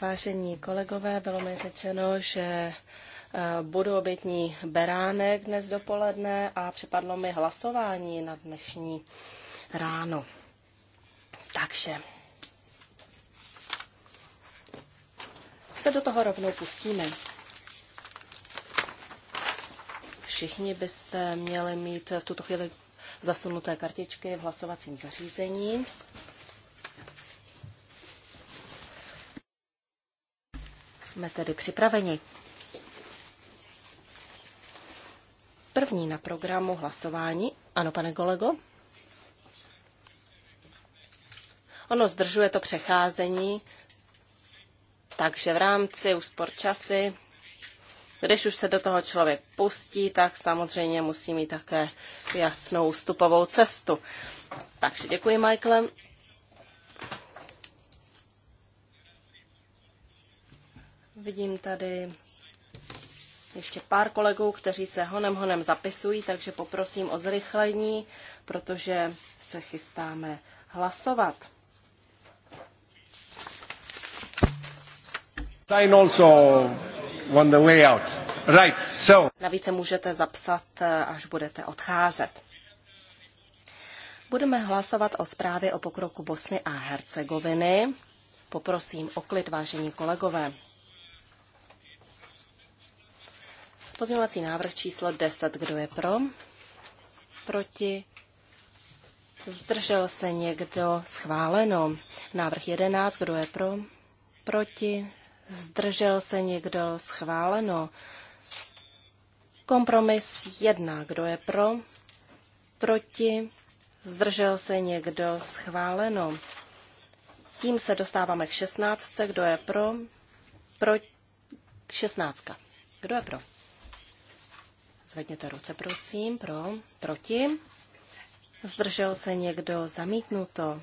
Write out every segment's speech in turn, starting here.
Vážení kolegové, bylo mi řečeno, že eh, budu obětní beránek dnes dopoledne a připadlo mi hlasování na dnešní ráno. Takže se do toho rovnou pustíme. Všichni byste měli mít v tuto chvíli zasunuté kartičky v hlasovacím zařízení. Jsme tedy připraveni. První na programu hlasování. Ano, pane kolego? Ono zdržuje to přecházení, takže v rámci úspor časy, když už se do toho člověk pustí, tak samozřejmě musí mít také jasnou ústupovou cestu. Takže děkuji, Michael. Vidím tady ještě pár kolegů, kteří se honem honem zapisují, takže poprosím o zrychlení, protože se chystáme hlasovat. Sign also on the way out. Right, so. Navíc se můžete zapsat, až budete odcházet. Budeme hlasovat o zprávě o pokroku Bosny a Hercegoviny. Poprosím o klid, vážení kolegové. Pozměňovací návrh číslo 10. Kdo je pro? Proti? Zdržel se někdo? Schváleno. Návrh 11. Kdo je pro? Proti? Zdržel se někdo? Schváleno. Kompromis 1. Kdo je pro? Proti? Zdržel se někdo? Schváleno. Tím se dostáváme k 16. Kdo je pro? Pro 16. Kdo je pro? Zvedněte ruce, prosím, pro, proti. Zdržel se někdo zamítnuto?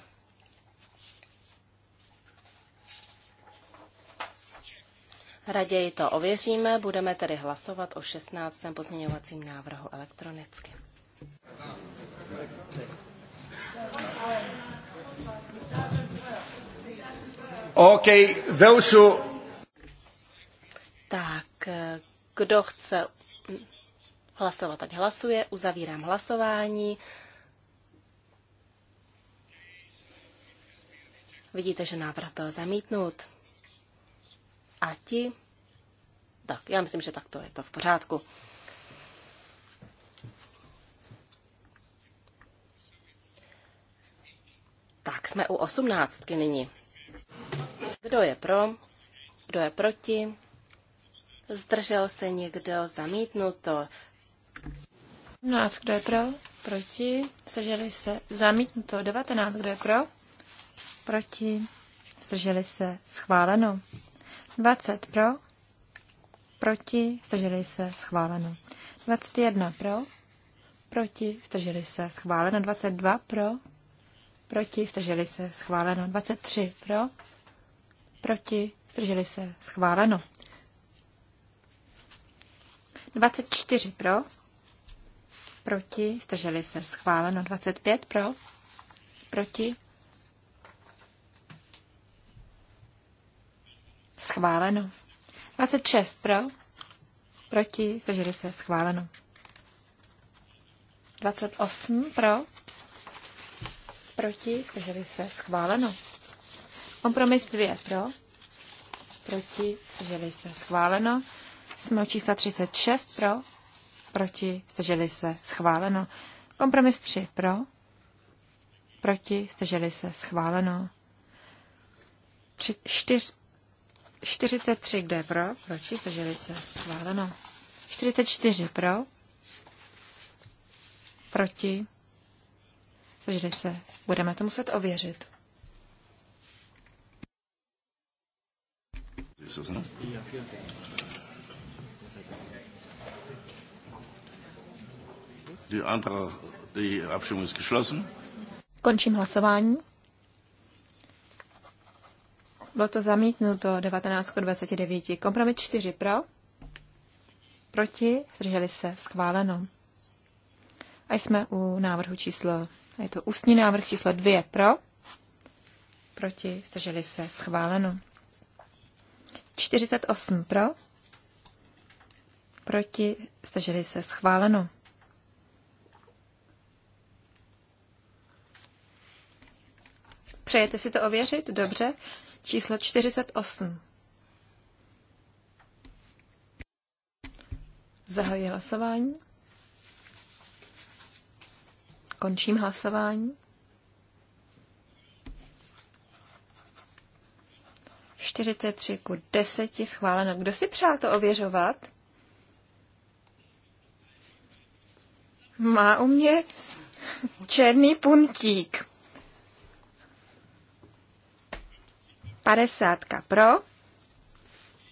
Raději to ověříme, budeme tedy hlasovat o 16. pozměňovacím návrhu elektronicky. OK, velšu. Tak, kdo chce hlasovat, ať hlasuje. Uzavírám hlasování. Vidíte, že návrh byl zamítnut. A ti? Tak, já myslím, že tak to je to v pořádku. Tak jsme u osmnáctky nyní. Kdo je pro? Kdo je proti? Zdržel se někdo? Zamítnuto. 17, kdo je pro? Proti. Zdrželi se. Zamítnuto. 19, kdo je pro? Proti. Zdrželi se. Schváleno. 20 pro. Proti. Zdrželi se. Schváleno. 21 pro. Proti. Zdrželi se. Schváleno. 22 pro. Proti. Zdrželi se. Schváleno. 23 pro. Proti. Zdrželi se. Schváleno. 24 pro proti, zdrželi se schváleno 25 pro, proti, schváleno 26 pro, proti, zdrželi se schváleno 28 pro, proti, zdrželi se schváleno. Kompromis 2 pro, proti, zdrželi se schváleno. Jsme u čísla 36 pro, proti, zdrželi se, schváleno. Kompromis 3 pro, proti, zdrželi se, schváleno. 43, kdo je pro, proti, zdrželi se, schváleno. 44 pro, proti, zdrželi se, budeme to muset ověřit. Yeah, yeah, yeah. Končím hlasování. Bylo to zamítnuto 19 k 29. Kompromis 4 pro. Proti zdrželi se schváleno. A jsme u návrhu číslo, a je to ústní návrh číslo 2 pro. Proti zdrželi se schváleno. 48 pro. Proti zdrželi se schváleno. Přejete si to ověřit? Dobře. Číslo 48. Zahajuji hlasování. Končím hlasování. 43 ku 10 schváleno. Kdo si přál to ověřovat? Má u mě černý puntík. 50 pro,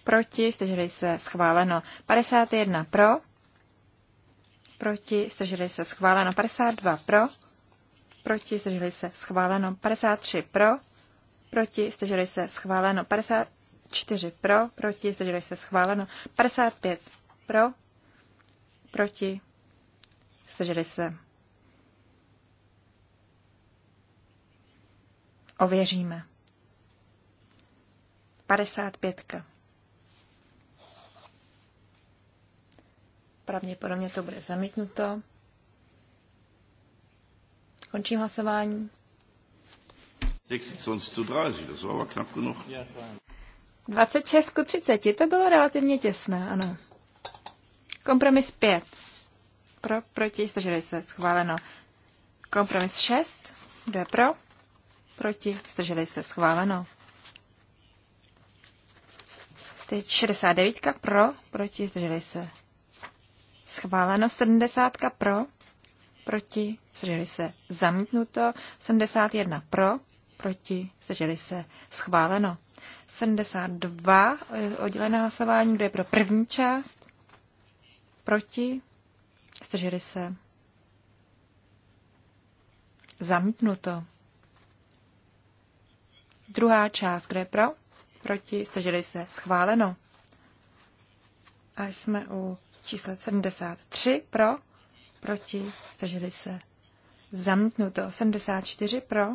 proti, zdrželi se schváleno. 51 pro, proti, zdrželi se schváleno. 52 pro, proti, zdrželi se schváleno. 53 pro, proti, zdrželi se schváleno. 54 pro, proti, zdrželi se schváleno. 55 pro, proti, zdrželi se. Ověříme. 55. Pravděpodobně to bude zamítnuto. Končím hlasování. 26 ku 30, to bylo relativně těsné, ano. Kompromis 5. Pro, proti, zdrželi se, schváleno. Kompromis 6. Kdo je pro? Proti, zdrželi se, schváleno. Teď 69 pro, proti, zdrželi se. Schváleno 70 pro, proti, zdrželi se. Zamítnuto 71 pro, proti, zdrželi se. Schváleno 72 eh, oddělené hlasování, kdo je pro první část, proti, zdrželi se. Zamítnuto. Druhá část, kde je pro? proti, zdrželi se, schváleno. A jsme u čísla 73 pro, proti, zdrželi se, zamítnuto. 74 pro,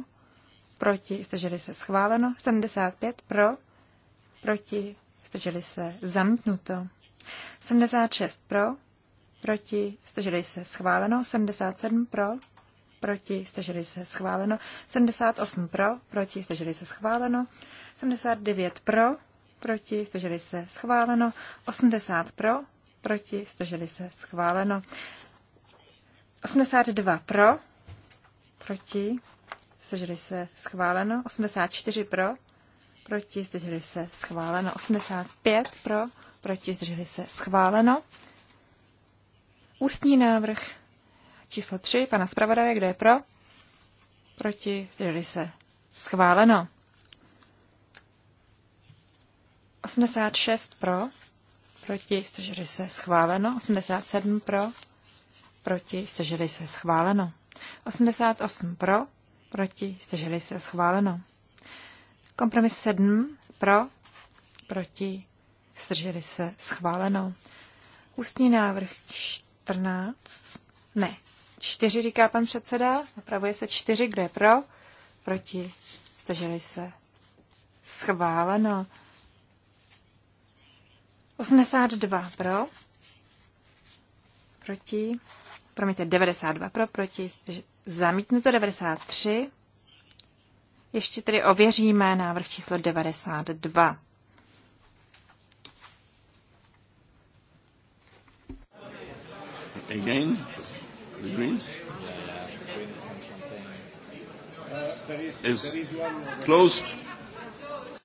proti, zdrželi se, schváleno. 75 pro, proti, zdrželi se, zamítnuto. 76 pro, proti, zdrželi se, schváleno. 77 pro, proti, zdrželi se schváleno. 78 pro, proti, zdrželi se schváleno. 79 pro, proti, zdrželi se schváleno. 80 pro, proti, zdrželi se schváleno. 82 pro, proti, zdrželi se schváleno. 84 pro, proti, zdrželi se schváleno. 85 pro, proti, zdrželi se schváleno. Ústní návrh číslo 3 pana zpravodaje, kdo je pro? Proti, zdrželi se. Schváleno. 86 pro, proti, stržili se. Schváleno. 87 pro, proti, stržili se. Schváleno. 88 pro, proti, stržili se. Schváleno. Kompromis 7 pro, proti, stržili se. Schváleno. Ústní návrh 14. Ne, Čtyři, říká pan předseda. Napravuje se čtyři. Kdo je pro? Proti. Zdrželi se. Schváleno. 82 pro. Proti. Promiňte, 92 pro, proti. Zamítnuto 93. Ještě tedy ověříme návrh číslo 92. Again. The Greens? Is closed.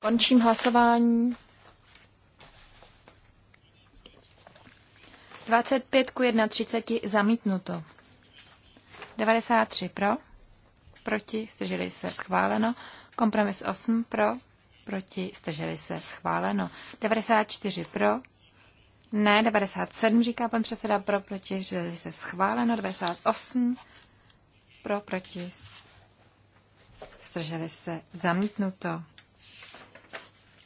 Končím hlasování. 25 ku 31 zamítnuto. 93 pro, proti, zdrželi se, schváleno. Kompromis 8 pro, proti, zdrželi se, schváleno. 94 pro, ne, 97, říká pan předseda, pro, proti, že se schváleno, 98, pro, proti, zdrželi se, zamítnuto.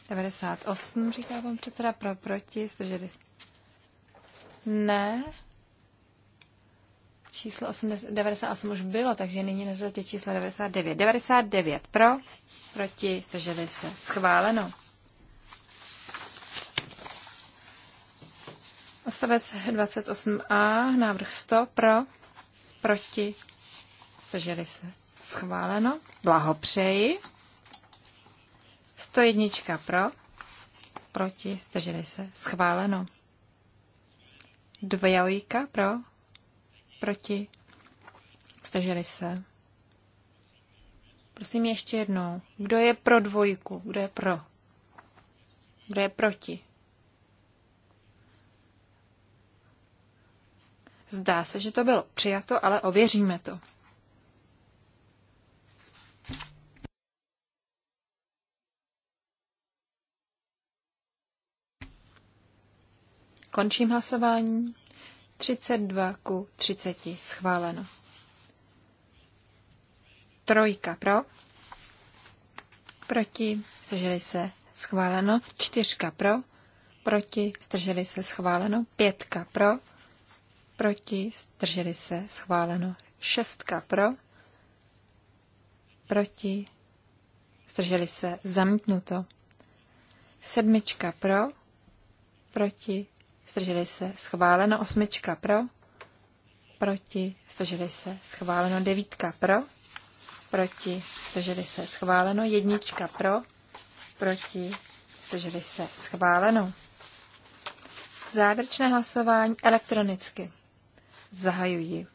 98, říká pan předseda, pro, proti, zdrželi. Ne. Číslo 80, 98 už bylo, takže nyní na řadě číslo 99. 99 pro, proti, zdrželi se, schváleno. Odstavec 28a, návrh 100, pro, proti, zdrželi se. Schváleno. Blahopřeji. 101 pro, proti, zdrželi se. Schváleno. Dvojka pro, proti, zdrželi se. Prosím ještě jednou. Kdo je pro dvojku? Kdo je pro? Kdo je proti? Zdá se, že to bylo přijato, ale ověříme to. Končím hlasování. 32 ku 30 schváleno. Trojka pro. Proti. Zdrželi se schváleno. Čtyřka pro. Proti. Zdrželi se schváleno. Pětka pro proti, zdrželi se, schváleno. Šestka pro, proti, zdrželi se, zamítnuto. Sedmička pro, proti, zdrželi se, schváleno. Osmička pro, proti, zdrželi se, schváleno. Devítka pro, proti, zdrželi se, schváleno. Jednička pro, proti, zdrželi se, schváleno. Závěrečné hlasování elektronicky. Zahajuji.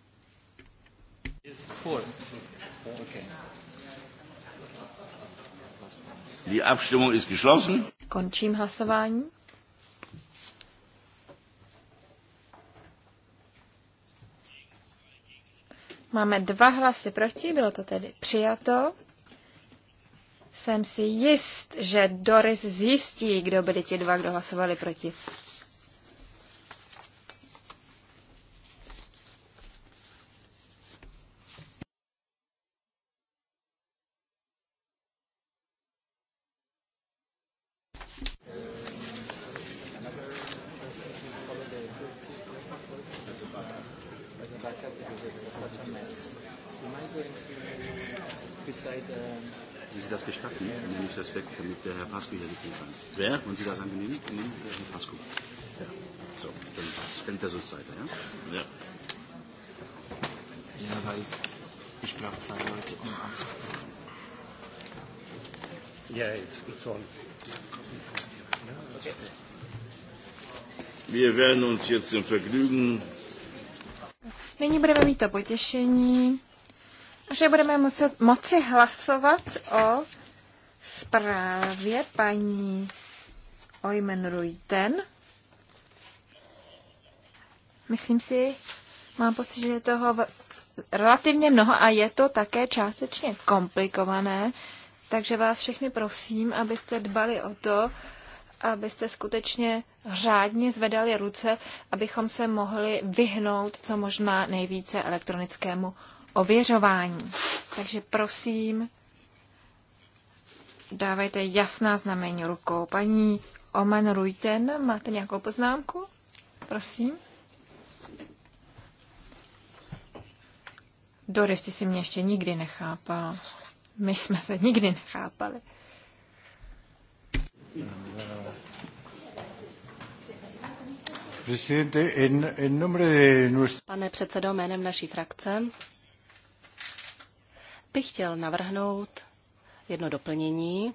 Die Abstimmung ist geschlossen. Končím hlasování. Máme dva hlasy proti, bylo to tedy přijato. Jsem si jist, že Doris zjistí, kdo byli ti dva, kdo hlasovali proti. Können Sie das eine nehmen? Nehmen wir den Pass gucken. Ja. So, dann stellt das uns weiter, ja? Ja. Ja, weil ich brauche zwei Leute, um anzurufen. Ja, jetzt geht's on. Wir werden uns jetzt im Vergnügen. Nyní budeme mít to potěšení, že budeme muset, moci hlasovat o zprávě paní ojmenují ten. Myslím si, mám pocit, že je toho relativně mnoho a je to také částečně komplikované, takže vás všechny prosím, abyste dbali o to, abyste skutečně řádně zvedali ruce, abychom se mohli vyhnout co možná nejvíce elektronickému ověřování. Takže prosím, dávejte jasná znamení rukou. Paní Omen Ruiten, máte nějakou poznámku? Prosím. Doris, ty si mě ještě nikdy nechápal. My jsme se nikdy nechápali. Pane předsedo, jménem naší frakce bych chtěl navrhnout jedno doplnění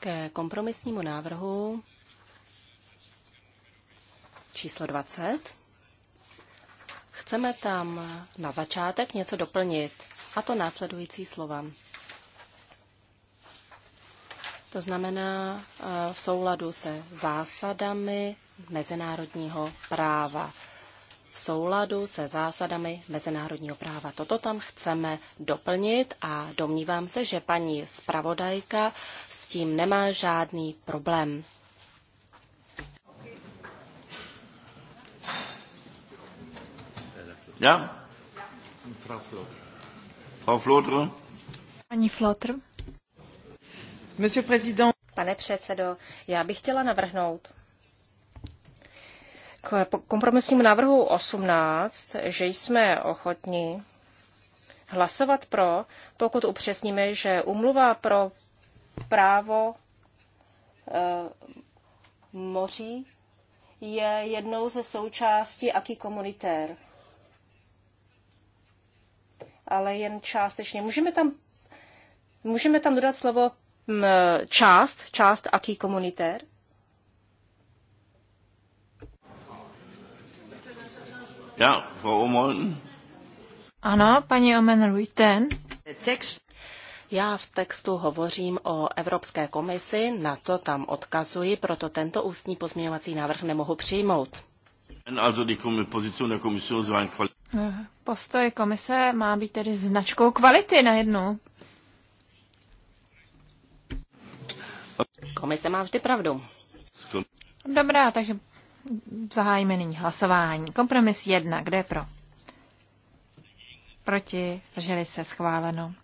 ke kompromisnímu návrhu číslo 20. Chceme tam na začátek něco doplnit, a to následující slova. To znamená eh, v souladu se zásadami mezinárodního práva v souladu se zásadami mezinárodního práva. Toto tam chceme doplnit a domnívám se, že paní zpravodajka s tím nemá žádný problém. Ja? Frau Flotr. Flotr. Paní Flotr. Monsieur Président. Pane předsedo, já bych chtěla navrhnout, k kompromisnímu návrhu 18, že jsme ochotni hlasovat pro, pokud upřesníme, že umluva pro právo e, moří je jednou ze součástí aký komunitér. Ale jen částečně. Můžeme tam, můžeme tam dodat slovo m, část, část aký komunitér? Ja, Frau Ano, paní Omen Ruiten. Text. Já v textu hovořím o Evropské komisi, na to tam odkazuji, proto tento ústní pozměňovací návrh nemohu přijmout. Postoj komise má být tedy značkou kvality na jednu. Komise má vždy pravdu. Dobrá, takže Zahájíme nyní hlasování. Kompromis 1. Kdo je pro? Proti? Zdrželi se? Schváleno.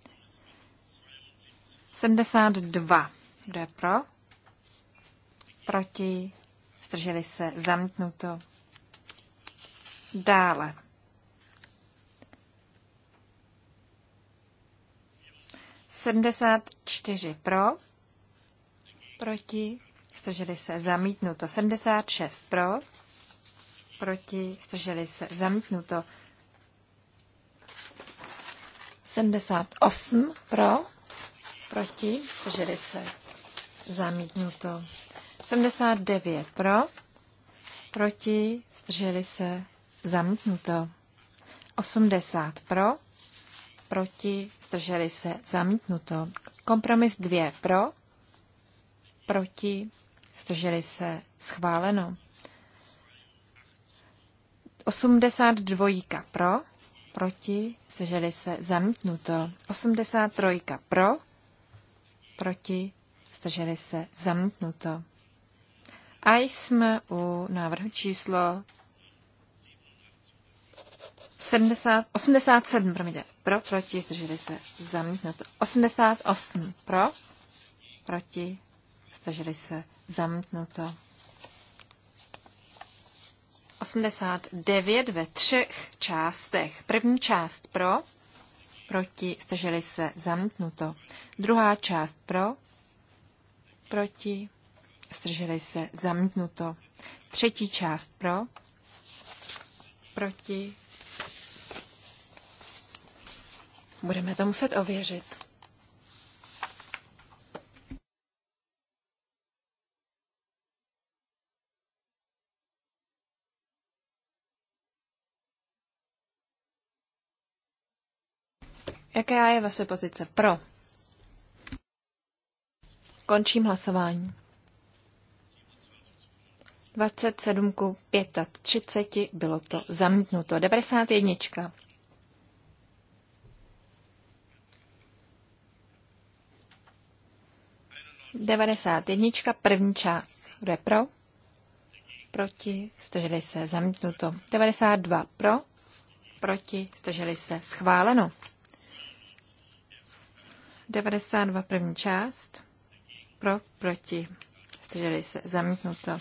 72. Kdo je pro? Proti? Zdrželi se? Zamítnuto. Dále. Sedmdesát čtyři pro, proti, zdrželi se, zamítnuto. 76 pro, proti, zdrželi se, zamítnuto. 78 pro, proti, zdrželi se, zamítnuto. 79 pro, proti, zdrželi se, zamítnuto. 80 pro, proti, zdrželi se, zamítnuto. Kompromis 2 pro, proti, Zdrželi se schváleno. 82 pro, proti, zdrželi se zamítnuto. 83 pro, proti, zdrželi se zamítnuto. A jsme u návrhu číslo 70, 87, promiňte, pro, proti, zdrželi se, zamítnuto. 88 pro, proti, zdrželi se, zamknuto. 89 ve třech částech. První část pro, proti, zdrželi se, zamknuto. Druhá část pro, proti, zdrželi se, zamknuto. Třetí část pro, proti. Budeme to muset ověřit. Jaká je vaše pozice? Pro. Končím hlasování. 27 ku 35 bylo to zamítnuto. 91. Devadesát jednička, první část. Kdo je pro? Proti, strželi se, zamítnuto. 92 pro, proti, strželi se, schváleno. 92 první část. Pro, proti. Zdrželi se. Zamítnuto.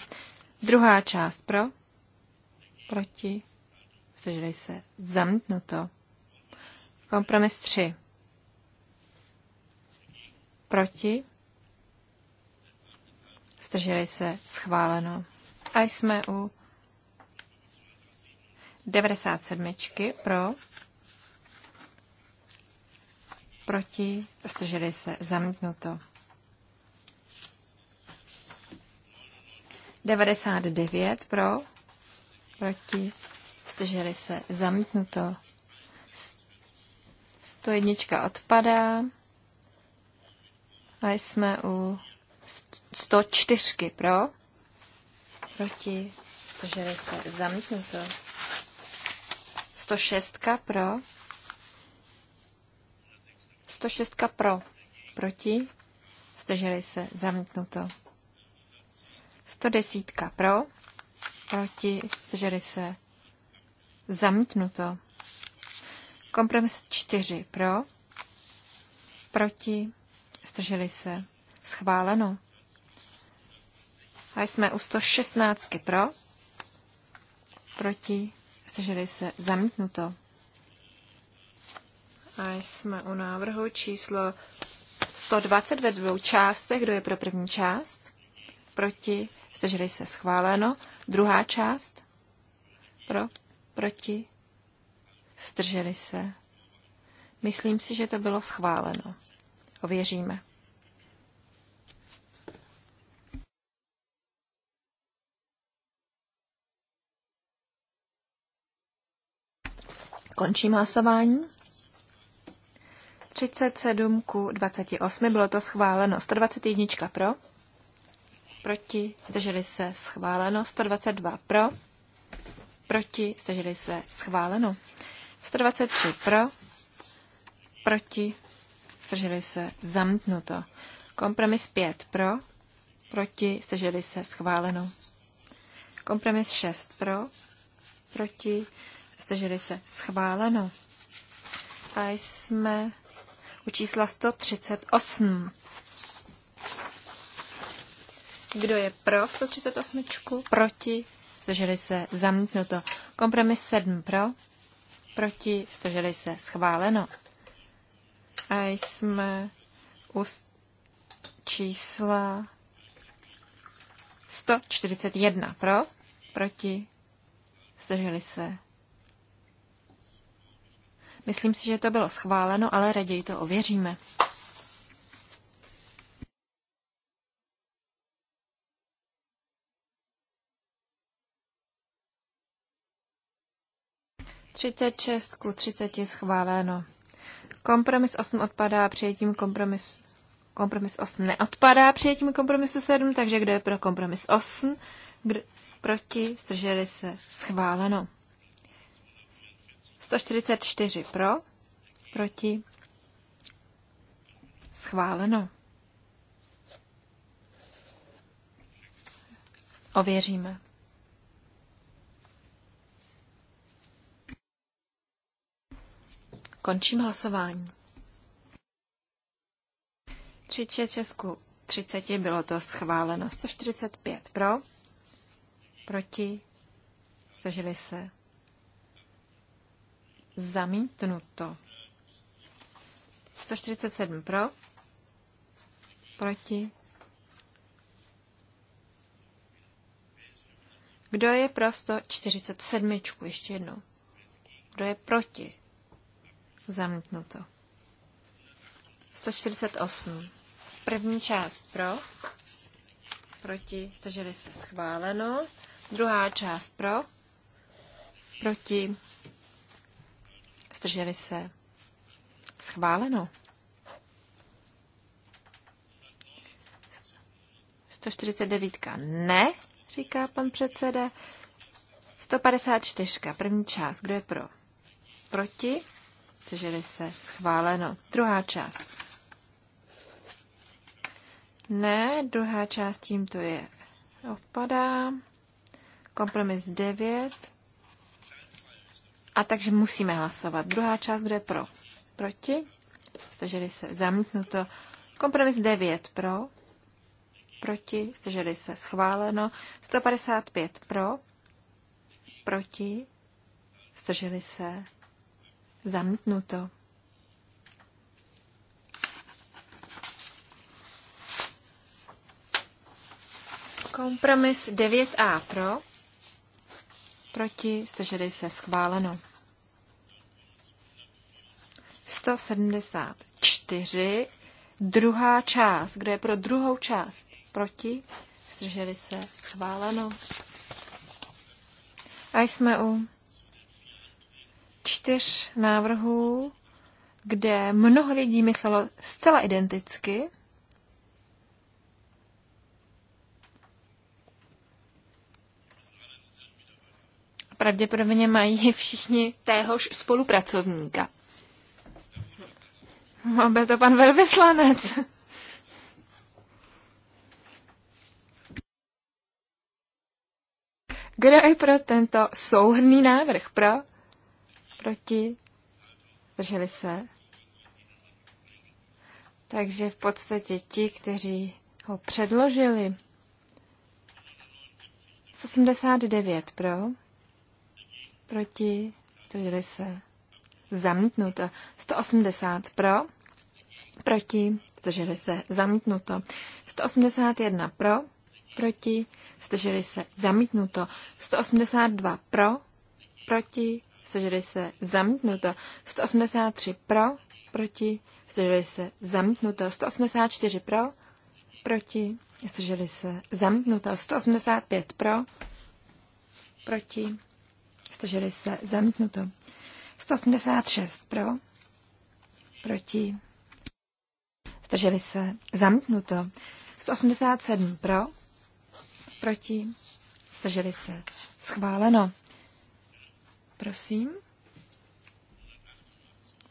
Druhá část pro. Proti. Zdrželi se. Zamítnuto. Kompromis 3. Proti. Zdrželi se. Schváleno. A jsme u 97. pro proti, zdrželi se, zamítnuto. 99 pro, proti, zdrželi se, zamítnuto. 101 odpadá a jsme u 104 pro, proti, zdrželi se, zamítnuto. 106 pro, 106 pro, proti, zdrželi se, zamítnuto. 110 pro, proti, zdrželi se, zamítnuto. Kompromis 4 pro, proti, zdrželi se, schváleno. A jsme u 116 pro, proti, zdrželi se, zamítnuto. A jsme u návrhu číslo 120 ve dvou částech. Kdo je pro první část? Proti? Zdrželi se schváleno. Druhá část? Pro? Proti? Zdrželi se. Myslím si, že to bylo schváleno. Ověříme. Končím hlasování. 37 ku 28 bylo to schváleno. 121 pro, proti, zdrželi se schváleno. 122 pro, proti, zdrželi se schváleno. 123 pro, proti, zdrželi se zamknuto. Kompromis 5 pro, proti, zdrželi se schváleno. Kompromis 6 pro, proti, zdrželi se schváleno. A jsme u čísla 138. Kdo je pro 138? Proti? Zdrželi se zamítnuto. Kompromis 7 pro. Proti? Zdrželi se schváleno. A jsme u čísla 141 pro. Proti? Zdrželi se Myslím si, že to bylo schváleno, ale raději to ověříme. Třicet šest ku třiceti schváleno. Kompromis 8 odpadá přijetím kompromis kompromis 8 neodpadá přijetím kompromisu 7, takže kdo je pro kompromis 8, kdo, proti, Strželi se, schváleno. 144 pro, proti, schváleno. Ověříme. Končím hlasování. 36 ku 30 bylo to schváleno. 145 pro, proti, zažili se Zamítnuto. 147 pro. Proti. Kdo je pro 147? Ještě jednou. Kdo je proti? Zamítnuto. 148. První část pro. Proti. Takže se schváleno. Druhá část pro. Proti zdrželi se, schváleno. 149. Ne, říká pan předseda. 154. První část. Kdo je pro? Proti? Zdrželi se. Schváleno. Druhá část. Ne, druhá část tímto je odpadá. Kompromis 9. A takže musíme hlasovat. Druhá část, kdo je pro? Proti? Zdrželi se. Zamítnuto. Kompromis 9 pro. Proti? Zdrželi se. Schváleno. 155 pro. Proti? Zdrželi se. Zamítnuto. Kompromis 9a pro proti, zdrželi se schváleno. 174, druhá část, kdo je pro druhou část, proti, zdrželi se schváleno. A jsme u čtyř návrhů, kde mnoho lidí myslelo zcela identicky, pravděpodobně mají všichni téhož spolupracovníka. No, byl to pan velvyslanec. Kdo je pro tento souhrný návrh? Pro? Proti? Drželi se? Takže v podstatě ti, kteří ho předložili. 89 pro proti, zdrželi se, zamítnuto. 180 pro, proti, zdrželi se, zamítnuto. 181 pro, proti, zdrželi se, zamítnuto. 182 pro, proti, zdrželi se, zamítnuto. 183 pro, proti, zdrželi se, zamítnuto. 184 pro, proti, zdrželi se, zamítnuto. 185 pro, proti, zdrželi se, zamítnuto. 186 pro, proti, zdrželi se, zamítnuto. 187 pro, proti, zdrželi se, schváleno. Prosím.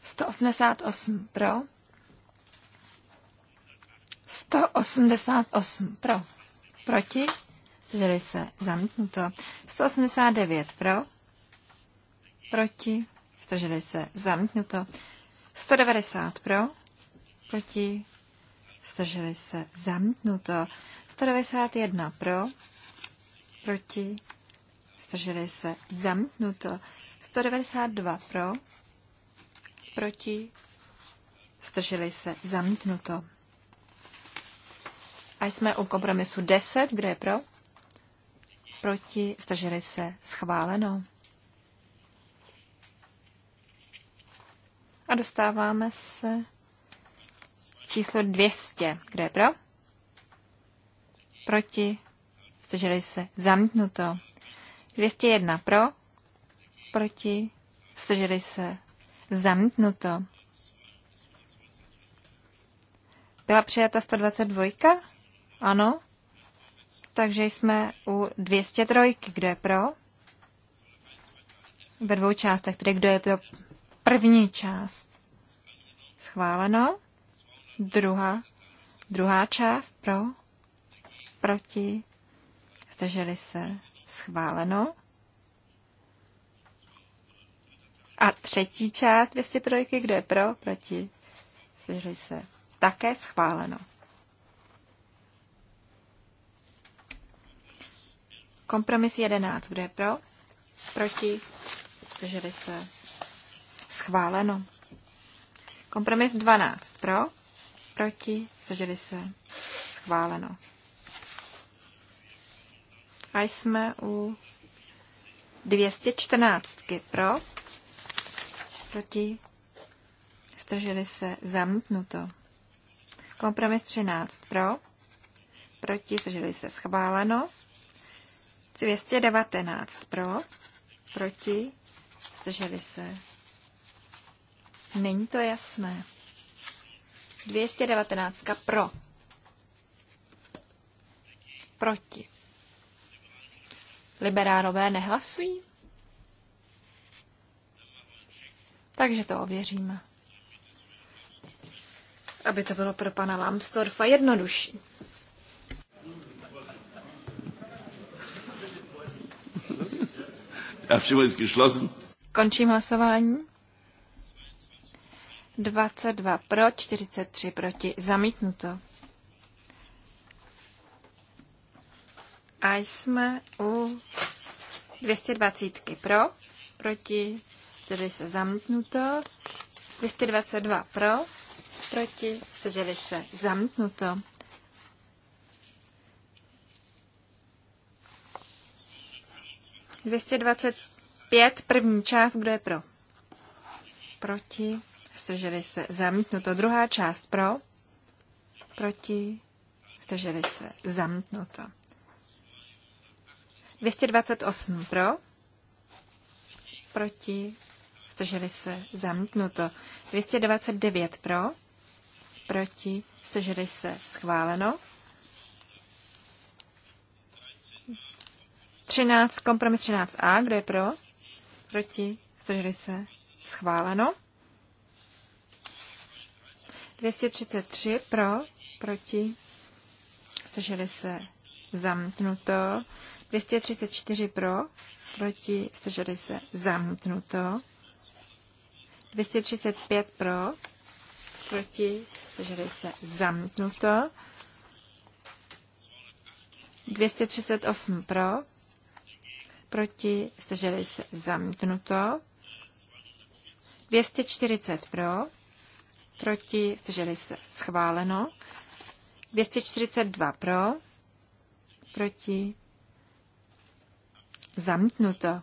188 pro. 188 pro. Proti. Zdrželi se. Zamítnuto. 189 pro proti, zdrželi se zamítnuto. 190 pro, proti, zdrželi se zamítnuto. 191 pro, proti, zdrželi se zamítnuto. 192 pro, proti, zdrželi se zamítnuto. A jsme u kompromisu 10, kdo je pro? Proti, zdrželi se schváleno. A dostáváme se číslo 200. Kde je pro? Proti. Zdrželi se. Zamítnuto. 201 pro. Proti. Zdrželi se. Zamítnuto. Byla přijata 122? Ano. Takže jsme u 203. Kdo je pro? Ve dvou částech, tedy kdo je pro První část. Schváleno. Druhá. Druhá část pro. Proti. Zdrželi se. Schváleno. A třetí část 203, kdo je pro, proti, zdrželi se. Také schváleno. Kompromis 11, kdo je pro, proti, zdrželi se Schváleno. Kompromis 12 pro, proti, zdrželi se. Schváleno. A jsme u 214 pro, proti, zdrželi se. Zamítnuto. Kompromis 13 pro, proti, zdrželi se. Schváleno. 219 pro, proti, zdrželi se Není to jasné. 219 pro. Proti. Liberárové nehlasují? Takže to ověříme. Aby to bylo pro pana Lamstorfa jednodušší. Končím hlasování. 22 pro, 43 proti, zamítnuto. A jsme u 220 pro, proti, zdrželi se zamítnuto. 222 pro, proti, zdrželi se zamítnuto. Dvěstě dvacet pět, první část, kdo je pro? Proti zdrželi se, zamítnuto. Druhá část pro, proti, zdrželi se, zamítnuto. 228 pro, proti, zdrželi se, zamítnuto. 229 pro, proti, zdrželi se, schváleno. 13, kompromis 13a, kdo je pro, proti, zdrželi se, schváleno. 233 pro, proti, zdrželi se zamknuto. 234 pro, proti, zdrželi se zamknuto. 235 pro, proti, zdrželi se zamknuto. 238 pro, proti, zdrželi se zamknuto. 240 pro, proti, zdrželi se schváleno. 242 pro, proti, zamítnuto.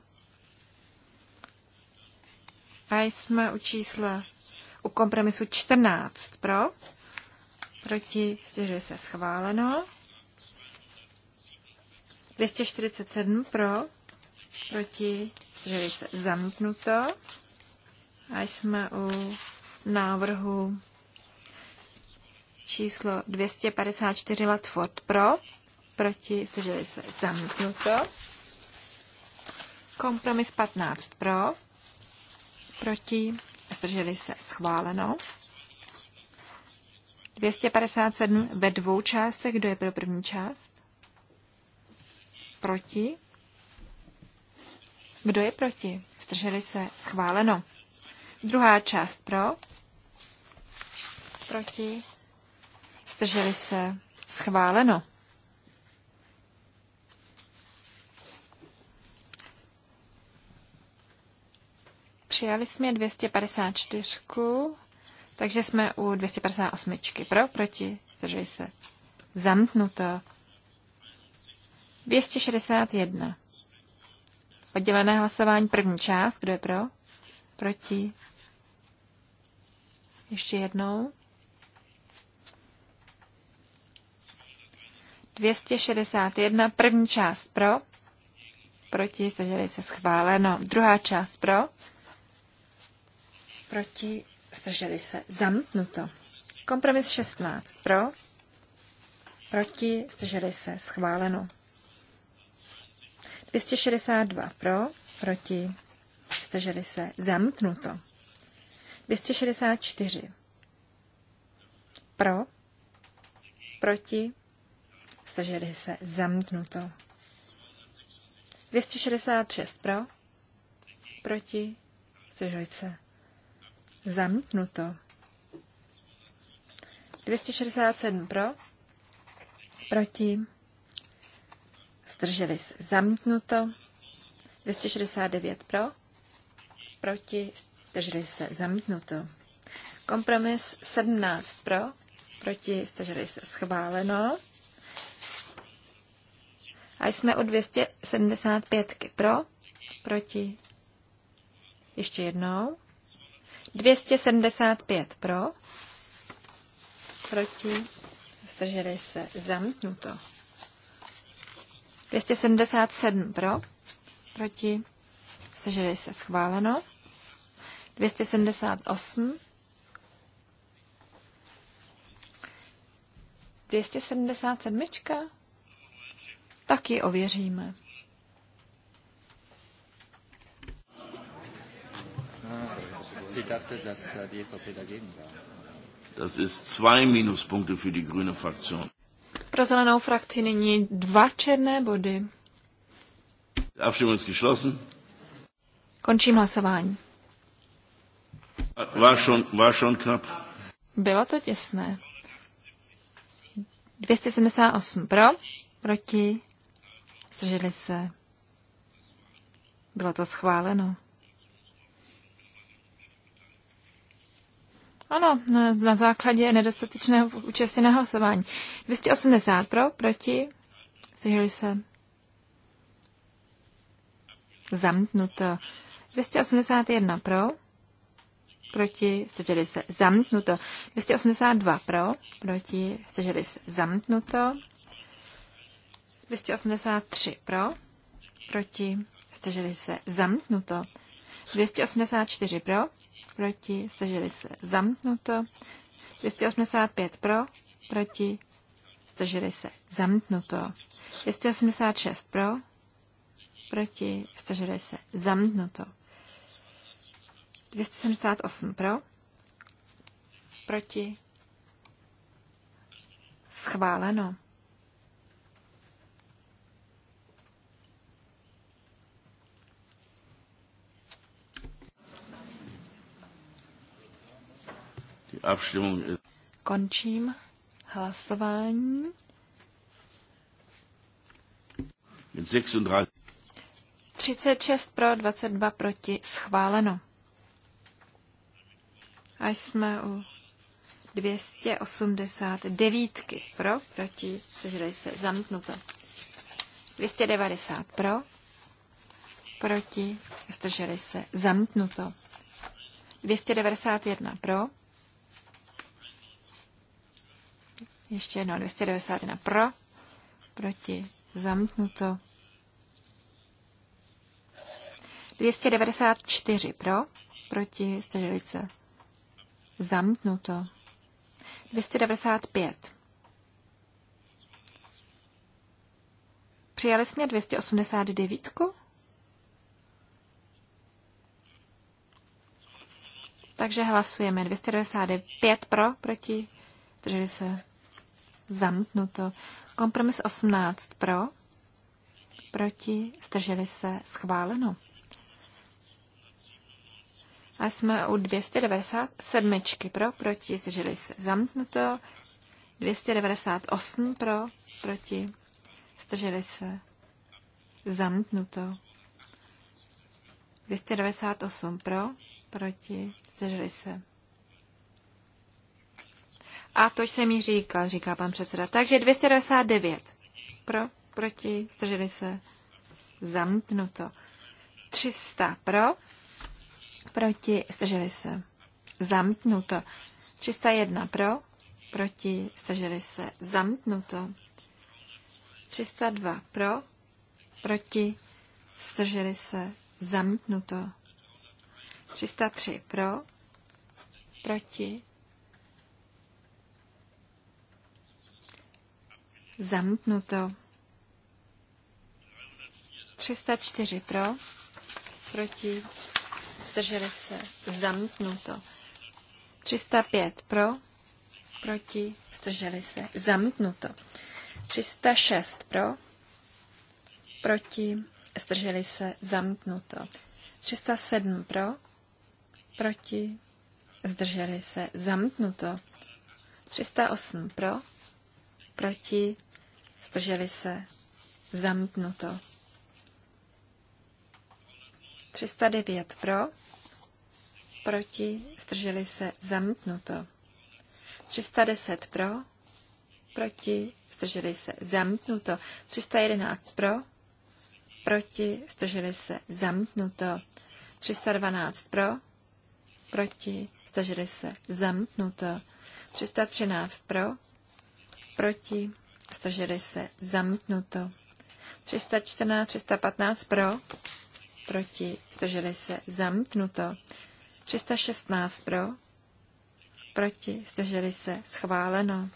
A jsme u čísla, u kompromisu 14 pro, proti, zdrželi se schváleno. 247 pro, proti, zdrželi se zamítnuto. A jsme u návrhu číslo 254 Latford pro, proti, zdrželi se zamítnuto. Kompromis 15 pro, proti, zdrželi se schváleno. 257 ve dvou částech, kdo je pro první část? Proti. Kdo je proti? Zdrželi se schváleno. Druhá část pro, proti, zdrželi se, schváleno. Přijali jsme 254, takže jsme u 258. Pro, proti, zdrželi se, zamknuto. 261. Oddělené hlasování první část. Kdo je pro? Proti? Ještě jednou. 261, první část pro, proti, zdrželi se schváleno. Druhá část pro, proti, zdrželi se zamítnuto. Kompromis 16 pro, proti, zdrželi se schváleno. 262 pro, proti, zdrželi se zamítnuto. 264 pro, proti, zdrželi se, zamítnuto. 266 pro, proti, zdrželi se, zamítnuto. 267 pro, proti, zdrželi se, zamítnuto. 269 pro, proti, zdrželi se, zamítnuto. Kompromis 17 pro, proti, zdrželi se, schváleno. A jsme u 275 pro, proti. Ještě jednou. 275 pro, proti. Zdrželi se zamítnuto. 277 pro, proti. Zdrželi se schváleno. 278 277 tak ji ověříme. Das ist zwei Minuspunkte für die grüne Fraktion. Pro zelenou frakci nyní dva černé body. Abstimmung ist geschlossen. Končím hlasování. War schon, war schon knapp. Bylo to těsné. 278 pro, proti, zdrželi se. Bylo to schváleno. Ano, na základě nedostatečného účasti na hlasování. 280 pro, proti, zdrželi se. Zamknuto. 281 pro, proti, zdrželi se. Zamknuto. 282 pro, proti, zdrželi se. zamknuto. 283 pro, proti, zdrželi se, zamknuto. 284 pro, proti, zdrželi se, zamknuto. 285 pro, proti, zdrželi se, zamknuto. 286 pro, proti, zdrželi se, zamknuto. 278 pro, proti, schváleno. Končím hlasování. 36 pro, 22 proti, schváleno. A jsme u 289 pro, proti, zdrželi se, zamítnuto. 290 pro, proti, zdrželi se, zamítnuto. 291 pro, Ještě jednou 291 pro, proti, zamítnuto. 294 pro, proti, zdrželi se. Zamítnuto. 295. Přijali jsme 289? Takže hlasujeme 295 pro, proti, zdrželi se Zamítnuto. Kompromis 18 pro, proti, zdrželi se, schváleno. A jsme u 297 pro, proti, zdrželi se, zamknuto. 298 pro, proti, zdrželi se, zamknuto. 298 pro, proti, zdrželi se, a to jsem mi říkal, říká pan předseda. Takže 299. Pro, proti, zdrželi se. Zamítnuto. 300 pro, proti, zdrželi se. Zamítnuto. 301 pro, proti, zdrželi se. Zamítnuto. 302 pro, proti, zdrželi se. Zamítnuto. 303 pro, proti, zamknuto. 304 pro, proti, zdrželi se, zamknuto. 305 pro, proti, zdrželi se, zamknuto. 306 pro, proti, zdrželi se, zamknuto. 307 pro, proti, zdrželi se, zamknuto. 308 pro, proti, zdrželi se, zamítnuto. 309 pro, proti, zdrželi se, zamítnuto. 310 pro, proti, zdrželi se, zamítnuto. 311 pro, proti, zdrželi se, zamítnuto. 312 pro, proti, zdrželi se, zamítnuto. 313 pro, proti, zdrželi se, zamítnuto. 314, 315 pro, proti, zdrželi se, zamítnuto. 316 pro, proti, zdrželi se, schváleno.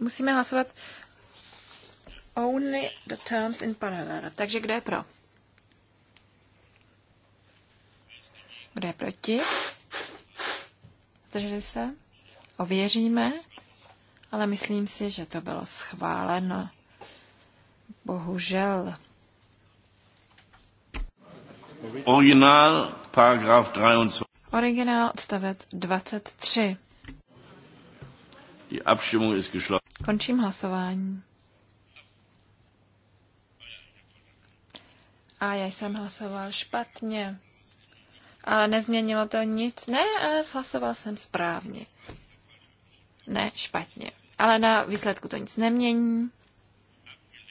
Musíme hlasovat only the terms in parallel. Takže kdo je pro? Kdo je proti? Zdrželi se? Ověříme, ale myslím si, že to bylo schváleno. Bohužel. Originál, paragraf 23. Originál, odstavec 23. Die Abstimmung ist geschlossen. Končím hlasování. A já jsem hlasoval špatně. Ale nezměnilo to nic. Ne, ale hlasoval jsem správně. Ne, špatně. Ale na výsledku to nic nemění.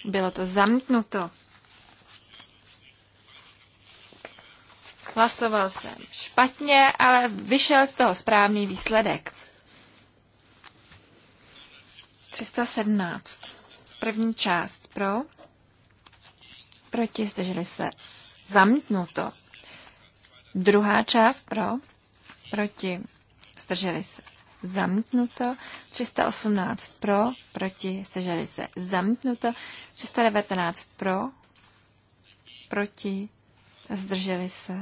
Bylo to zamknuto. Hlasoval jsem špatně, ale vyšel z toho správný výsledek. 317. První část pro proti, zdrželi se zamítnuto. Druhá část pro, proti, zdrželi se zamítnuto. 318 pro, proti, zdrželi se zamítnuto. 319 pro, proti, zdrželi se.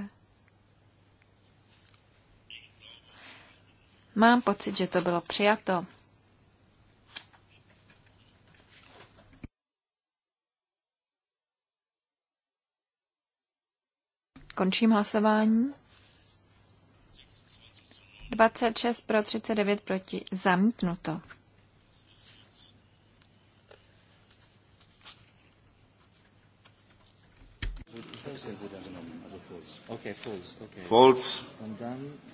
Mám pocit, že to bylo přijato. Končím hlasování. 26 pro 39 proti. Zamítnuto. Okay, false. False.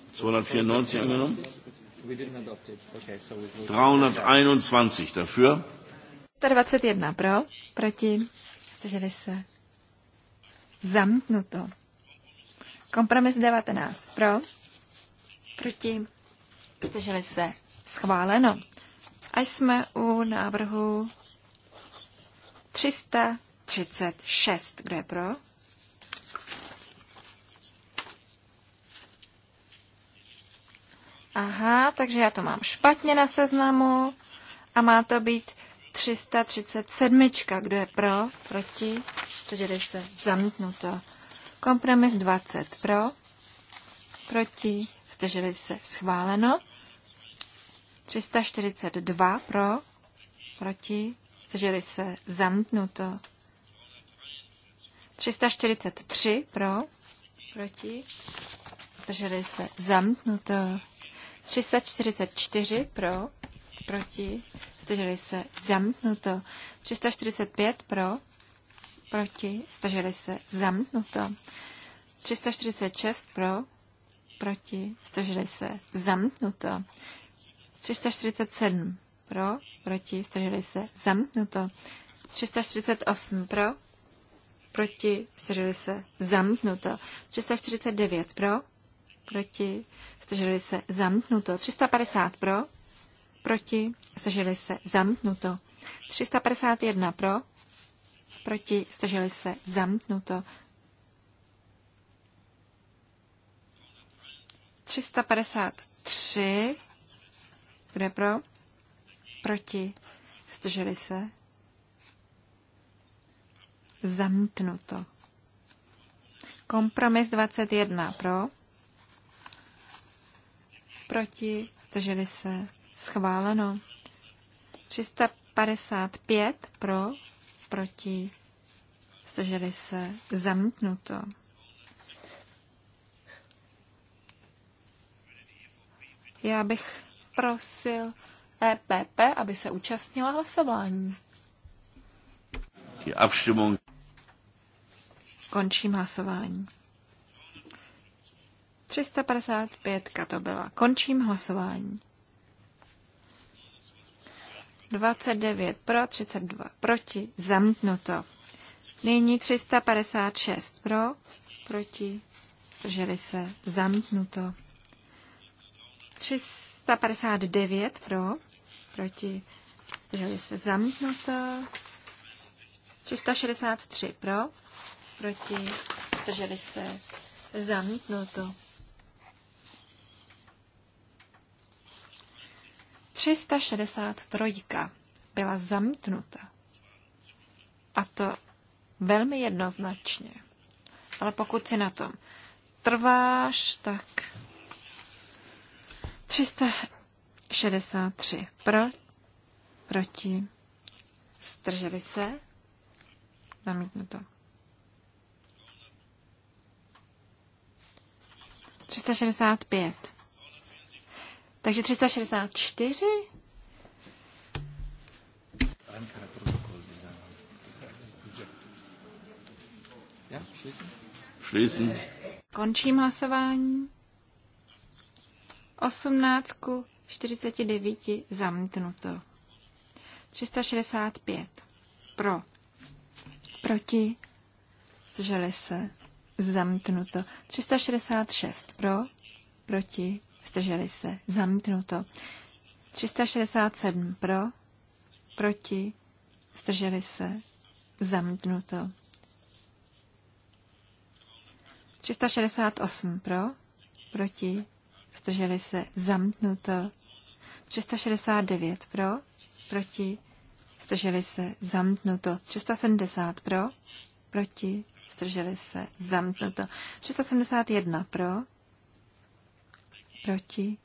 294 angenommen. 321 dafür. 21 pro, proti, Zamknuto. se. Kompromis 19 pro, proti, zdrželi se, schváleno. A jsme u návrhu 336. Kdo je pro? Aha, takže já to mám špatně na seznamu a má to být 337. Kdo je pro? Proti? Zdrželi se, zamítnuto. Kompromis 20 pro, proti, zdrželi se schváleno. 342 pro, proti, zdrželi se zamítnuto. 343 pro, proti, zdrželi se zamítnuto. 344 pro, proti, zdrželi se zamítnuto. 345 pro, proti, zdrželi se, zamítnuto. 346 pro, proti, zdrželi se, zamítnuto. 347 pro, proti, zdrželi se, zamítnuto. 348 pro, proti, zdrželi se, zamítnuto. 349 pro, proti, zdrželi se, zamítnuto. 350 pro, proti, zdrželi se, zamítnuto. 351 pro, proti, strželi se, zamknuto. 353, kde pro, proti, strželi se, zamknuto. Kompromis 21 pro, proti, strželi se, schváleno. 355 pro, proti, zdrželi se, zamítnuto. Já bych prosil EPP, aby se účastnila hlasování. Končím hlasování. 355 to byla. Končím hlasování. 29 pro, 32 proti, zamítnuto. Nyní 356 pro, proti, drželi se, zamítnuto. 359 pro, proti, drželi se, zamítnuto. 363 pro, proti, drželi se, zamítnuto. 363 byla zamítnuta. A to velmi jednoznačně. Ale pokud si na tom trváš, tak 363 pro, proti, strželi se, zamítnuto. 365 takže 364? Schließen. Končím hlasování. 18 49 zamítnuto. 365 pro. Proti. Zdrželi se. Zamítnuto. 366 pro. Proti zdrželi se, zamítnuto. 367 pro, proti, zdrželi se, zamítnuto. 368 pro, proti, zdrželi se, zamítnuto. 369 pro, proti, zdrželi se, zamítnuto. 370 pro, proti, zdrželi se, zamítnuto. 371 pro, Proti?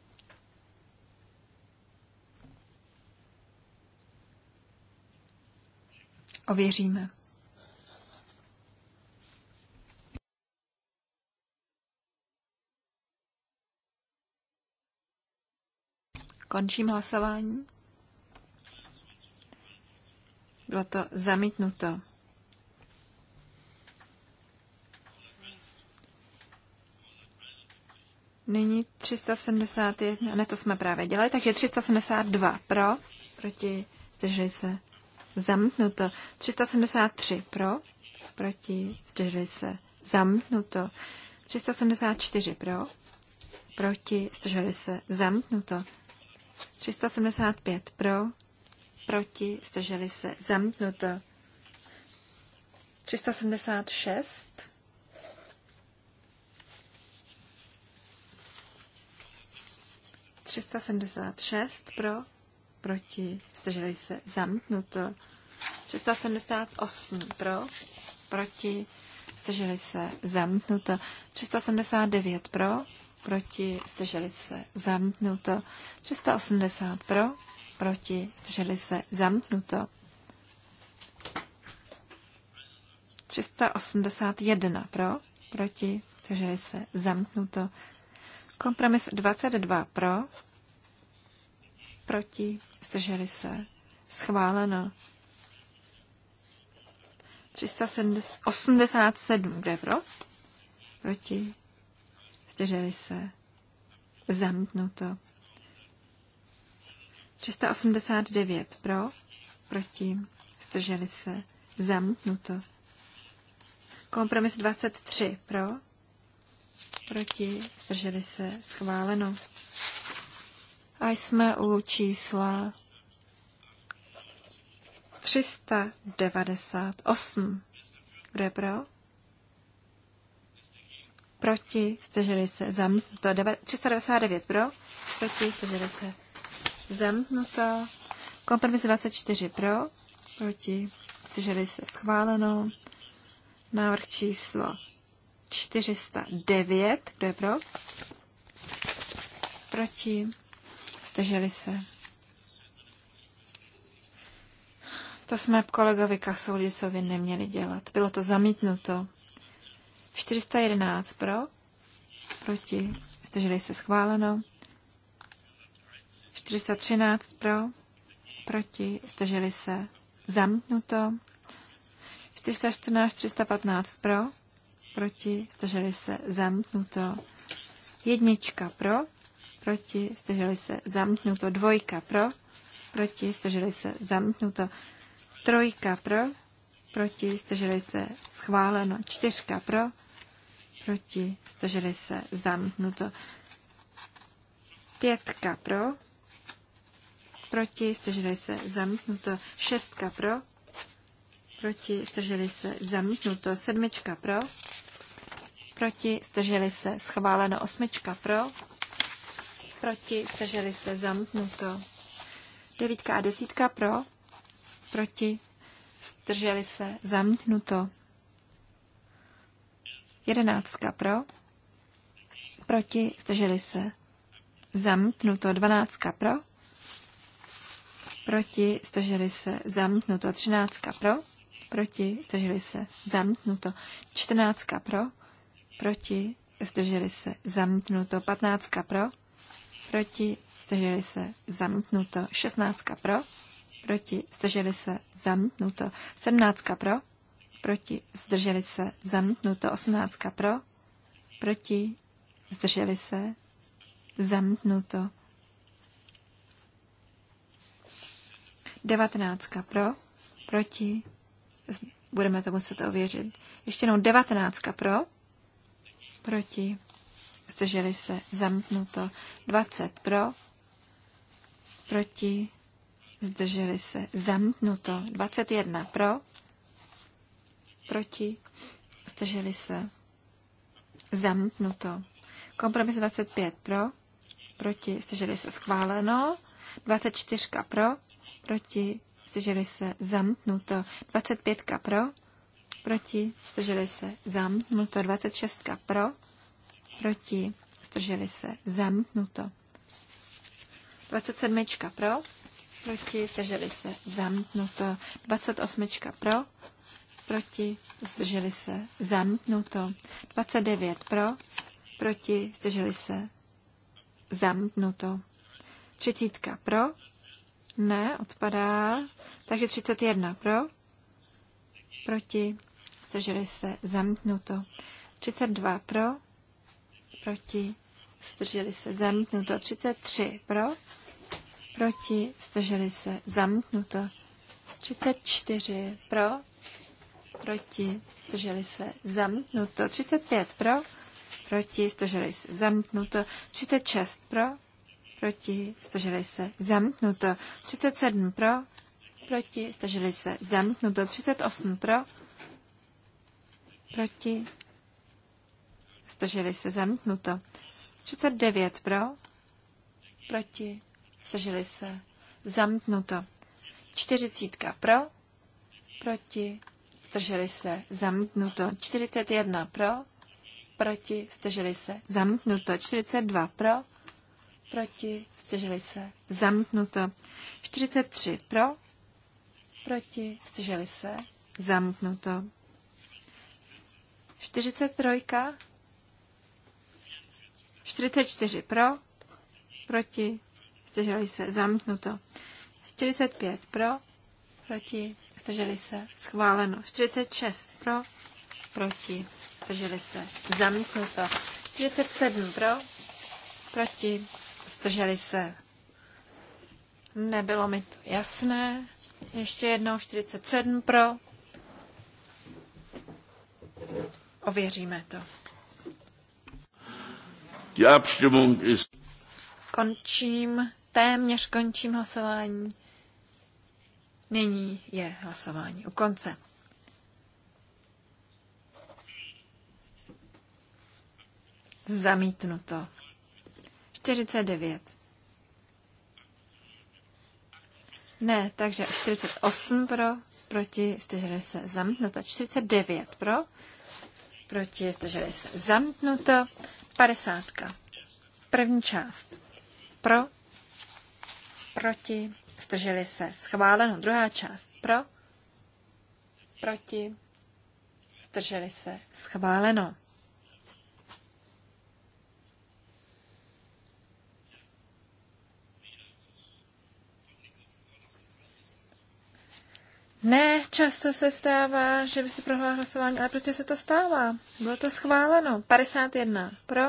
Ověříme. Končím hlasování. Bylo to zamítnuto. Nyní 371, ne, to jsme právě dělali, takže 372 pro, proti, zdrželi se, zamknuto. 373 pro, proti, zdrželi se, zamknuto. 374 pro, proti, zdrželi se, zamknuto. 375 pro, proti, zdrželi se, zamknuto. 376 376 pro, proti, zdrželi se, zamítnuto. 378 pro, proti, zdrželi se, zamítnuto. 379 pro, proti, zdrželi se, zamítnuto. 380 pro, proti, zdrželi se, zamítnuto. 381 pro, proti, zdrželi se, zamknuto. Kompromis 22 pro, proti, zdrželi se, schváleno. 387, kde pro? Proti, zdrželi se, zamítnuto. 389 pro, proti, zdrželi se, zamítnuto. Kompromis 23 pro, proti, zdrželi se, schváleno. A jsme u čísla 398. Kdo je pro? Proti, stežili se, zamítnuto. 399 pro, proti, stežili se, zamítnuto. Kompromis 24 pro, proti, stežili se, schváleno. Návrh číslo 409. Kdo je pro? Proti? Zdrželi se. To jsme kolegovi Kasoulisovi neměli dělat. Bylo to zamítnuto. 411 pro, proti, zdrželi se schváleno. 413 pro, proti, zdrželi se zamítnuto. 414, 415 pro, proti, zdrželi se, zamknuto. Jednička pro, proti, zdrželi se, zamknuto. Dvojka pro, proti, zdrželi se, zamknuto. Trojka pro, proti, zdrželi se, schváleno. Čtyřka pro, proti, zdrželi se, zamknuto. Pětka pro, proti, zdrželi se, zamknuto. Šestka pro, proti, zdrželi se, zamknuto. Sedmička pro, proti, zdrželi se, schváleno osmička pro, proti, zdrželi se, zamítnuto. Devítka a desítka pro, proti, zdrželi se, zamítnuto. Jedenáctka pro, proti, zdrželi se, zamítnuto. Dvanáctka pro, proti, zdrželi se, zamítnuto. Třináctka pro, proti, zdrželi se, zamítnuto. Čtrnáctka pro, proti, zdrželi se, zamítnuto. 15 pro, proti, zdrželi se, zamítnuto. 16 pro, proti, zdrželi se, zamítnuto. 17 pro, proti, zdrželi se, zamítnuto. 18 pro, proti, zdrželi se, zamítnuto. 19 pro, proti, budeme to muset ověřit. Ještě jednou 19 pro, proti, zdrželi se, zamknuto 20 pro, proti, zdrželi se, zamknuto 21 pro, proti, zdrželi se, zamknuto. Kompromis 25 pro, proti, zdrželi se, schváleno. 24 pro, proti, zdrželi se, zamknuto 25 pro, proti, zdrželi se, zamknuto. 26 pro, proti, zdrželi se, zamknuto. 27 pro, proti, zdrželi se, zamknuto. 28 pro, proti, zdrželi se, zamknuto. 29 pro, proti, zdrželi se, zamknuto. 30 pro, ne, odpadá. Takže 31 pro, proti, zdrželi se, zamítnuto. 32 pro, proti, zdrželi se, zamítnuto. 33 pro, proti, zdrželi se, zamítnuto. 34 pro, proti, zdrželi se, zamítnuto. 35 pro, proti, zdrželi se, zamítnuto. 36 pro, proti, zdrželi se, zamítnuto. 37 pro, proti, zdrželi se, zamítnuto. 38 pro, proti, zdrželi se zamítnuto. 39 pro, proti, zdrželi se zamítnuto. 40 pro, proti, zdrželi se zamítnuto. 41 pro, proti, zdrželi se zamítnuto. 42 pro, proti, zdrželi se zamítnuto. 43 pro, proti, zdrželi se zamítnuto. 43. 44 pro, proti, zdrželi se, zamítnuto. 45 pro, proti, zdrželi se, schváleno. 46 pro, proti, zdrželi se, zamítnuto. 47 pro, proti, zdrželi se. Nebylo mi to jasné. Ještě jednou 47 pro, Ověříme to. Končím, téměř končím hlasování. Nyní je hlasování u konce. Zamítnuto. 49. Ne, takže 48 pro, proti, jste se. Zamítnuto. 49 pro, proti, že se zamknuto. 50. První část pro, proti, zdrželi se schváleno. Druhá část pro, proti, zdrželi se schváleno. Ne, často se stává, že by se prohlá hlasování, ale prostě se to stává. Bylo to schváleno. 51 pro,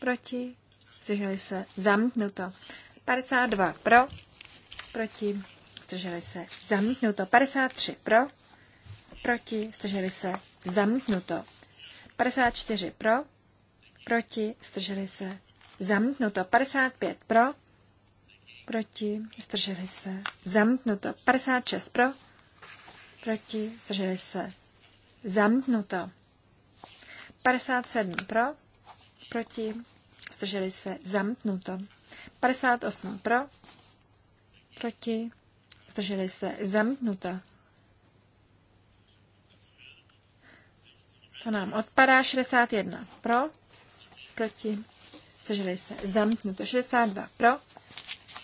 proti, zdrželi se, zamítnuto. 52 pro, proti, zdrželi se, zamítnuto. 53 pro, proti, zdrželi se, zamítnuto. 54 pro, proti, zdrželi se, zamítnuto. 55 pro, proti, zdrželi se, zamknuto, 56 pro, proti, zdrželi se, zamknuto, 57 pro, proti, zdrželi se, zamknuto, 58 pro, proti, zdrželi se, zamknuto. To nám odpadá 61 pro, proti, zdrželi se, zamknuto, 62 pro,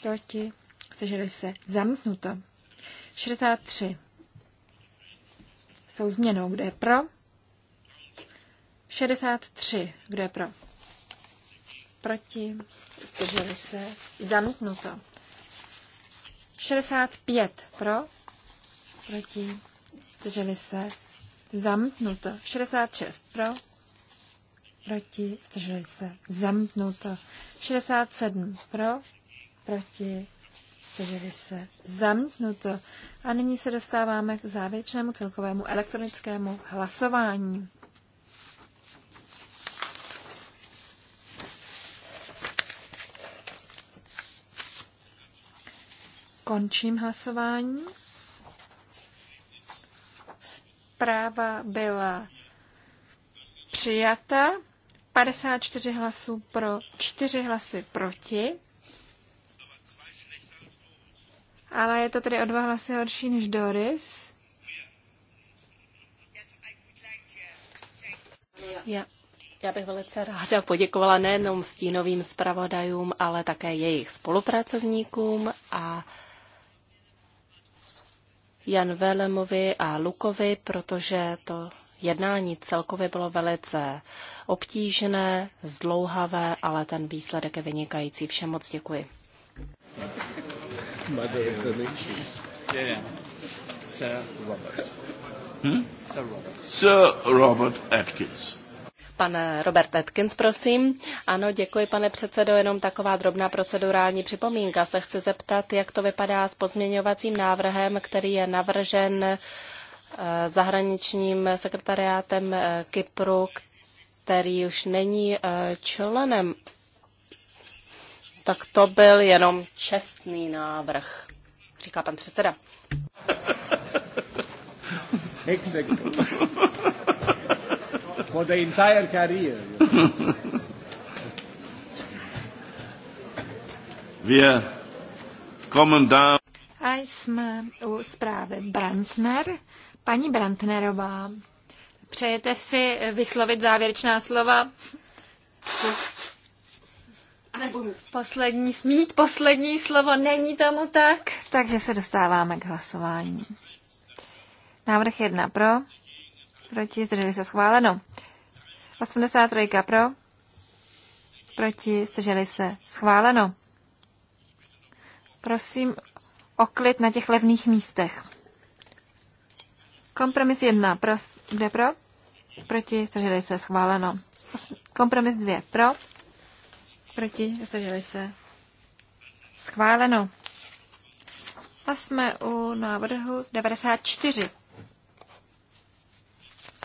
proti, zdrželi se, zamknuto. 63 jsou změnou, kdo je pro, 63, kdo je pro, proti, zdrželi se, zamknuto. 65 pro, proti, zdrželi se, zamknuto. 66 pro, proti, zdrželi se, zamknuto. 67 pro, proti, zdrželi se zamítnuto. A nyní se dostáváme k závěrečnému celkovému elektronickému hlasování. Končím hlasování. Zpráva byla přijata. 54 hlasů pro, 4 hlasy proti ale je to tedy o dva hlasy horší než Doris. Já, já bych velice ráda poděkovala nejenom stínovým zpravodajům, ale také jejich spolupracovníkům a Jan Velemovi a Lukovi, protože to jednání celkově bylo velice obtížné, zdlouhavé, ale ten výsledek je vynikající. Všem moc děkuji mother of the nations. Yeah. Sir Robert. Hmm? Sir Robert. Sir Robert Atkins. Pan Robert Atkins, prosím. Ano, děkuji, pane předsedo. Jenom taková drobná procedurální připomínka. Se chci zeptat, jak to vypadá s pozměňovacím návrhem, který je navržen eh, zahraničním sekretariátem eh, Kypru, který už není eh, členem tak to byl jenom čestný návrh, říká pan předseda. Exactly. For the entire career. Wir kommen down. A jsme u zprávy Brantner. Paní Brantnerová, přejete si vyslovit závěrečná slova? Poslední, smít poslední slovo, není tomu tak. Takže se dostáváme k hlasování. Návrh jedna pro, proti, zdrželi se schváleno. 83 pro, proti, zdrželi se schváleno. Prosím o klid na těch levných místech. Kompromis 1 pro, 2 pro, proti, zdrželi se schváleno. Kompromis 2 pro, Proti? Zdrželi se? Schváleno. A jsme u návrhu 94.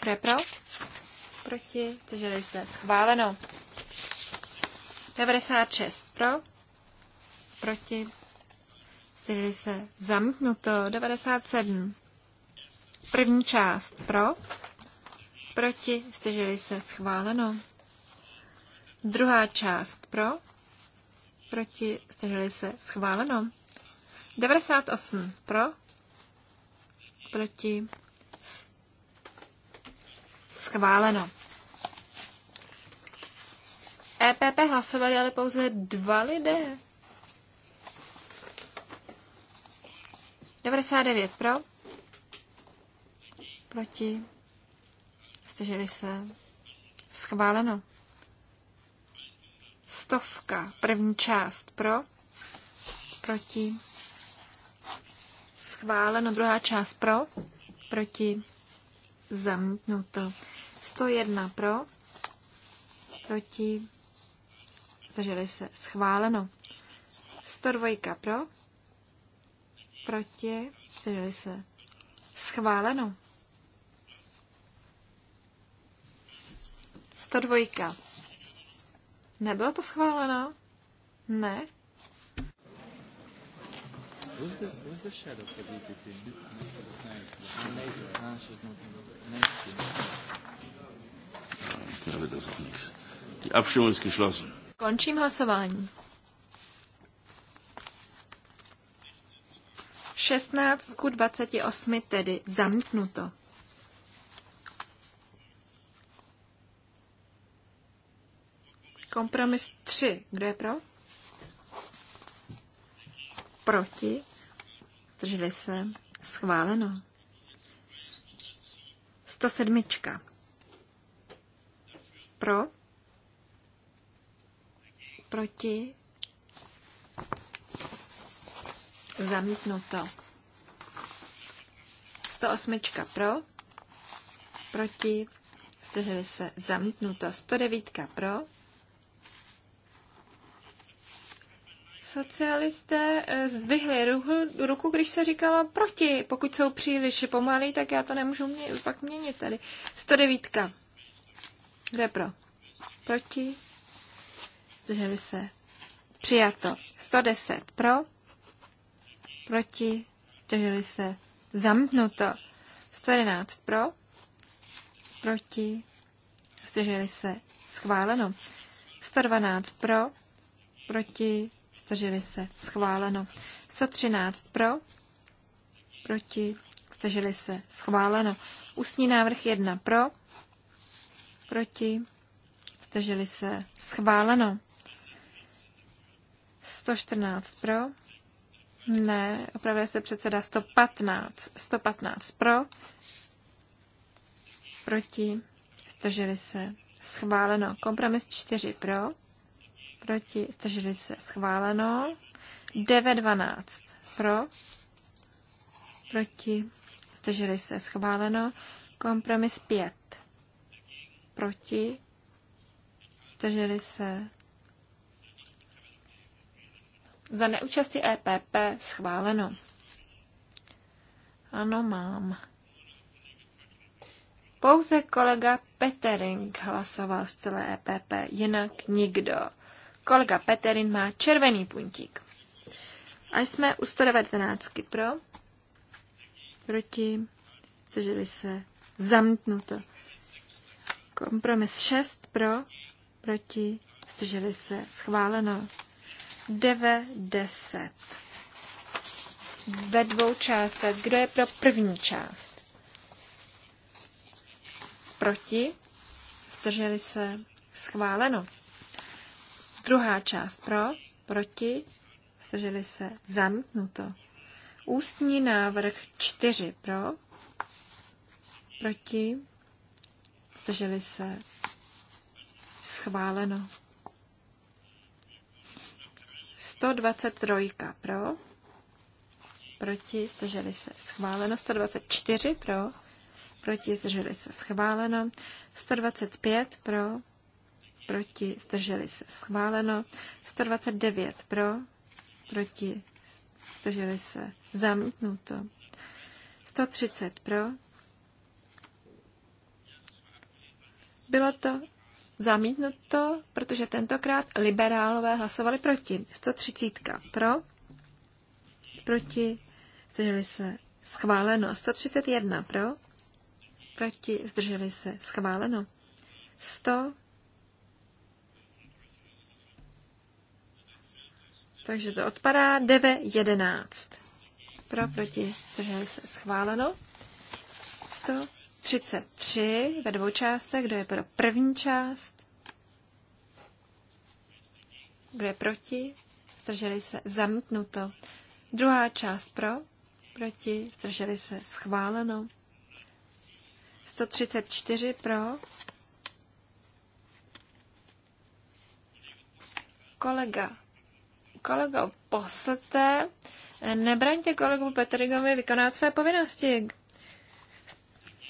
Kdo je pro? Proti? Zdrželi se? Schváleno. 96 pro? Proti? Zdrželi se? Zamknuto 97. První část pro? Proti? Zdrželi se? Schváleno. Druhá část pro, proti, zdrželi se, schváleno. 98 pro, proti, schváleno. EPP hlasovali ale pouze dva lidé. 99 pro, proti, zdrželi se, schváleno. Stovka, první část pro, proti, schváleno, druhá část pro, proti, zamítnuto. 101 pro, proti, zdrželi se, schváleno. 102 pro, proti, zdrželi se, schváleno. 102 Nebyla to schválena? Ne? Končím hlasování. 16 ku 28 tedy zamítnuto. Kompromis 3. Kdo je pro? Proti? Drželi se? Schváleno. 107. Pro? Proti? Zamítnuto. 108. Pro? Proti? Zdrželi se? Zamítnuto. 109. Pro? socialisté eh, zdvihli ruku, ruku, když se říkalo proti. Pokud jsou příliš pomalí, tak já to nemůžu mě, pak měnit tady. 109. Kde pro? Proti. Zdrželi se. Přijato. 110 pro. Proti. Zdrželi se. Zamknuto. 111 pro. Proti. Zdrželi se. Schváleno. 112 pro. Proti zdrželi se, schváleno. 113 pro, proti, zdrželi se, schváleno. Ústní návrh 1 pro, proti, zdrželi se, schváleno. 114 pro, ne, opravuje se předseda 115, 115 pro, proti, zdrželi se, schváleno. Kompromis 4 pro, proti, zdrželi se schváleno. 9.12 pro, proti, zdrželi se schváleno. Kompromis 5 proti, zdrželi se za neúčasti EPP schváleno. Ano, mám. Pouze kolega Petering hlasoval z celé EPP, jinak nikdo. Kolega Peterin má červený puntík. A jsme u 119 pro, proti, zdrželi se, zamítnuto. Kompromis 6 pro, proti, zdrželi se, schváleno. 9, 10. Ve dvou částech. Kdo je pro první část? Proti, zdrželi se, schváleno. Druhá část pro, proti, zdrželi se, zamítnuto. Ústní návrh čtyři pro, proti, zdrželi se, schváleno. 123 pro, proti, zdrželi se, schváleno. 124 pro, proti, zdrželi se, schváleno. 125 pro, proti, zdrželi se schváleno, 129 pro, proti, zdrželi se zamítnuto, 130 pro, bylo to zamítnuto, protože tentokrát liberálové hlasovali proti, 130 pro, proti, zdrželi se schváleno, 131 pro, proti, zdrželi se schváleno, 100 Takže to odpadá. 911. Pro, proti, zdrželi se schváleno. 133 ve dvou částech. Kdo je pro první část? Kdo je proti? Zdrželi se zamítnuto. Druhá část pro, proti, zdrželi se schváleno. 134 pro, kolega kolego, poslete, nebraňte kolegu Petrigovi vykonat své povinnosti.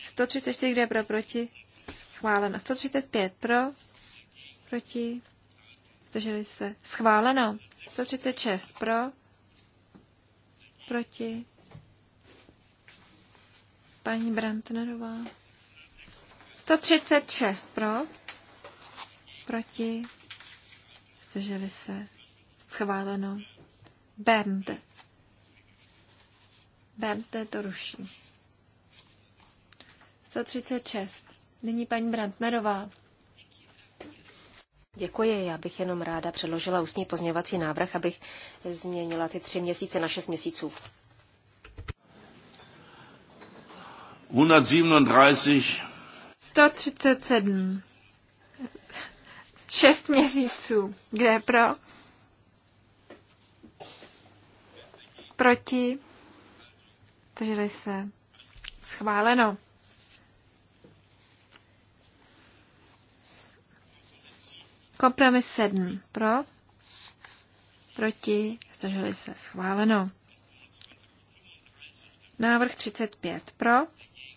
134, kde pro, proti, schváleno. 135 pro, proti, zdrželi se, schváleno. 136 pro, proti, paní Brantnerová. 136 pro, proti, zdrželi se, Schváleno. Bernd. Bernd to ruší. 136. Nyní paní Brandnerová. Děkuji. Já bych jenom ráda předložila ústní pozměňovací návrh, abych změnila ty tři měsíce na šest měsíců. 137. 137. Šest měsíců. Kde je pro? Proti? Drželi se. Schváleno. Kompromis 7. Pro? Proti? Zdrželi se. Schváleno. Návrh 35. Pro?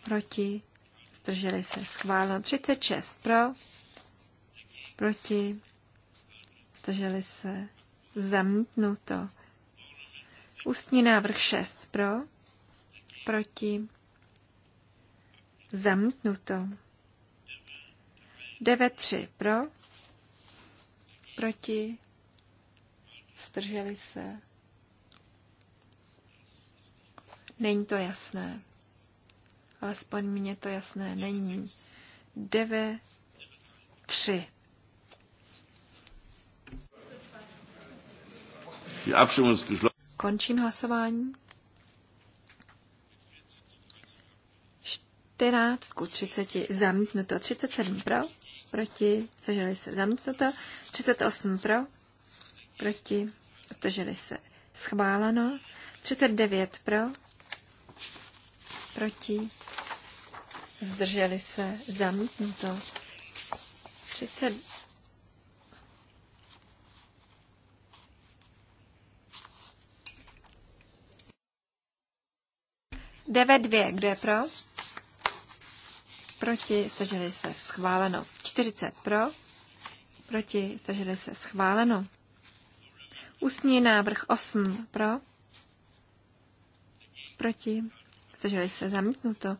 Proti? Zdrželi se. Schváleno. 36. Pro? Proti? Zdrželi se. Zamítnuto. Ústní návrh 6 pro, proti, zamítnuto. 9-3 pro, proti, strželi se. Není to jasné. Alespoň mně to jasné není. 9, 3. Die Abstimmung ist geschlossen. Končím hlasování. 14 ku 30 zamítnuto, 37 pro, proti, zdrželi se zamítnuto, 38 pro, proti, zdrželi se schváleno, 39 pro, proti, zdrželi se zamítnuto, 30 9-2. Kdo je pro? Proti. Zdrželi se. Schváleno. 40 pro. Proti. Zdrželi se. Schváleno. Ústní návrh 8 pro. Proti. Zdrželi se. Zamítnuto.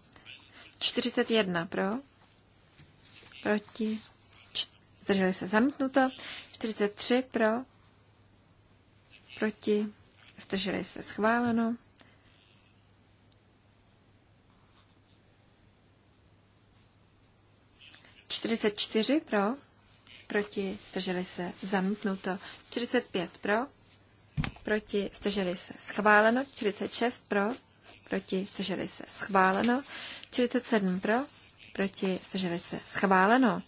41 pro. Proti. Zdrželi se. Zamítnuto. 43 pro. Proti. Zdrželi se. Schváleno. 44 pro, proti, zdrželi se, zamítnuto. 45 pro, proti, zdrželi se, schváleno. 46 pro, proti, zdrželi se, schváleno. 47 pro, proti, zdrželi se, schváleno.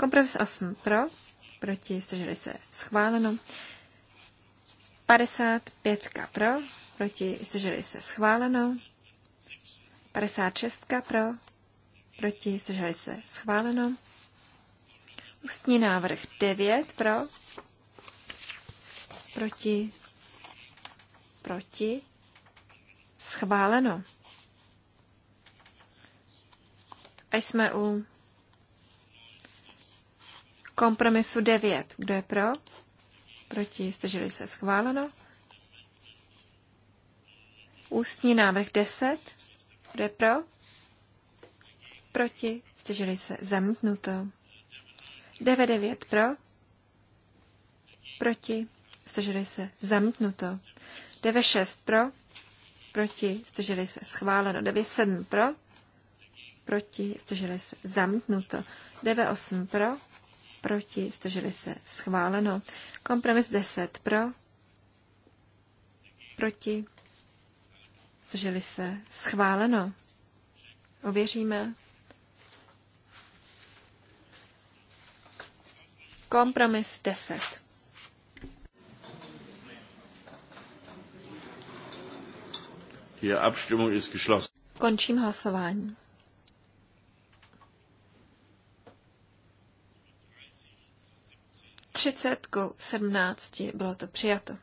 Kompromis 8 pro, proti, zdrželi se, schváleno. 55 pro, proti, zdrželi se, schváleno. 56 pro, proti, zdrželi se, schváleno. Ústní návrh 9 pro, proti, proti, schváleno. A jsme u kompromisu 9. Kdo je pro? Proti, zdrželi se, schváleno. Ústní návrh 10. Kdo je pro? Proti, zdrželi se, zamítnuto. 9.9 pro, proti, zdrželi se, zamítnuto. 9.6 pro, proti, zdrželi se, schváleno. 9.7 pro, proti, zdrželi se, zamítnuto. 9.8 pro, proti, zdrželi se, schváleno. Kompromis 10 pro, proti, zdrželi se, schváleno. Ověříme. Kompromis 10. Die Abstimmung ist geschlossen. Končím hlasování. Třicetku sedmnácti bylo to přijato.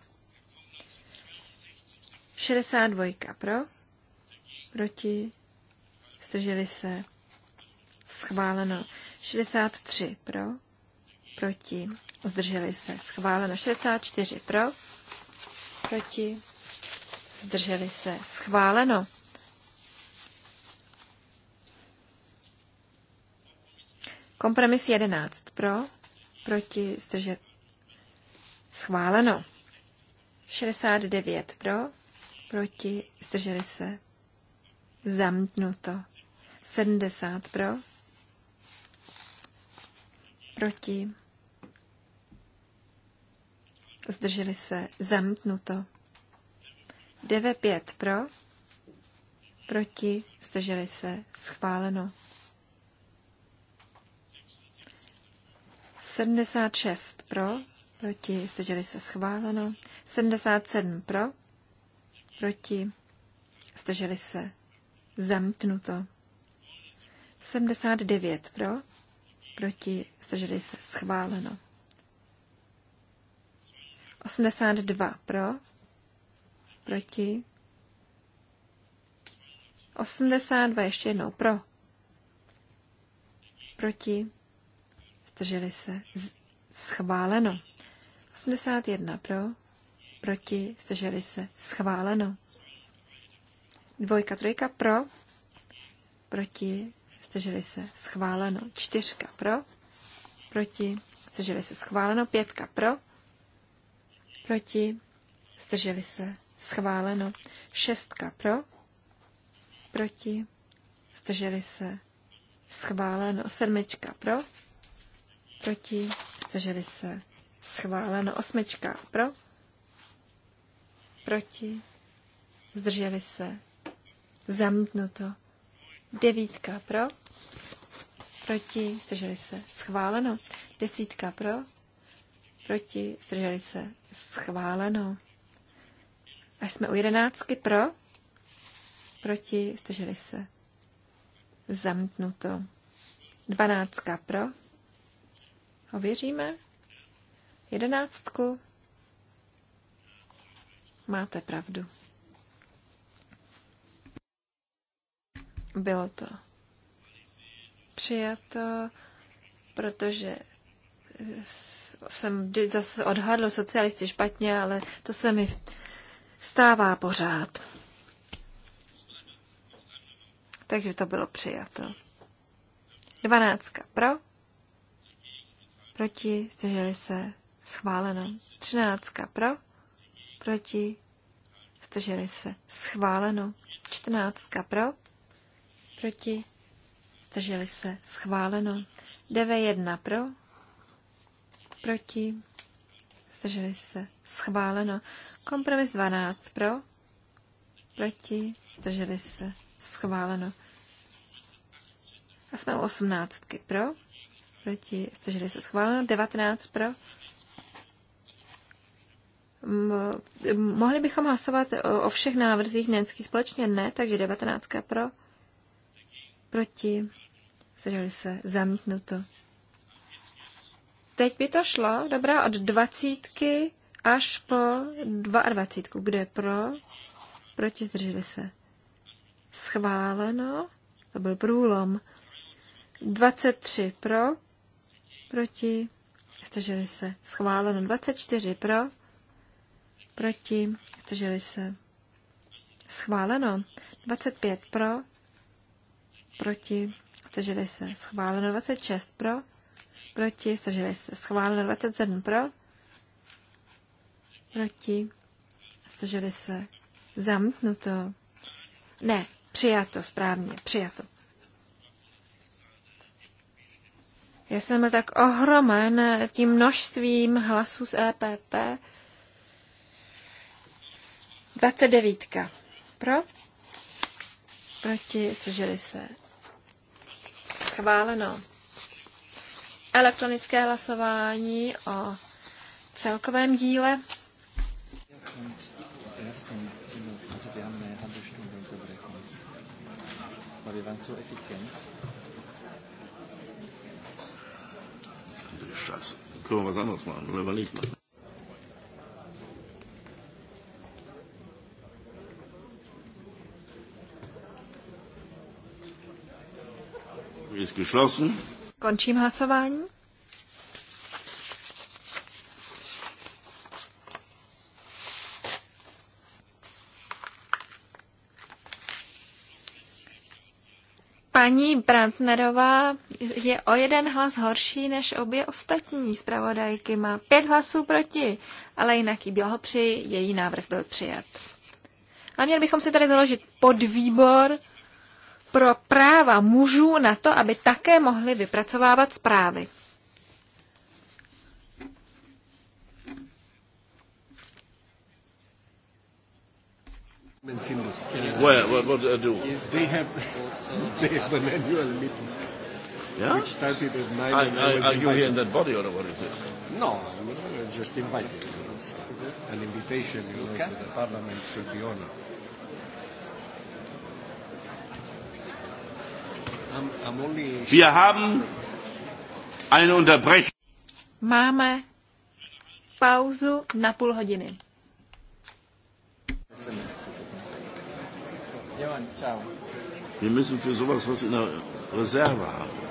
62 pro, proti, zdrželi se, schváleno. 63 pro, proti, zdrželi se, schváleno 64 pro, proti, zdrželi se, schváleno. Kompromis 11 pro, proti, zdrželi, schváleno. 69 pro, proti, zdrželi se, zamítnuto. 70 pro, proti, zdrželi se, zamítnuto. 9-5 pro, proti, zdrželi se, schváleno. 76 pro, proti, zdrželi se, schváleno. 77 pro, proti, zdrželi se, zamítnuto. 79 pro, proti, zdrželi se, schváleno. 82 pro, proti. 82 ještě jednou pro, proti. Zdrželi se. Schváleno. 81 pro, proti. Zdrželi se. Schváleno. Dvojka, trojka pro, proti. Zdrželi se. Schváleno. Čtyřka pro, proti. Zdrželi se. Schváleno. Pětka pro, proti, zdrželi se, schváleno. Šestka pro, proti, zdrželi se, schváleno. Sedmička pro, proti, zdrželi se, schváleno. Osmička pro, proti, zdrželi se, zamítnuto. Devítka pro, proti, zdrželi se, schváleno. Desítka pro, proti, zdrželi se, schváleno. Až jsme u jedenáctky pro, proti, zdrželi se, zamknuto. Dvanáctka pro, ověříme. Jedenáctku, máte pravdu. Bylo to přijato, protože jsem zase odhadl socialisty špatně, ale to se mi stává pořád. Takže to bylo přijato. Dvanáctka pro, proti, zdrželi se, schváleno. Třináctka pro, proti, zdrželi se, schváleno. Čtrnáctka pro, proti, zdrželi se, schváleno. 9.1 pro, proti, zdrželi se, schváleno. Kompromis 12 pro, proti, zdrželi se, schváleno. A jsme u 18 pro, proti, zdrželi se, schváleno. 19 pro, mohli bychom hlasovat o, všech návrzích Nenský společně? Ne, takže 19 pro, proti, zdrželi se, zamítnuto. Teď by to šlo, dobrá, od dvacítky až po dva dvacítku. Kde pro? Proti zdrželi se. Schváleno. To byl průlom. 23 pro, proti, zdrželi se. Schváleno 24 pro, proti, zdrželi se. Schváleno 25 pro, proti, zdrželi se. Schváleno 26 pro, proti, zdrželi se schváleno 27 pro, proti, zdrželi se zamknuto, Ne, přijato, správně, přijato. Já jsem byl tak ohromen tím množstvím hlasů z EPP. 29. Pro? Proti, zdrželi se. Schváleno. Elektronické hlasování o celkovém díle. ist geschlossen. Končím hlasování. Paní Brantnerová je o jeden hlas horší než obě ostatní zpravodajky. Má pět hlasů proti, ale jinak jí při, její návrh byl přijat. A měli bychom si tady založit podvýbor pro práva mužů na to, aby také mohli vypracovávat zprávy. Where, what, what do I do? They have, they have an annual meeting. Yeah? Which started at 9 I, I, I are you here in that body or what is it? No, I'm no, no, no, just invited. an invitation you know, okay. to the parliament should be honored. Wir haben eine Unterbrechung. Máme pauzu na půl hodiny. Wir müssen für sowas was in der Reserve haben.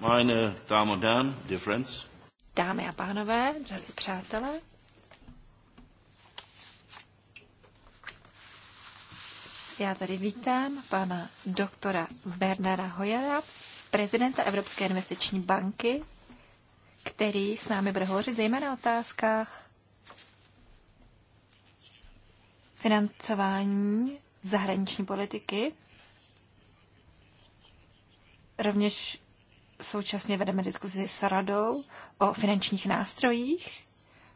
meine Damen und Herren, dear friends. Dámy a pánové, drazí přátelé. Já tady vítám pana doktora Bernara Hojera, prezidenta Evropské investiční banky, který s námi bude hovořit zejména o otázkách financování zahraniční politiky. Rovněž současně vedeme diskuzi s radou o finančních nástrojích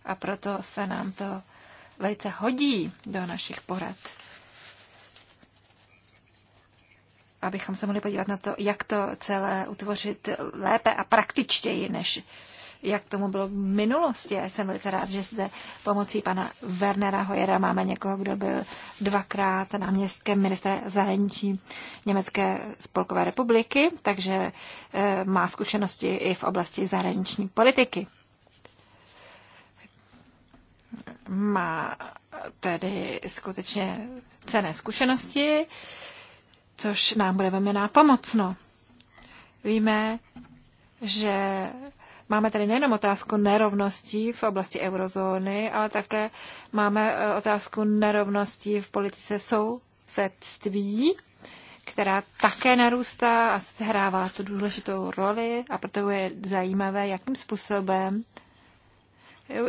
a proto se nám to velice hodí do našich porad. Abychom se mohli podívat na to, jak to celé utvořit lépe a praktičtěji, než jak tomu bylo v minulosti. Já jsem velice rád, že zde pomocí pana Wernera Hojera máme někoho, kdo byl dvakrát náměstkem ministra zahraničí Německé spolkové republiky, takže eh, má zkušenosti i v oblasti zahraniční politiky. Má tedy skutečně cené zkušenosti, což nám bude velmi nápomocno. Víme, že Máme tady nejenom otázku nerovností v oblasti eurozóny, ale také máme e, otázku nerovností v politice sousedství, která také narůstá a sehrává tu důležitou roli a proto je zajímavé, jakým způsobem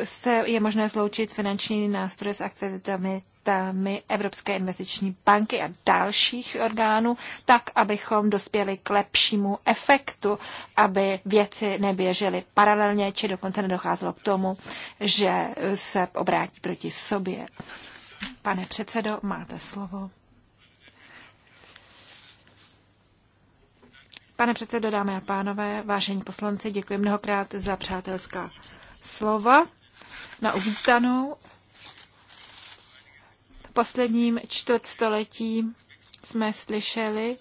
se je možné sloučit finanční nástroje s aktivitami autoritami Evropské investiční banky a dalších orgánů, tak, abychom dospěli k lepšímu efektu, aby věci neběžely paralelně, či dokonce nedocházelo k tomu, že se obrátí proti sobě. Pane předsedo, máte slovo. Pane předsedo, dámy a pánové, vážení poslanci, děkuji mnohokrát za přátelská slova na uvítanou posledním čtvrtstoletí jsme slyšeli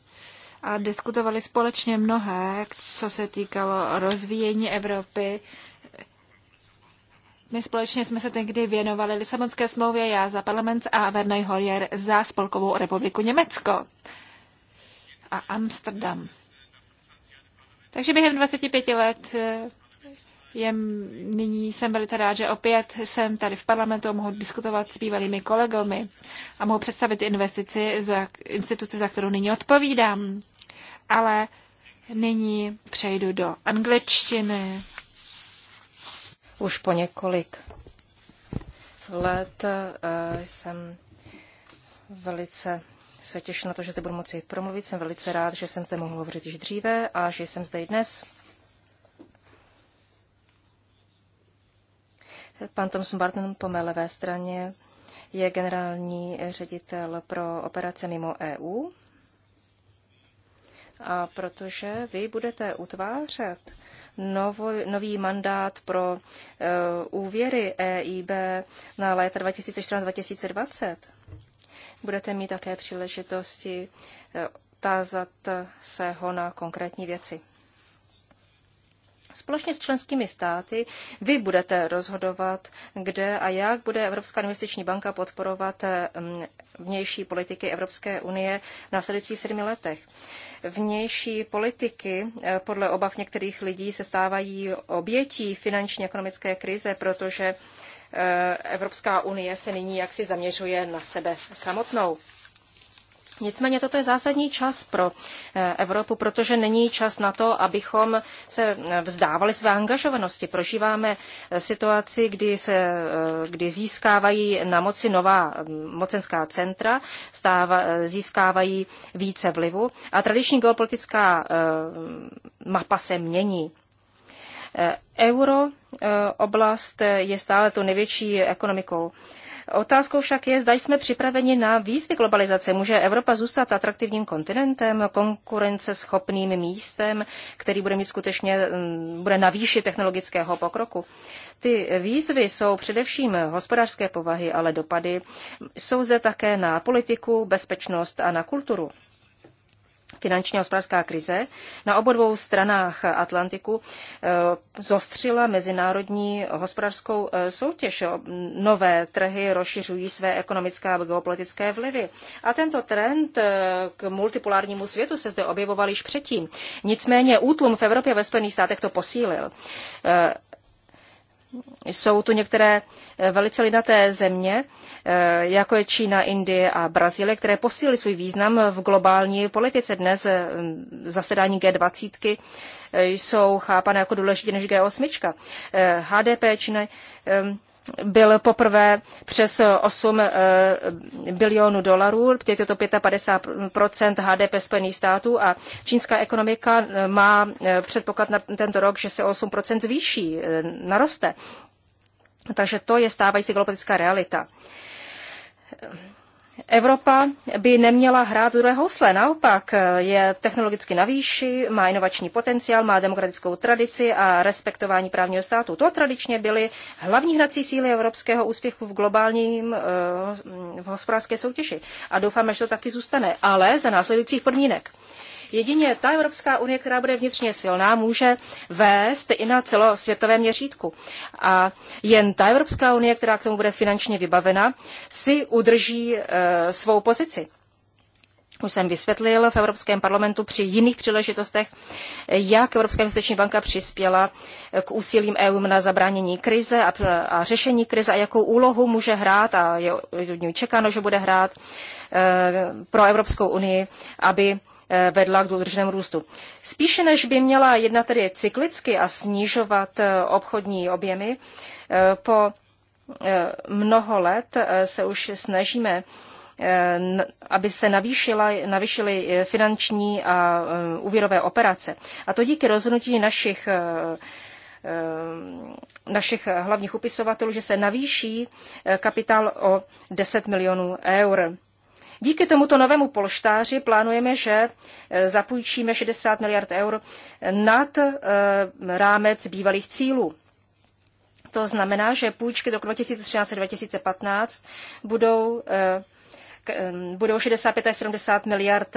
a diskutovali společně mnohé, co se týkalo rozvíjení Evropy, my společně jsme se tehdy věnovali Lisabonské smlouvě, já za parlament a Werner Horier za Spolkovou republiku Německo a Amsterdam. Takže během 25 let eh, je, nyní jsem velice rád, že opět jsem tady v parlamentu a mohu diskutovat s bývalými kolegomi a mohu představit investici za instituci, za kterou nyní odpovídám. Ale nyní přejdu do angličtiny. Už po několik let eh, jsem velice se těším na to, že zde budu moci promluvit. Jsem velice rád, že jsem zde mohl hovořit již dříve a že jsem zde i dnes. Pan Tom Barton po mé levé straně je generální ředitel pro operace mimo EU. A protože vy budete utvářet novo, nový mandát pro uh, úvěry EIB na léta 2014-2020, budete mít také příležitosti uh, tázat se ho na konkrétní věci. Společně s členskými státy vy budete rozhodovat, kde a jak bude Evropská investiční banka podporovat mm, vnější politiky Evropské unie v následujících sedmi letech. Vnější politiky eh, podle obav některých lidí se stávají obětí finanční ekonomické krize, protože eh, Evropská unie se nyní jaksi zaměřuje na sebe samotnou. Nicméně toto je zásadní čas pro eh, Evropu, protože není čas na to, abychom se eh, vzdávali své angažovanosti. Prožíváme eh, situaci, kdy, se, kdy získávají na moci nová mm, mocenská centra, stáva, získávají více vlivu a tradiční geopolitická mapa se mění. Euro oblast je stále tu největší ekonomikou Otázkou však je, zda jsme připraveni na výzvy globalizace. Může Evropa zůstat atraktivním kontinentem, konkurenceschopným místem, který bude mít skutečně, mm, bude na výši technologického pokroku. Ty výzvy jsou především hospodářské povahy, ale dopady jsou zde také na politiku, bezpečnost a na kulturu. Finanční a hospodářská krize na obou dvou stranách Atlantiku eh, zostřila mezinárodní hospodářskou eh, soutěž. Nové trhy rozšiřují své ekonomické a geopolitické vlivy. A tento trend eh, k multipolárnímu světu se zde objevoval již předtím. Nicméně útlum v Evropě a ve Spojených státech to posílil. Jsou tu některé eh, velice lidnaté země, eh, jako je Čína, Indie a Brazílie, které posílily svůj význam v globální politice. Dnes eh, zasedání G20 jsou chápané jako důležitější než G8. HDP Číny byl poprvé přes 8 eh, bilionů dolarů, je to 55 HDP Spojených států a čínská ekonomika eh, má eh, předpoklad na tento rok, že se 8 zvýší, naroste. Takže to je stávající globalická realita. Evropa by neměla hrát druhé housle, naopak je technologicky na výši, má inovační potenciál, má demokratickou tradici a respektování právního státu. To tradičně byly hlavní hrací síly evropského úspěchu v globálním eh, v hospodářské soutěži. A doufáme, že to taky zůstane, ale za následujících podmínek. Jedině ta Evropská unie, která bude vnitřně silná, může vést i na celosvětovém měřítku. A jen ta Evropská unie, která k tomu bude finančně vybavena, si udrží e, svou pozici. Už jsem vysvětlil v Evropském parlamentu při jiných příležitostech, jak Evropská investiční banka přispěla e, k úsilím EU na zabránění krize a, a řešení krize a jakou úlohu může hrát a je od čekáno, že bude hrát e, pro Evropskou unii, aby Eh, vedla k důležitému růstu. Spíše než by měla jednat tedy cyklicky a snižovat eh, obchodní objemy, eh, po mnoho let se už snažíme aby se navýšila, navýšily finanční a úvěrové operace. A to díky rozhodnutí našich, našich hlavních upisovatelů, že se navýší kapitál o 10 milionů eur. Díky tomuto novému polštáři plánujeme, že eh, zapůjčíme 60 miliard eur nad eh, rámec bývalých cílů. To znamená, že půjčky do roku 2013 a 2015 budou, eh, budou 65 až 70 miliard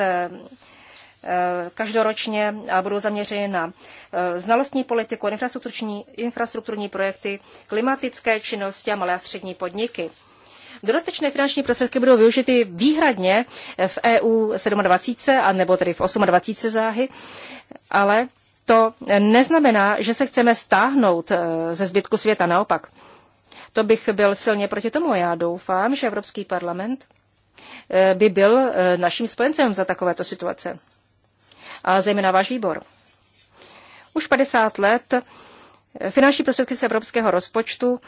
každoročně a budou zaměřeny na znalostní politiku, infrastrukturní, infrastrukturní projekty, klimatické činnosti a malé a střední podniky. Dodatečné finanční prostředky budou využity výhradně v EU 27 a nebo tedy v 28 záhy, ale to neznamená, že se chceme stáhnout eh, ze zbytku světa, naopak. To bych byl silně proti tomu. Já doufám, že Evropský parlament eh, by byl eh, naším spojencem za takovéto situace. A zejména váš výbor. Už 50 let Finanční prostředky z evropského rozpočtu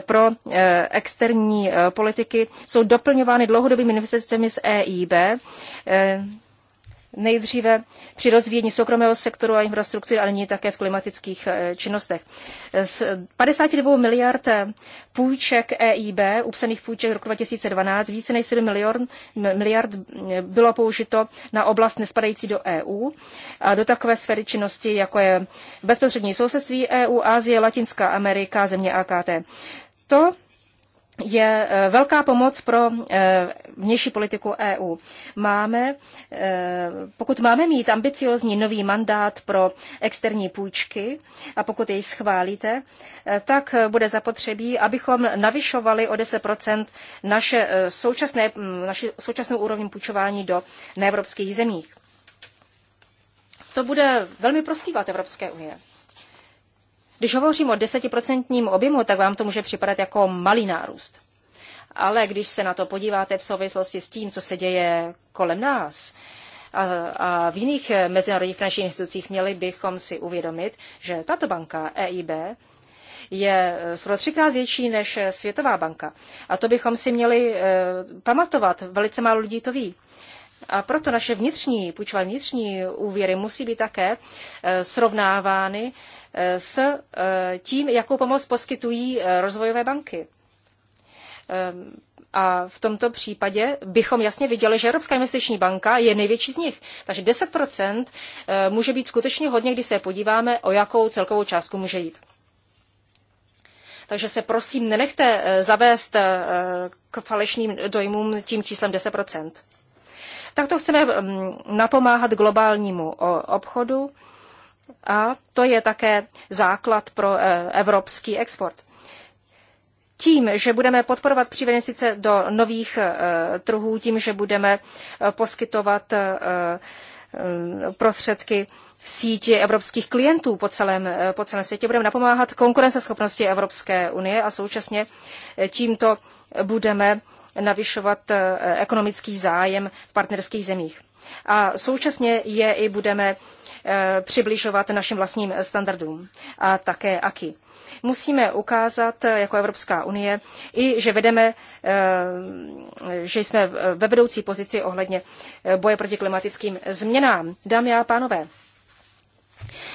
pro eh, externí eh, politiky jsou doplňovány dlouhodobými investicemi z EIB eh, nejdříve při rozvíjení soukromého sektoru a infrastruktury, ale nyní také v klimatických eh, činnostech. Z 52 miliard eh, půjček EIB, upsaných půjček roku 2012, více než 7 miliard, miliard eh, bylo použito na oblast nespadající do EU, a do takové sféry činnosti, jako je bezprostřední sousedství EU, Asie, Latinská Amerika, země AKT. To je eh, velká pomoc pro eh, vnější politiku EU. Máme, eh, pokud máme mít ambiciozní nový mandát pro externí půjčky a pokud jej schválíte, tak bude zapotřebí, abychom navyšovali o 10 naše současné, mm, naši současnou úroveň půjčování do neevropských zemích. To bude velmi prospívat Evropské unie. Když hovořím o desetiprocentním objemu, tak vám to může připadat jako malý nárůst. Ale když se na to podíváte v souvislosti s tím, co se děje kolem nás, a, a v jiných mezinárodních finančních institucích měli bychom si uvědomit, že tato banka EIB je skoro třikrát větší než Světová banka. A to bychom si měli e, pamatovat. Velice málo lidí to ví. A proto naše vnitřní půjčování, vnitřní úvěry musí být také e, srovnávány e, s e, tím, jakou pomoc poskytují rozvojové banky. A v tomto případě bychom jasně viděli, že Evropská investiční banka je největší z nich. Takže 10% může být skutečně hodně, když se podíváme, o jakou celkovou částku může jít. Takže se prosím nenechte zavést k falešným dojmům tím číslem 10%. Takto chceme mm, napomáhat globálnímu obchodu a to je také základ pro e, evropský export. Tím, že budeme podporovat přívěny sice do nových e, trhů, tím, že budeme e, poskytovat prostředky sítě evropských klientů po celém, po celém světě. Budeme napomáhat konkurenceschopnosti Evropské unie a současně tímto budeme navyšovat eh, ekonomický zájem v partnerských zemích. A současně je i budeme eh, přibližovat našim vlastním standardům a také AKI. Musíme ukázat eh, jako Evropská unie i, že vedeme, že jsme ve vedoucí pozici ohledně boje proti klimatickým změnám. Dámy a pánové,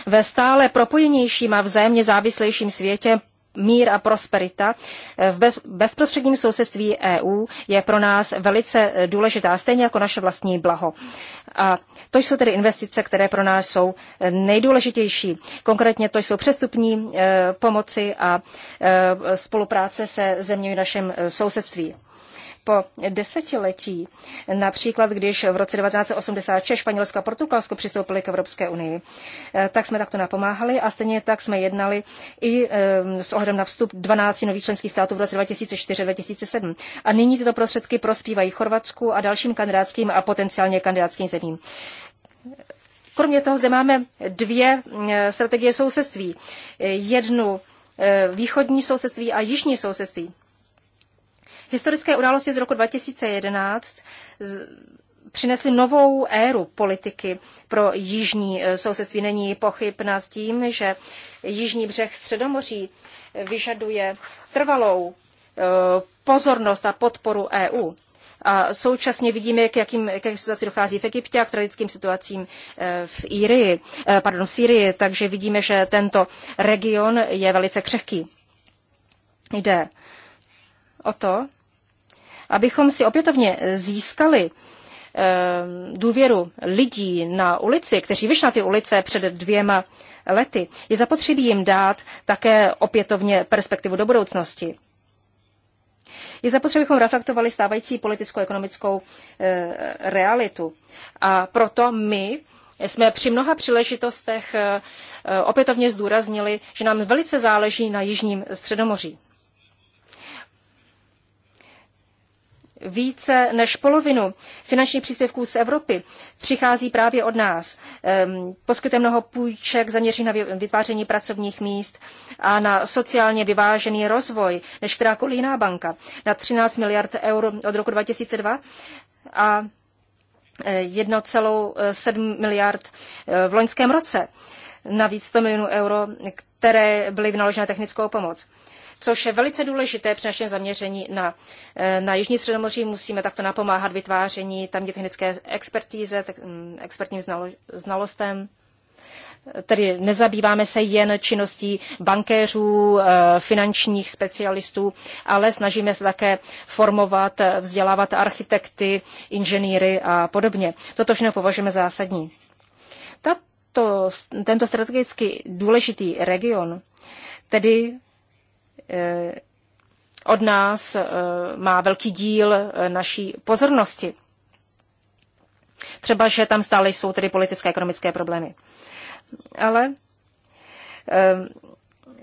ve stále propojenějším a vzájemně závislejším světě mír a prosperita v bezprostředním sousedství EU je pro nás velice důležitá, stejně jako naše vlastní blaho. A to jsou tedy investice, které pro nás jsou nejdůležitější. Konkrétně to jsou přestupní eh, pomoci a eh, spolupráce se zeměmi v našem eh, sousedství po desetiletí, například když v roce 1986 Španělsko a Portugalsko přistoupili k Evropské unii, eh, tak jsme takto napomáhali a stejně tak jsme jednali i eh, s ohledem na vstup 12 nových členských států v roce 2004-2007. A nyní tyto prostředky prospívají Chorvatsku a dalším kandidátským a potenciálně kandidátským zemím. Kromě toho zde máme dvě eh, strategie sousedství. Jednu východní sousedství a jižní sousedství. Historické události z roku 2011 přinesly novou éru politiky pro jižní eh, sousedství. Není pochyb nad tím, že jižní břeh Středomoří vyžaduje trvalou eh, pozornost a podporu EU. A současně vidíme, k jakým, k jakým situaci dochází v Egyptě a k tradickým situacím eh, v Írii, pardon, v Sýrii, takže vidíme, že tento region je velice křehký. Jde o to, abychom si opětovně získali eh, důvěru lidí na ulici, kteří vyšli na ty ulice před dvěma lety, je zapotřebí jim dát také opětovně perspektivu do budoucnosti. Je zapotřebí, abychom reflektovali stávající politicko-ekonomickou eh, realitu. A proto my jsme při mnoha příležitostech eh, opětovně zdůraznili, že nám velice záleží na Jižním středomoří. více než polovinu finančních příspěvků z Evropy přichází právě od nás. Ehm, poskytuje mnoho půjček zaměřených na vytváření pracovních míst a na sociálně vyvážený rozvoj než kterákoliv jiná banka na 13 miliard eur od roku 2002 a 1,7 eh, miliard eh, v loňském roce. Navíc 100 milionů euro, které byly vynaloženy na technickou pomoc což je velice důležité při našem zaměření na, eh, na Jižní středomoří. Musíme takto napomáhat vytváření tamní technické expertíze, tak, mm, expertním znalo, znalostem. Tedy nezabýváme se jen činností bankéřů, eh, finančních specialistů, ale snažíme se také formovat, eh, vzdělávat architekty, inženýry a podobně. Toto všechno považujeme zásadní. Tato, tento strategicky důležitý region tedy Eh, od nás eh, má velký díl eh, naší pozornosti. Třeba, že tam stále jsou tedy politické a ekonomické problémy. Ale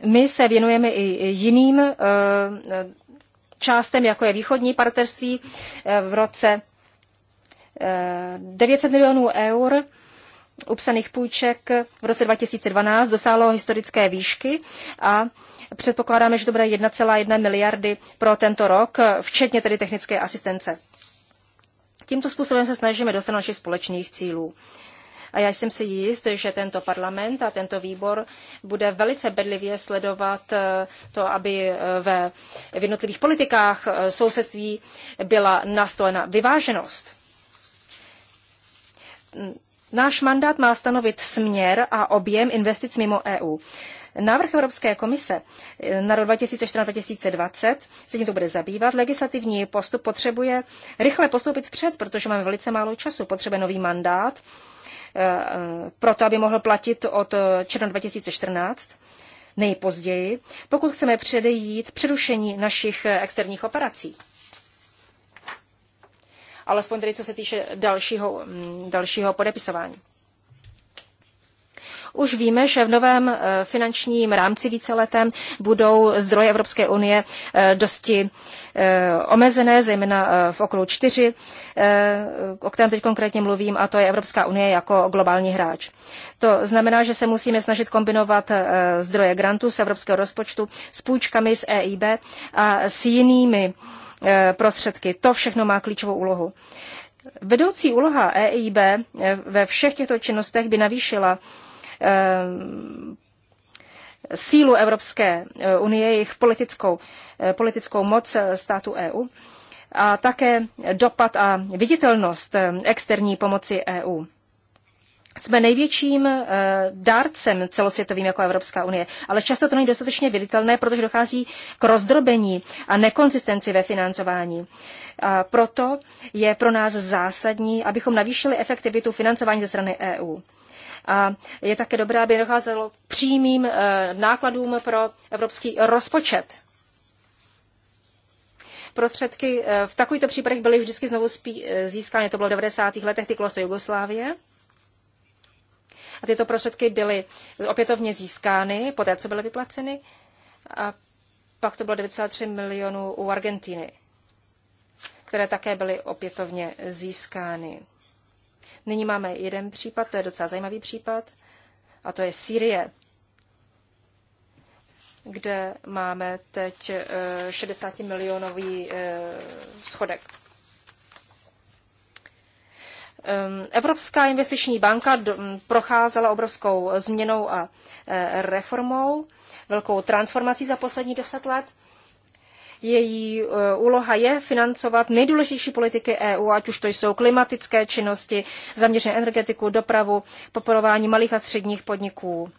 my se věnujeme i jiným částem, jako je východní partnerství v roce 900 milionů eur upsaných půjček v roce 2012 dosáhlo historické výšky a předpokládáme, že to bude 1,1 miliardy pro tento rok, včetně tedy technické asistence. Tímto způsobem se snažíme dosáhnout našich společných cílů. A já jsem si jist, že tento parlament a tento výbor bude velice bedlivě sledovat eh, to, aby eh, ve, v jednotlivých politikách eh, sousedství byla nastolena vyváženost Náš mandát má stanovit směr a objem investic mimo EU. Návrh Evropské komise eh, na rok 2014-2020 se tím to bude zabývat. Legislativní postup potřebuje rychle postoupit vpřed, protože máme velice málo času. Potřebuje nový mandát, eh, eh, proto aby mohl platit od června 2014 nejpozději, pokud chceme předejít přerušení našich externích operací alespoň tedy co se týče dalšího, mm, dalšího podepisování. Už víme, že v novém e, finančním rámci víceletem budou zdroje Evropské unie e, dosti e, omezené, zejména v okruhu čtyři, o kterém teď konkrétně mluvím, a to je Evropská unie jako globální hráč. To znamená, že se musíme snažit kombinovat zdroje grantů z evropského rozpočtu s půjčkami z EIB a s jinými Eh, prostředky. To všechno má klíčovou úlohu. Vedoucí úloha EIB eh, ve všech těchto činnostech by navýšila eh, sílu Evropské unie, jejich politickou, politickou moc státu EU a také dopad a viditelnost externí pomoci EU jsme největším eh, dárcem celosvětovým jako Evropská unie, ale často to není dostatečně viditelné, protože dochází k rozdrobení a nekonzistenci ve financování. A proto je pro nás zásadní, abychom navýšili efektivitu financování ze strany EU. A je také dobré, aby docházelo přímým eh, nákladům pro evropský rozpočet prostředky eh, v takovýchto případech byly vždycky znovu získány. To bylo v 90. letech, ty kloso Jugoslávie a tyto prostředky byly opětovně získány, poté co byly vyplaceny, a pak to bylo 9,3 milionů u Argentiny, které také byly opětovně získány. Nyní máme jeden případ, to je docela zajímavý případ, a to je Sýrie, kde máme teď 60 eh, milionový eh, schodek. Evropská investiční banka procházela obrovskou změnou a e, reformou, velkou transformací za poslední deset let. Její e, úloha je financovat nejdůležitější politiky EU, ať už to jsou klimatické činnosti, zaměřené energetiku, dopravu, podporování malých a středních podniků.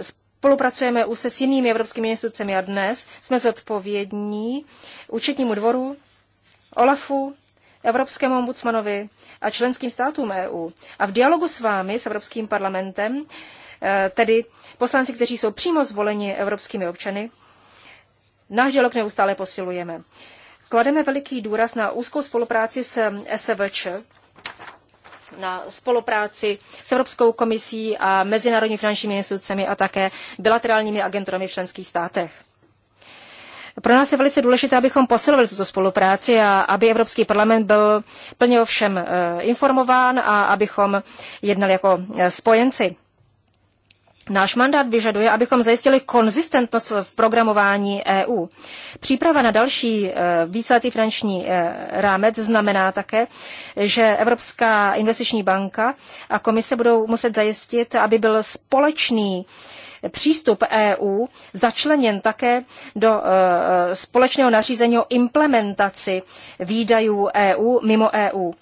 Spolupracujeme už se s jinými evropskými institucemi a dnes jsme zodpovědní účetnímu dvoru, OLAFu, Evropskému ombudsmanovi a členským státům EU. A v dialogu s vámi, s Evropským parlamentem, eh, tedy poslanci, kteří jsou přímo zvoleni evropskými občany, náš dialog neustále posilujeme. Klademe veliký důraz na úzkou spolupráci s SVČ, na spolupráci s Evropskou komisí a mezinárodními finančními institucemi a také bilaterálními agenturami v členských státech. Pro nás je velice důležité, abychom posilovali tuto spolupráci a aby Evropský parlament byl plně o všem eh, informován a abychom jednali jako eh, spojenci. Náš mandát vyžaduje, abychom zajistili konzistentnost v programování EU. Příprava na další eh, výsledný finanční rámec znamená také, že Evropská investiční banka a komise budou muset zajistit, aby byl společný přístup EU začleněn také do eh, společného nařízení o implementaci výdajů EU mimo EU.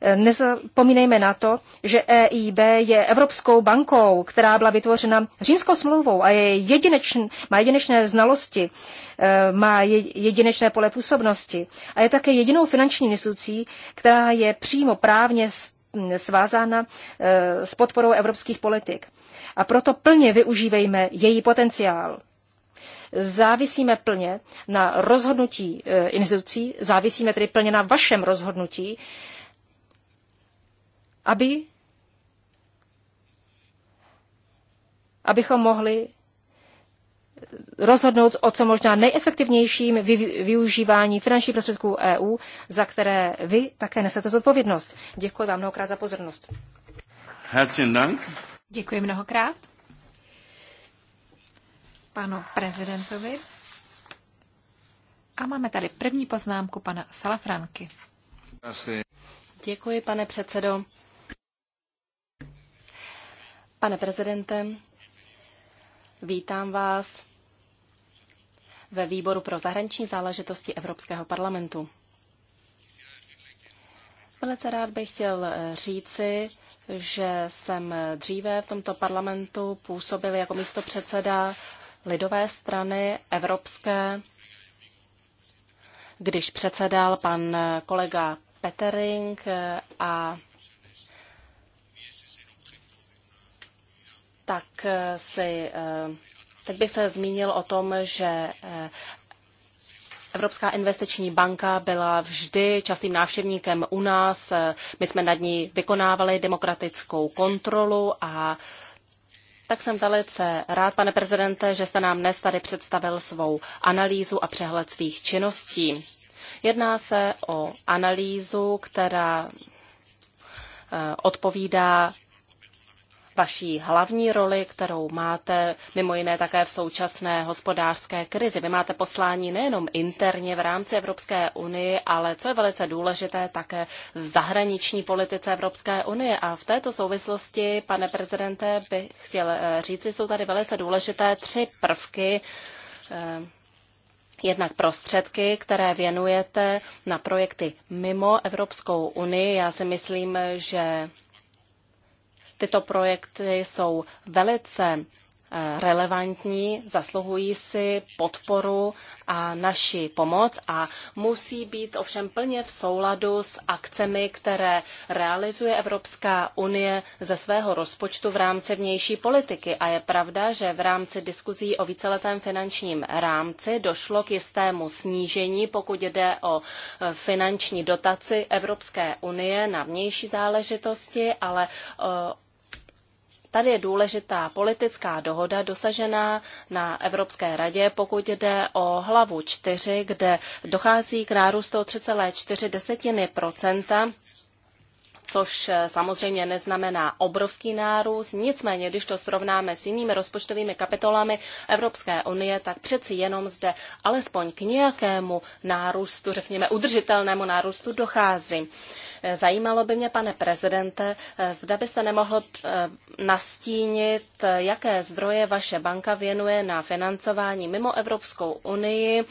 Eh, nezapomínejme na to, že EIB je Evropskou bankou, která byla vytvořena římskou smlouvou a je jedinečn, má jedinečné znalosti, eh, má jedinečné pole působnosti a je také jedinou finanční institucí, která je přímo právně svázána s podporou evropských politik. A proto plně využívejme její potenciál. Závisíme plně na rozhodnutí eh, institucí, závisíme tedy plně na vašem rozhodnutí, aby, abychom mohli rozhodnout o co možná nejefektivnějším využívání finančních prostředků EU, za které vy také nesete zodpovědnost. Děkuji vám mnohokrát za pozornost. Herzlichen Dank. Děkuji mnohokrát panu prezidentovi. A máme tady první poznámku pana Salafranky. Asi. Děkuji, pane předsedo. Pane prezidente, vítám vás ve výboru pro zahraniční záležitosti Evropského parlamentu. Velice rád bych chtěl eh, říci, že jsem dříve v tomto parlamentu působil jako místopředseda lidové strany evropské, když předsedal pan eh, kolega Petering eh, a tak si Teď bych se zmínil o tom, že Evropská investiční banka byla vždy častým návštěvníkem u nás. My jsme nad ní vykonávali demokratickou kontrolu a tak jsem velice rád, pane prezidente, že jste nám dnes tady představil svou analýzu a přehled svých činností. Jedná se o analýzu, která eh, odpovídá vaší hlavní roli, kterou máte mimo jiné také v současné hospodářské krizi. Vy máte poslání nejenom interně v rámci Evropské unie, ale co je velice důležité, také v zahraniční politice Evropské unie. A v této souvislosti, pane prezidente, bych chtěl eh, říci, jsou tady velice důležité tři prvky eh, jednak prostředky, které věnujete na projekty mimo Evropskou unii. Já si myslím, že Tyto projekty jsou velice eh, relevantní, zasluhují si podporu a naši pomoc a musí být ovšem plně v souladu s akcemi, které realizuje Evropská unie ze svého rozpočtu v rámci vnější politiky. A je pravda, že v rámci diskuzí o víceletém finančním rámci došlo k jistému snížení, pokud jde o eh, finanční dotaci Evropské unie na vnější záležitosti, ale eh, Tady je důležitá politická dohoda dosažená na Evropské radě, pokud jde o hlavu 4, kde dochází k nárůstu 3,4 desetiny procenta což samozřejmě neznamená obrovský nárůst. Nicméně, když to srovnáme s jinými rozpočtovými kapitolami Evropské unie, tak přeci jenom zde alespoň k nějakému nárůstu, řekněme udržitelnému nárůstu dochází. Zajímalo by mě, pane prezidente, zda byste nemohl eh, nastínit, jaké zdroje vaše banka věnuje na financování mimo Evropskou unii,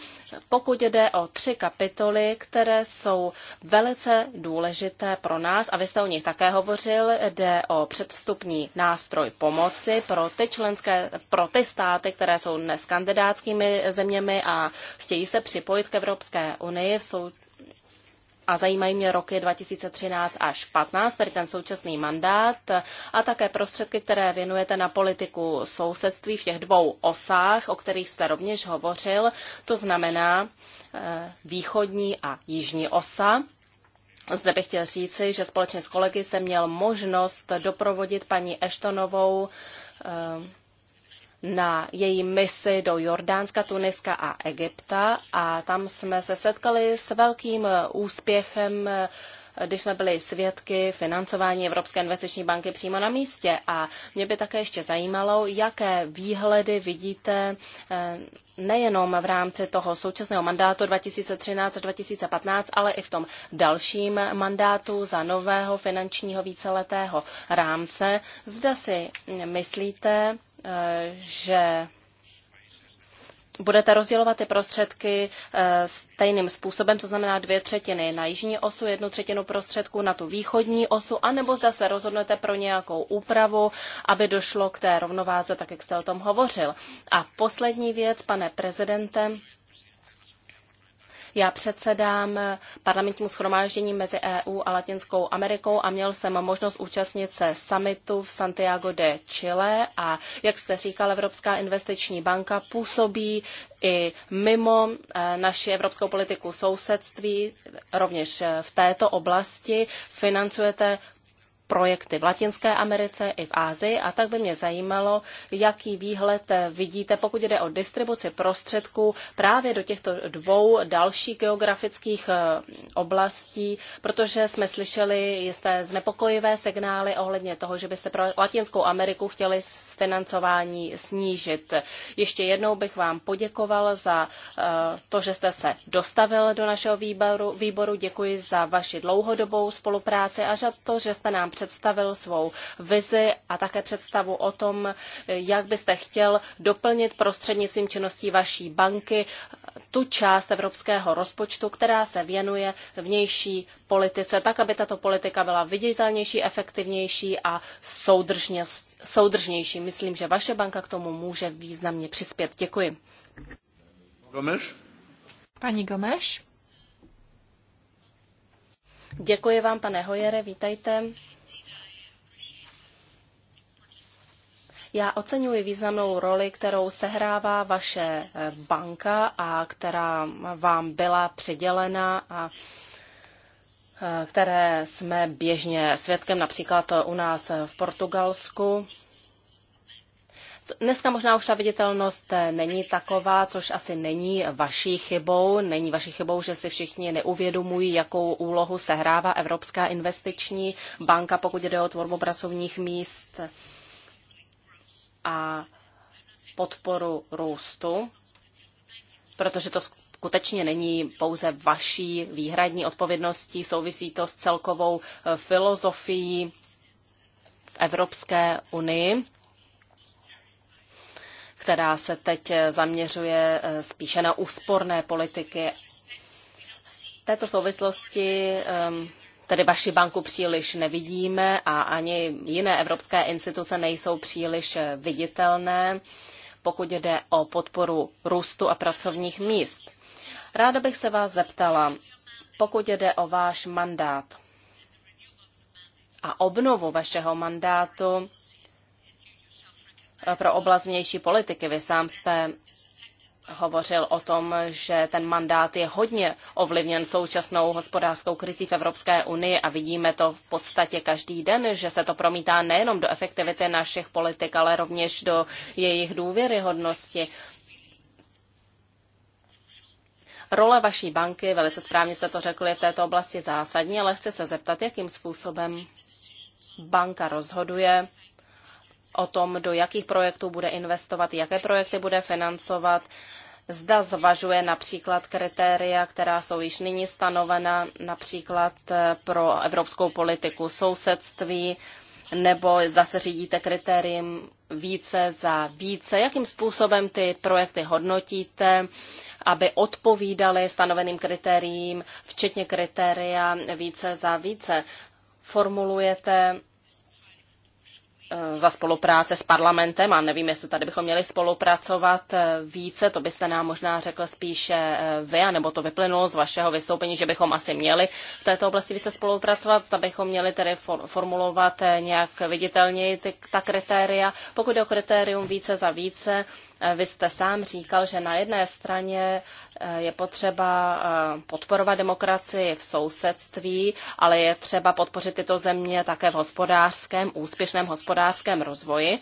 pokud jde o tři kapitoly, které jsou velice důležité pro nás, a vy jste o nich také hovořil, jde o předvstupní nástroj pomoci pro ty, členské, pro ty státy, které jsou dnes kandidátskými zeměmi a chtějí se připojit k Evropské unii v a zajímají mě roky 2013 až 15, tedy ten současný mandát a také prostředky, které věnujete na politiku sousedství v těch dvou osách, o kterých jste rovněž hovořil, to znamená eh, východní a jižní osa. Zde bych chtěl říci, že společně s kolegy jsem měl možnost doprovodit paní Eštonovou eh, na její misi do Jordánska, Tuniska a Egypta a tam jsme se setkali s velkým úspěchem když jsme byli svědky financování Evropské investiční banky přímo na místě. A mě by také ještě zajímalo, jaké výhledy vidíte eh, nejenom v rámci toho současného mandátu 2013 2015, ale i v tom dalším mandátu za nového finančního víceletého rámce. Zda si myslíte, že budete rozdělovat ty prostředky eh, stejným způsobem, to znamená dvě třetiny na jižní osu, jednu třetinu prostředků na tu východní osu, anebo zda se rozhodnete pro nějakou úpravu, aby došlo k té rovnováze, tak jak jste o tom hovořil. A poslední věc, pane prezidente, já předsedám parlamentnímu schromáždění mezi EU a Latinskou Amerikou a měl jsem možnost účastnit se summitu v Santiago de Chile a jak jste říkal, Evropská investiční banka působí i mimo e, naši evropskou politiku sousedství, rovněž v této oblasti financujete projekty v Latinské Americe i v Ázii a tak by mě zajímalo, jaký výhled eh, vidíte, pokud jde o distribuci prostředků právě do těchto dvou dalších geografických eh, oblastí, protože jsme slyšeli jisté znepokojivé signály ohledně toho, že byste pro Latinskou Ameriku chtěli financování snížit. Ještě jednou bych vám poděkoval za eh, to, že jste se dostavil do našeho výboru. výboru. Děkuji za vaši dlouhodobou spolupráci a za to, že jste nám představil svou vizi a také představu o tom, jak byste chtěl doplnit prostřednictvím činností vaší banky tu část evropského rozpočtu, která se věnuje vnější politice, tak, aby tato politika byla viditelnější, efektivnější a soudržnější. Myslím, že vaše banka k tomu může významně přispět. Děkuji. Gomeš? Paní Gomeš? Děkuji vám, pane Hojere, vítejte. Já oceňuji významnou roli, kterou sehrává vaše eh, banka a která vám byla přidělena a eh, které jsme běžně svědkem například u nás v Portugalsku. Dneska možná už ta viditelnost eh, není taková, což asi není vaší chybou. Není vaší chybou, že si všichni neuvědomují, jakou úlohu sehrává Evropská investiční banka, pokud jde o tvorbu pracovních míst a podporu růstu, protože to skutečně není pouze vaší výhradní odpovědností, souvisí to s celkovou eh, filozofií v Evropské unii která se teď eh, zaměřuje eh, spíše na úsporné politiky. V této souvislosti ehm, tedy vaši banku příliš nevidíme a ani jiné evropské instituce nejsou příliš viditelné, pokud jde o podporu růstu a pracovních míst. Ráda bych se vás zeptala, pokud jde o váš mandát a obnovu vašeho mandátu pro oblast vnější politiky. Vy sám jste hovořil o tom, že ten mandát je hodně ovlivněn současnou hospodářskou krizí v Evropské unii a vidíme to v podstatě každý den, že se to promítá nejenom do efektivity našich politik, ale rovněž do jejich důvěryhodnosti. Role vaší banky, velice správně se to řekli, v této oblasti zásadní, ale chci se zeptat, jakým způsobem banka rozhoduje o tom, do jakých projektů bude investovat, jaké projekty bude financovat, zda zvažuje například kritéria, která jsou již nyní stanovena například eh, pro evropskou politiku sousedství, nebo zda se řídíte kritériem více za více, jakým způsobem ty projekty hodnotíte, aby odpovídaly stanoveným kritériím, včetně kritéria více za více. Formulujete Eh, za spolupráce s parlamentem a nevím, jestli tady bychom měli spolupracovat eh, více, to byste nám možná řekl spíše eh, vy, anebo to vyplynulo z vašeho vystoupení, že bychom asi měli v této oblasti více spolupracovat, zda bychom měli tedy formulovat nějak viditelněji ta kritéria. Pokud je o kritérium více za více, vy jste sám říkal, že na jedné straně eh, je potřeba eh, podporovat demokracii v sousedství, ale je třeba podpořit tyto země také v hospodářském, úspěšném hospodářském rozvoji.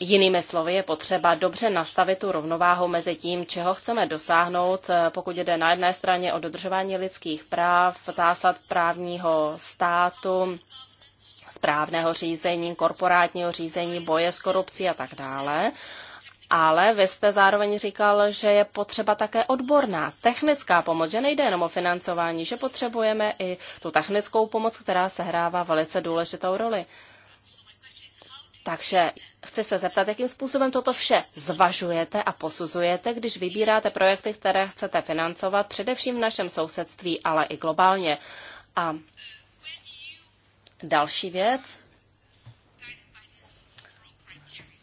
Jinými slovy, je potřeba dobře nastavit tu rovnováhu mezi tím, čeho chceme dosáhnout, eh, pokud jde na jedné straně o dodržování lidských práv, zásad právního státu, správného řízení, korporátního řízení, boje s korupcí a tak dále. Ale vy jste zároveň říkal, že je potřeba také odborná, technická pomoc, že nejde jenom o financování, že potřebujeme i tu technickou pomoc, která sehrává velice důležitou roli. Takže chci se zeptat, jakým způsobem toto vše zvažujete a posuzujete, když vybíráte projekty, které chcete financovat, především v našem sousedství, ale i globálně. A Další věc.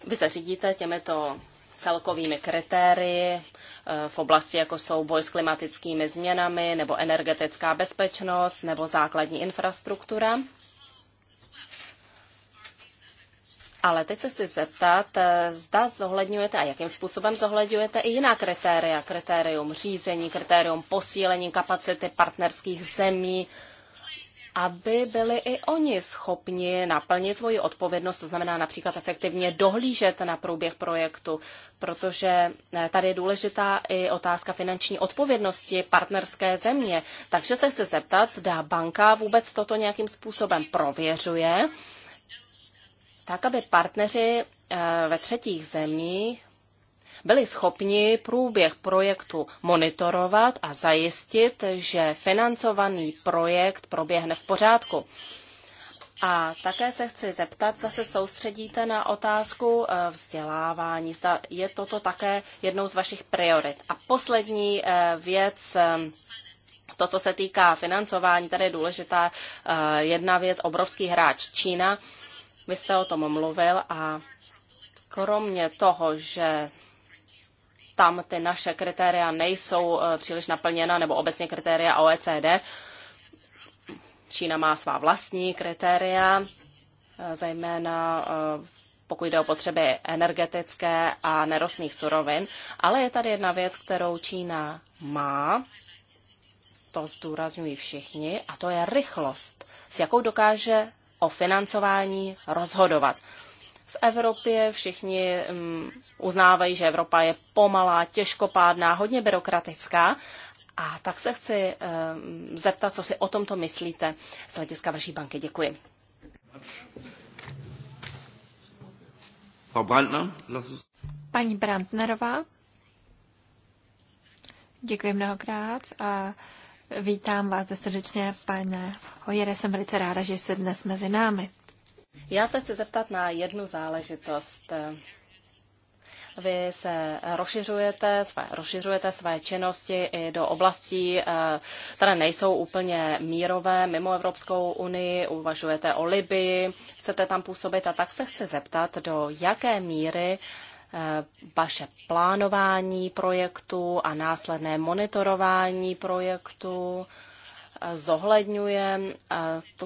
Vy se řídíte těmito celkovými kritérii eh, v oblasti, jako jsou boj s klimatickými změnami, nebo energetická bezpečnost, nebo základní infrastruktura. Ale teď se chci zeptat, eh, zda zohledňujete a jakým způsobem zohledňujete i jiná kritéria, kritérium řízení, kritérium posílení kapacity partnerských zemí, aby byli i oni schopni naplnit svoji odpovědnost, to znamená například efektivně dohlížet na průběh projektu, protože eh, tady je důležitá i otázka finanční odpovědnosti partnerské země. Takže se chci zeptat, zda banka vůbec toto nějakým způsobem prověřuje, tak aby partneři eh, ve třetích zemích byli schopni průběh projektu monitorovat a zajistit, že financovaný projekt proběhne v pořádku. A také se chci zeptat, zda se soustředíte na otázku eh, vzdělávání. Zda je toto také jednou z vašich priorit. A poslední eh, věc, eh, to, co se týká financování, tady je důležitá jedna věc, obrovský hráč Čína. Vy jste o tom mluvil a kromě toho, že tam ty naše kritéria nejsou eh, příliš naplněna, nebo obecně kritéria OECD. Čína má svá vlastní kritéria, eh, zejména eh, pokud jde o potřeby energetické a nerostných surovin. Ale je tady jedna věc, kterou Čína má, to zdůrazňují všichni, a to je rychlost, s jakou dokáže o financování rozhodovat v Evropě. Všichni mm, uznávají, že Evropa je pomalá, těžkopádná, hodně byrokratická. A tak se chci mm, zeptat, co si o tomto myslíte z hlediska vaší banky. Děkuji. Paní Brandnerová, děkuji mnohokrát a vítám vás srdečně, pane Hojere, jsem velice ráda, že jste dnes mezi námi. Já se chci zeptat na jednu záležitost. Vy se rozšiřujete své, rozšiřujete své činnosti i do oblastí, eh, které nejsou úplně mírové, mimo Evropskou unii, uvažujete o Libii, chcete tam působit a tak se chci zeptat, do jaké míry eh, vaše plánování projektu a následné monitorování projektu zohledňuje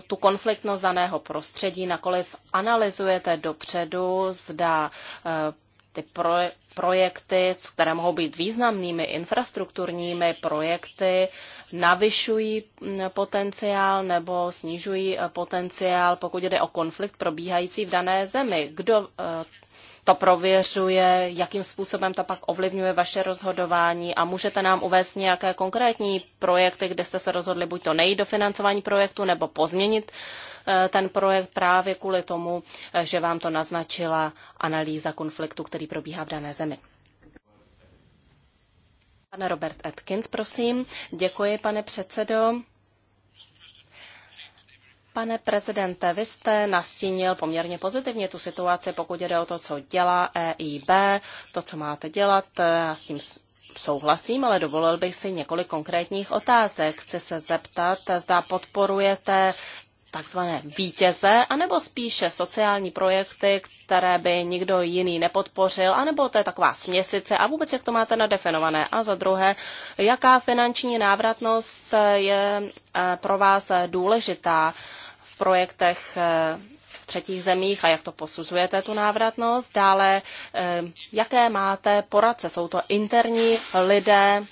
tu konfliktnost daného prostředí, nakoliv analyzujete dopředu, zda e, ty projekty, které mohou být významnými infrastrukturními projekty, navyšují potenciál nebo snižují e, potenciál, pokud jde o konflikt probíhající v dané zemi. Kdo e, to prověřuje, jakým způsobem to pak ovlivňuje vaše rozhodování a můžete nám uvést nějaké konkrétní projekty, kde jste se rozhodli buď to nejít do financování projektu nebo pozměnit eh, ten projekt právě kvůli tomu, eh, že vám to naznačila analýza konfliktu, který probíhá v dané zemi. Pane Robert Atkins, prosím. Děkuji, pane předsedo. Pane prezidente, vy jste nastínil poměrně pozitivně tu situaci, pokud jde o to, co dělá EIB, to, co máte dělat, já s tím souhlasím, ale dovolil bych si několik konkrétních otázek. Chci se zeptat, zda podporujete takzvané vítěze, anebo spíše sociální projekty, které by nikdo jiný nepodpořil, anebo to je taková směsice a vůbec jak to máte nadefinované. A za druhé, jaká finanční návratnost je eh, pro vás důležitá? projektech eh, v třetích zemích a jak to posuzujete, tu návratnost. Dále, eh, jaké máte poradce? Jsou to interní lidé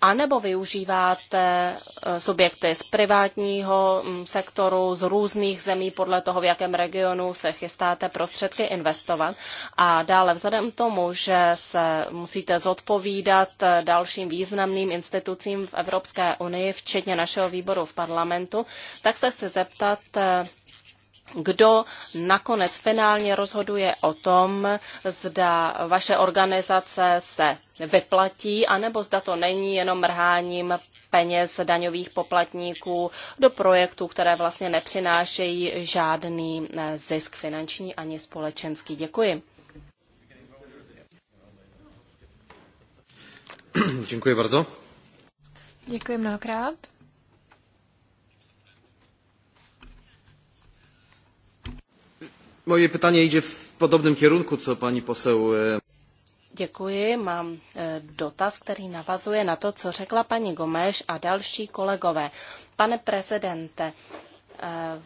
anebo využíváte eh, subjekty z privátního mm, sektoru, z různých zemí, podle toho, v jakém regionu se chystáte prostředky investovat. A dále vzhledem k tomu, že se musíte zodpovídat eh, dalším významným institucím v Evropské unii, včetně našeho výboru v parlamentu, tak se chci zeptat, eh, kdo nakonec finálně rozhoduje o tom, zda vaše organizace se vyplatí, anebo zda to není jenom mrháním peněz daňových poplatníků do projektů, které vlastně nepřinášejí žádný eh, zisk finanční ani společenský. Děkuji. Děkuji bardzo. Děkuji mnohokrát. Moje pytanie idzie v podobném kierunku, co pani poseł. E, Děkuji, mám e, dotaz, který navazuje na to, co řekla paní Gomeš a další kolegové. Pane prezidente, e,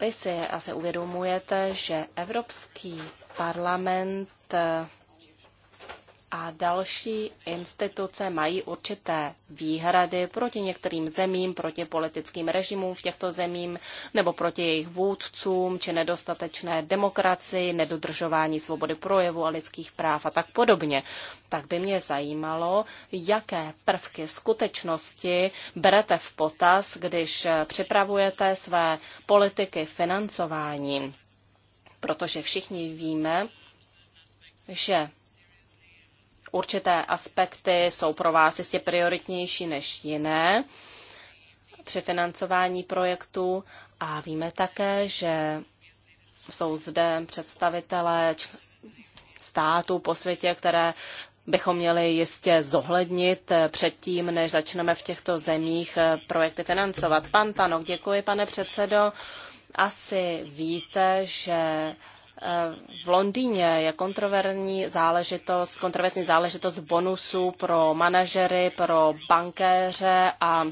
vy si asi uvědomujete, že Evropský parlament a další instituce mají určité výhrady proti některým zemím, proti politickým režimům v těchto zemím nebo proti jejich vůdcům či nedostatečné demokracii, nedodržování svobody projevu a lidských práv a tak podobně. Tak by mě zajímalo, jaké prvky skutečnosti berete v potaz, když připravujete své politiky financování. Protože všichni víme, že určité aspekty jsou pro vás jistě prioritnější než jiné při financování projektu a víme také, že jsou zde představitelé států po světě, které bychom měli jistě zohlednit předtím, než začneme v těchto zemích eh, projekty financovat. Pan Tanok, děkuji, pane předsedo. Asi víte, že v Londýně je kontroverzní záležitost, kontroverzní záležitost bonusů pro manažery, pro bankéře a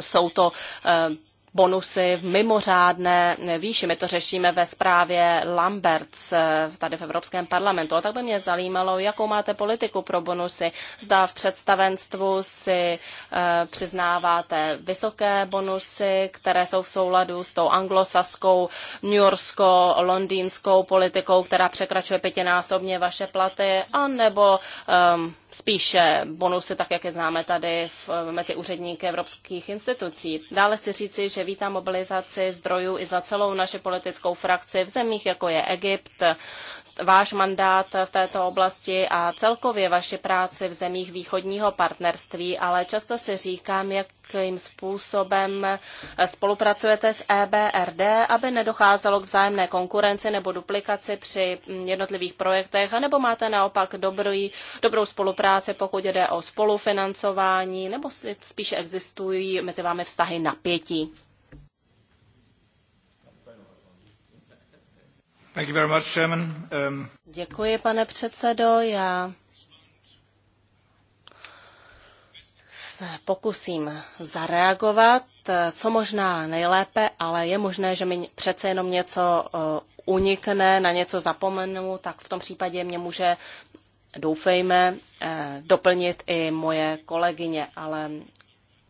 jsou to eh, bonusy v mimořádné výši. My to řešíme ve zprávě Lamberts eh, tady v Evropském parlamentu. A tak by mě zajímalo, jakou máte politiku pro bonusy. Zda v představenstvu si eh, přiznáváte vysoké bonusy, které jsou v souladu s tou anglosaskou, newyorskou, londýnskou politikou, která překračuje pětinásobně vaše platy, anebo um, spíše bonusy, tak jak je známe tady v, mezi úředníky evropských institucí. Dále chci říci, že vítám mobilizaci zdrojů i za celou naši politickou frakci v zemích, jako je Egypt, váš mandát v této oblasti a celkově vaši práci v zemích východního partnerství, ale často si říkám, jakým způsobem spolupracujete s EBRD, aby nedocházelo k vzájemné konkurenci nebo duplikaci při jednotlivých projektech, anebo máte naopak dobrý, dobrou spolupráci, pokud jde o spolufinancování, nebo spíše existují mezi vámi vztahy napětí. Um, Děkuji, pane předsedo. Já se pokusím zareagovat, co možná nejlépe, ale je možné, že mi přece jenom něco uh, unikne, na něco zapomenu, tak v tom případě mě může, doufejme, uh, doplnit i moje kolegyně, ale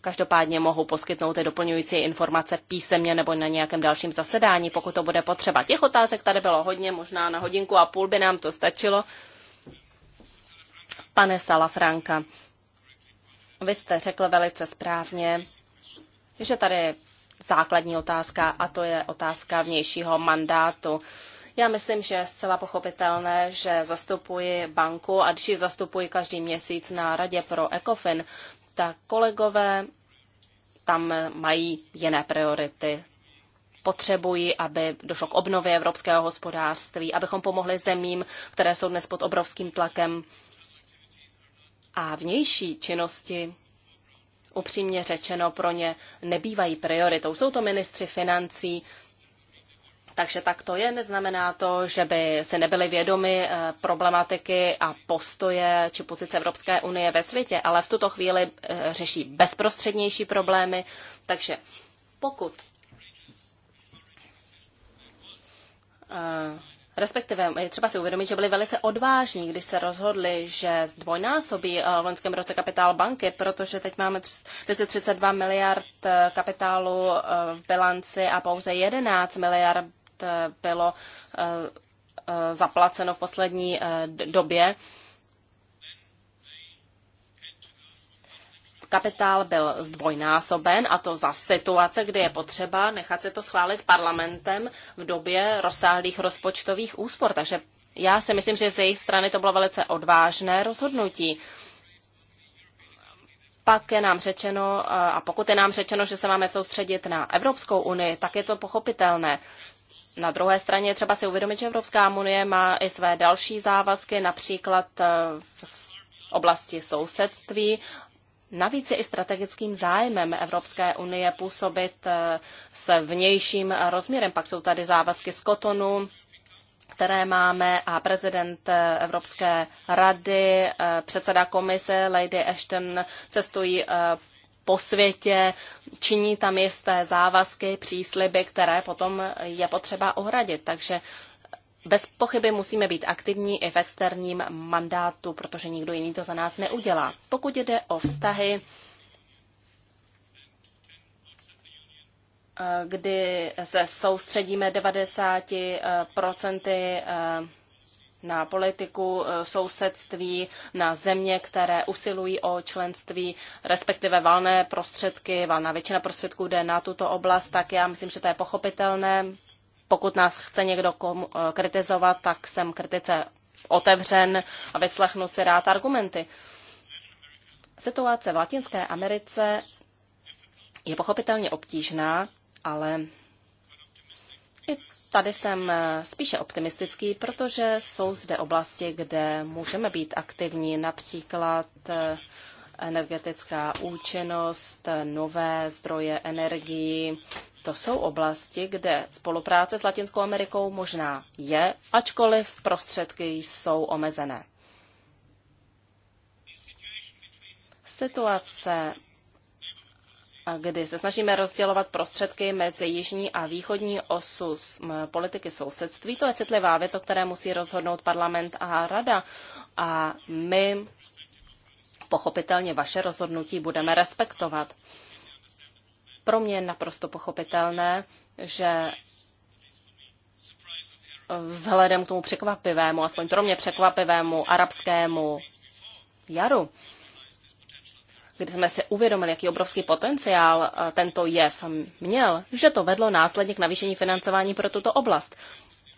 Každopádně mohu poskytnout i doplňující informace písemně nebo na nějakém dalším zasedání, pokud to bude potřeba. Těch otázek tady bylo hodně, možná na hodinku a půl by nám to stačilo. Pane Salafranka, vy jste řekl velice správně, že tady je základní otázka a to je otázka vnějšího mandátu. Já myslím, že je zcela pochopitelné, že zastupuji banku a když ji zastupuji každý měsíc na Radě pro ECOFIN, tak kolegové tam mají jiné priority. Potřebují, aby došlo k obnově evropského hospodářství, abychom pomohli zemím, které jsou dnes pod obrovským tlakem. A vnější činnosti, upřímně řečeno, pro ně nebývají prioritou. Jsou to ministři financí, takže tak to je, neznamená to, že by si nebyli vědomi eh, problematiky a postoje či pozice Evropské unie ve světě, ale v tuto chvíli eh, řeší bezprostřednější problémy. Takže pokud eh, Respektive je třeba si uvědomit, že byli velice odvážní, když se rozhodli, že zdvojnásobí v loňském roce kapitál banky, protože teď máme 232 miliard kapitálu v bilanci a pouze 11 miliard Eh, bylo eh, eh, zaplaceno v poslední době. Kapitál byl zdvojnásoben a to za situace, kdy je potřeba nechat se to schválit parlamentem v době rozsáhlých rozpočtových úspor. Takže já si myslím, že z jejich strany to bylo velice odvážné rozhodnutí. Pak je nám řečeno, a pokud je nám řečeno, že se máme soustředit na Evropskou unii, tak je to pochopitelné. Na druhé straně je třeba si uvědomit, že Evropská unie má i své další závazky, například eh, v oblasti sousedství. Navíc je i strategickým zájmem Evropské unie působit eh, s vnějším rozměrem. Pak jsou tady závazky z Kotonu, které máme a prezident eh, Evropské rady, předseda komise Lady Ashton cestují po světě, činí tam jisté závazky, přísliby, které potom je potřeba ohradit. Takže bez pochyby musíme být aktivní i v externím mandátu, protože nikdo jiný to za nás neudělá. Pokud jde o vztahy, eh, kdy se soustředíme 90% na politiku eh, sousedství, na země, které usilují o členství, respektive valné prostředky, valná většina prostředků jde na tuto oblast, tak já myslím, že to je pochopitelné. Pokud nás chce někdo eh, kritizovat, tak jsem kritice otevřen a vyslechnu si rád argumenty. Situace v Latinské Americe je pochopitelně obtížná, ale i Tady jsem eh, spíše optimistický, protože jsou zde oblasti, kde můžeme být aktivní, například eh, energetická účinnost, nové zdroje energii. To jsou oblasti, kde spolupráce s Latinskou Amerikou možná je, ačkoliv prostředky jsou omezené. Situace kdy se snažíme rozdělovat prostředky mezi jižní a východní osu politiky sousedství. To je citlivá věc, o které musí rozhodnout parlament a rada. A my pochopitelně vaše rozhodnutí budeme respektovat. Pro mě je naprosto pochopitelné, že vzhledem k tomu překvapivému, aspoň pro mě překvapivému arabskému jaru, kdy jsme si uvědomili, jaký obrovský potenciál eh, tento jev měl, že to vedlo následně k navýšení financování pro tuto oblast.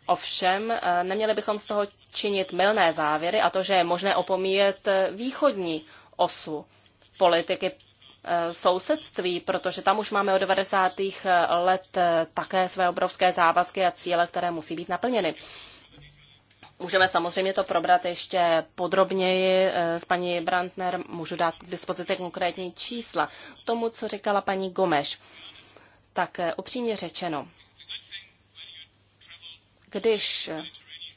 Ovšem, eh, neměli bychom z toho činit milné závěry a to, že je možné opomíjet eh, východní osu politiky sousedství, protože tam už máme od 90. let také své obrovské závazky a cíle, které musí být naplněny. Můžeme samozřejmě to probrat ještě podrobněji eh, s paní Brandner, můžu dát k dispozici konkrétní čísla k tomu, co říkala paní Gomeš. Tak eh, upřímně řečeno, když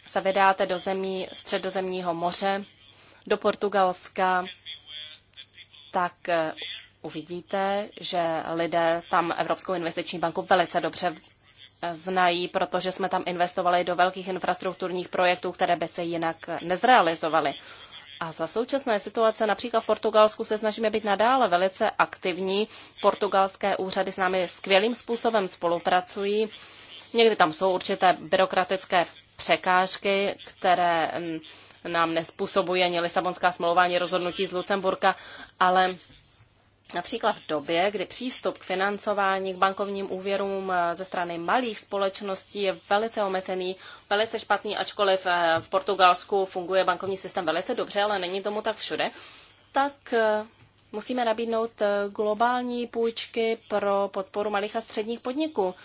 se vydáte do zemí středozemního moře, do Portugalska, tak eh, uvidíte, že lidé tam Evropskou investiční banku velice dobře znají, protože jsme tam investovali do velkých infrastrukturních projektů, které by se jinak nezrealizovaly. A za současné situace například v Portugalsku se snažíme být nadále velice aktivní. Portugalské úřady s námi skvělým způsobem spolupracují. Někdy tam jsou určité byrokratické překážky, které mm, nám nespůsobuje ani Lisabonská smlouva, ani rozhodnutí z Lucemburka, ale Například v době, kdy přístup k financování, k bankovním úvěrům eh, ze strany malých společností je velice omezený, velice špatný, ačkoliv eh, v Portugalsku funguje bankovní systém velice dobře, ale není tomu tak všude, tak eh, musíme nabídnout globální půjčky pro podporu malých a středních podniků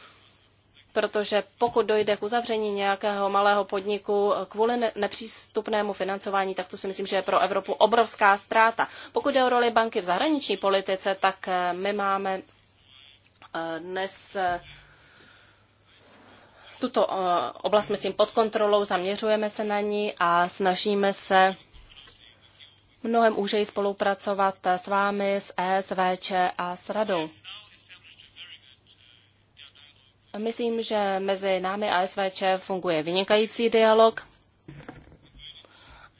protože pokud dojde k uzavření nějakého malého podniku kvůli nepřístupnému financování, tak to si myslím, že je pro Evropu obrovská ztráta. Pokud jde o roli banky v zahraniční politice, tak eh, my máme eh, dnes eh, tuto oblast, myslím, pod kontrolou, zaměřujeme se na ní a snažíme se mnohem úžeji spolupracovat s vámi, s ESVČ a s radou. Myslím, že mezi námi a SVČ funguje vynikající dialog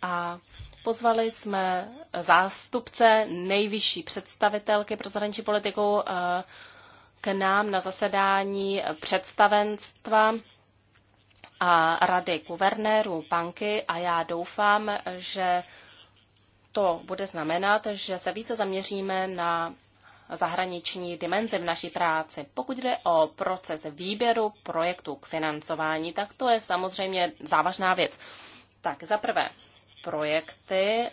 a pozvali jsme zástupce nejvyšší představitelky pro zahraniční politiku eh, k nám na zasedání představenstva a rady guvernérů banky a já doufám, že to bude znamenat, že se více zaměříme na zahraniční dimenzi v naší práci. Pokud jde o proces výběru projektu k financování, tak to je samozřejmě závažná věc. Tak za prvé, projekty,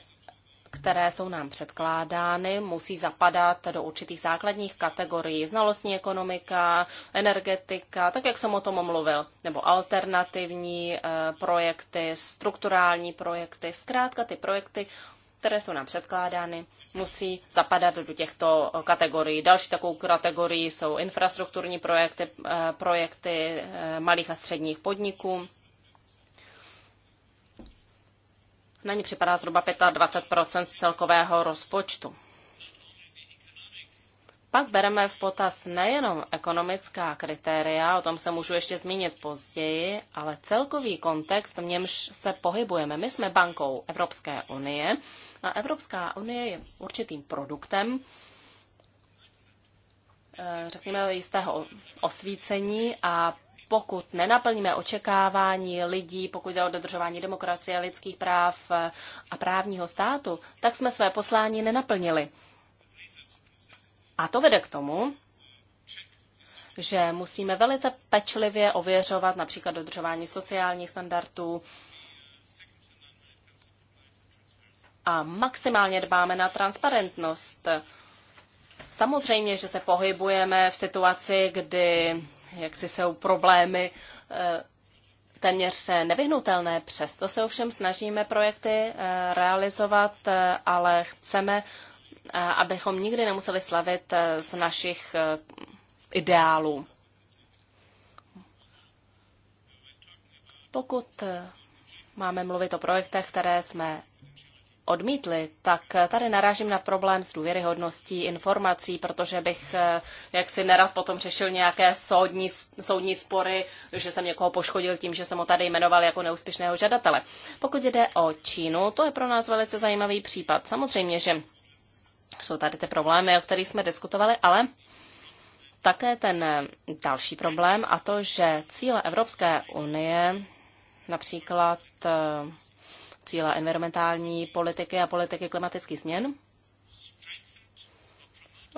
které jsou nám předkládány, musí zapadat do určitých základních kategorií. Znalostní ekonomika, energetika, tak jak jsem o tom mluvil, nebo alternativní eh, projekty, strukturální projekty, zkrátka ty projekty, které jsou nám předkládány, musí zapadat do těchto kategorií. Další takovou kategorii jsou infrastrukturní projekty, eh, projekty eh, malých a středních podniků. Na ně připadá zhruba 25 z celkového rozpočtu. Pak bereme v potaz nejenom ekonomická kritéria, o tom se můžu ještě zmínit později, ale celkový kontext, v němž se pohybujeme. My jsme bankou Evropské unie a Evropská unie je určitým produktem, eh, řekněme, jistého osvícení a pokud nenaplníme očekávání lidí, pokud jde o dodržování demokracie, lidských práv eh, a právního státu, tak jsme své poslání nenaplnili. A to vede k tomu, že musíme velice pečlivě ověřovat například dodržování sociálních standardů a maximálně dbáme na transparentnost. Samozřejmě, že se pohybujeme v situaci, kdy jaksi jsou problémy eh, téměř nevyhnutelné. Přesto se ovšem snažíme projekty eh, realizovat, eh, ale chceme abychom nikdy nemuseli slavit eh, z našich eh, ideálů. Pokud eh, máme mluvit o projektech, které jsme odmítli, tak tady narážím na problém s důvěryhodností informací, protože bych jaksi nerad potom řešil nějaké soudní, soudní spory, že jsem někoho poškodil tím, že jsem ho tady jmenoval jako neúspěšného žadatele. Pokud jde o Čínu, to je pro nás velice zajímavý případ. Samozřejmě, že jsou tady ty problémy, o kterých jsme diskutovali, ale také ten další problém a to, že cíle Evropské unie, například eh, cíle environmentální politiky a politiky klimatických změn,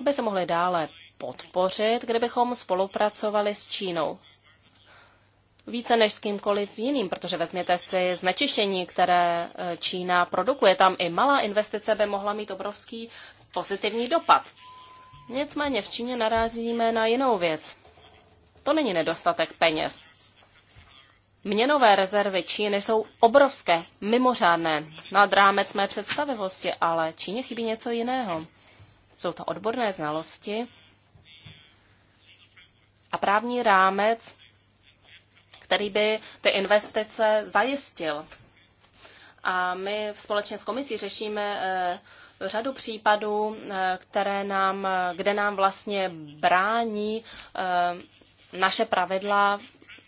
by se mohly dále podpořit, kdybychom spolupracovali s Čínou. Více než s kýmkoliv jiným, protože vezměte si znečištění, které eh, Čína produkuje. Tam i malá investice by mohla mít obrovský pozitivní dopad. Nicméně v Číně narazíme na jinou věc. To není nedostatek peněz. Měnové rezervy Číny jsou obrovské, mimořádné, nad rámec mé představivosti, ale Číně chybí něco jiného. Jsou to odborné znalosti a právní rámec, který by ty investice zajistil. A my společně s komisí řešíme eh, řadu případů, eh, které nám, kde nám vlastně brání eh, naše pravidla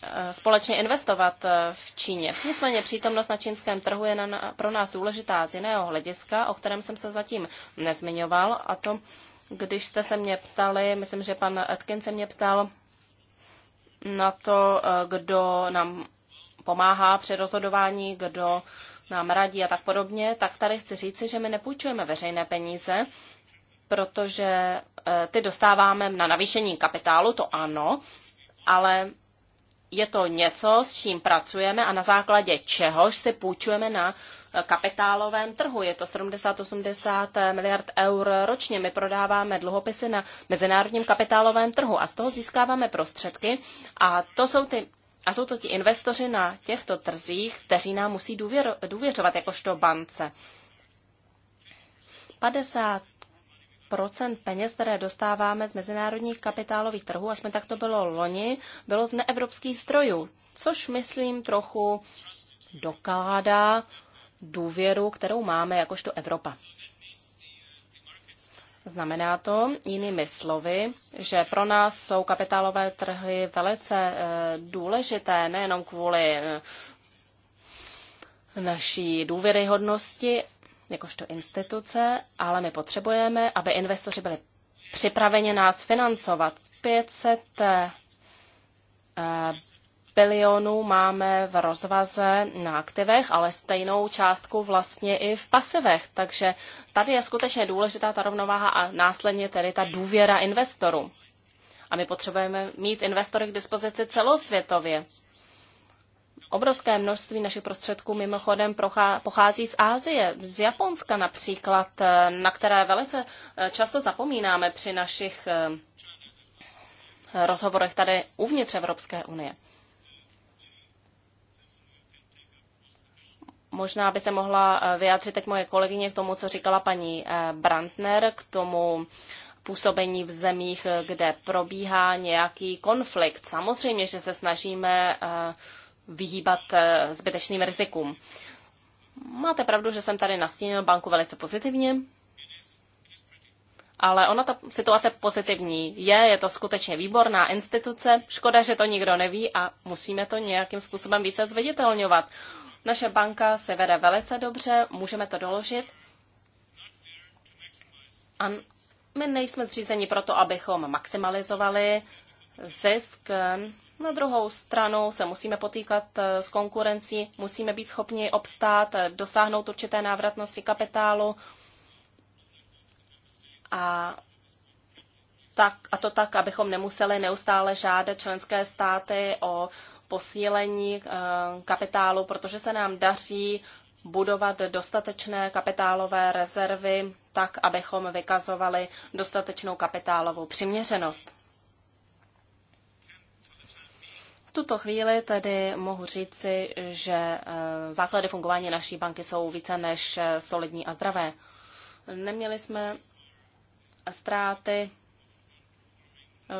eh, společně investovat v Číně. Nicméně přítomnost na čínském trhu je na, pro nás důležitá z jiného hlediska, o kterém jsem se zatím nezmiňoval, a to, když jste se mě ptali, myslím, že pan Atkin se mě ptal na to, kdo nám pomáhá při rozhodování, kdo uh, nám radí a tak podobně, tak tady chci říci, že my nepůjčujeme veřejné peníze, protože eh, ty dostáváme na navýšení kapitálu, to ano, ale je to něco, s čím pracujeme a na základě čehož si půjčujeme na eh, kapitálovém trhu. Je to 70-80 eh, miliard eur ročně. My prodáváme dluhopisy na mezinárodním kapitálovém trhu a z toho získáváme prostředky a to jsou ty a jsou to ti investoři na těchto trzích, kteří nám musí důvěro, důvěřovat jakožto bance. 50 peněz, které dostáváme z mezinárodních kapitálových trhů, aspoň tak to bylo loni, bylo z neevropských zdrojů, což myslím trochu dokládá důvěru, kterou máme jakožto Evropa. Znamená to jinými slovy, že pro nás jsou kapitálové trhy velice eh, důležité, nejenom kvůli eh, naší důvěryhodnosti jakožto instituce, ale my potřebujeme, aby investoři byli připraveni nás financovat. 500 bilionů máme v rozvaze na aktivech, ale stejnou částku vlastně i v pasivech. Takže tady je skutečně důležitá ta rovnováha a následně tedy ta důvěra investorů. A my potřebujeme mít investory k dispozici celosvětově. Obrovské množství našich prostředků mimochodem pochází z Ázie, z Japonska například, eh, na které velice eh, často zapomínáme při našich eh, rozhovorech tady uvnitř Evropské unie. Možná by se mohla eh, vyjádřit teď moje kolegyně k tomu, co říkala paní eh, Brandner, k tomu působení v zemích, eh, kde probíhá nějaký konflikt. Samozřejmě, že se snažíme vyhýbat zbytečným rizikům. Máte pravdu, že jsem tady nastínil banku velice pozitivně, ale ona ta situace pozitivní je, je to skutečně výborná instituce, škoda, že to nikdo neví a musíme to nějakým způsobem více zveditelňovat. Naše banka se vede velice dobře, můžeme to doložit. A my nejsme zřízeni proto, abychom maximalizovali zisk. Na druhou stranu se musíme potýkat eh, s konkurencí, musíme být schopni obstát, eh, dosáhnout určité návratnosti kapitálu a tak, a to tak, abychom nemuseli neustále žádat členské státy o posílení eh, kapitálu, protože se nám daří budovat dostatečné kapitálové rezervy tak, abychom vykazovali dostatečnou kapitálovou přiměřenost. V tuto chvíli tedy mohu říci, že eh, základy fungování naší banky jsou více než eh, solidní a zdravé. Neměli jsme ztráty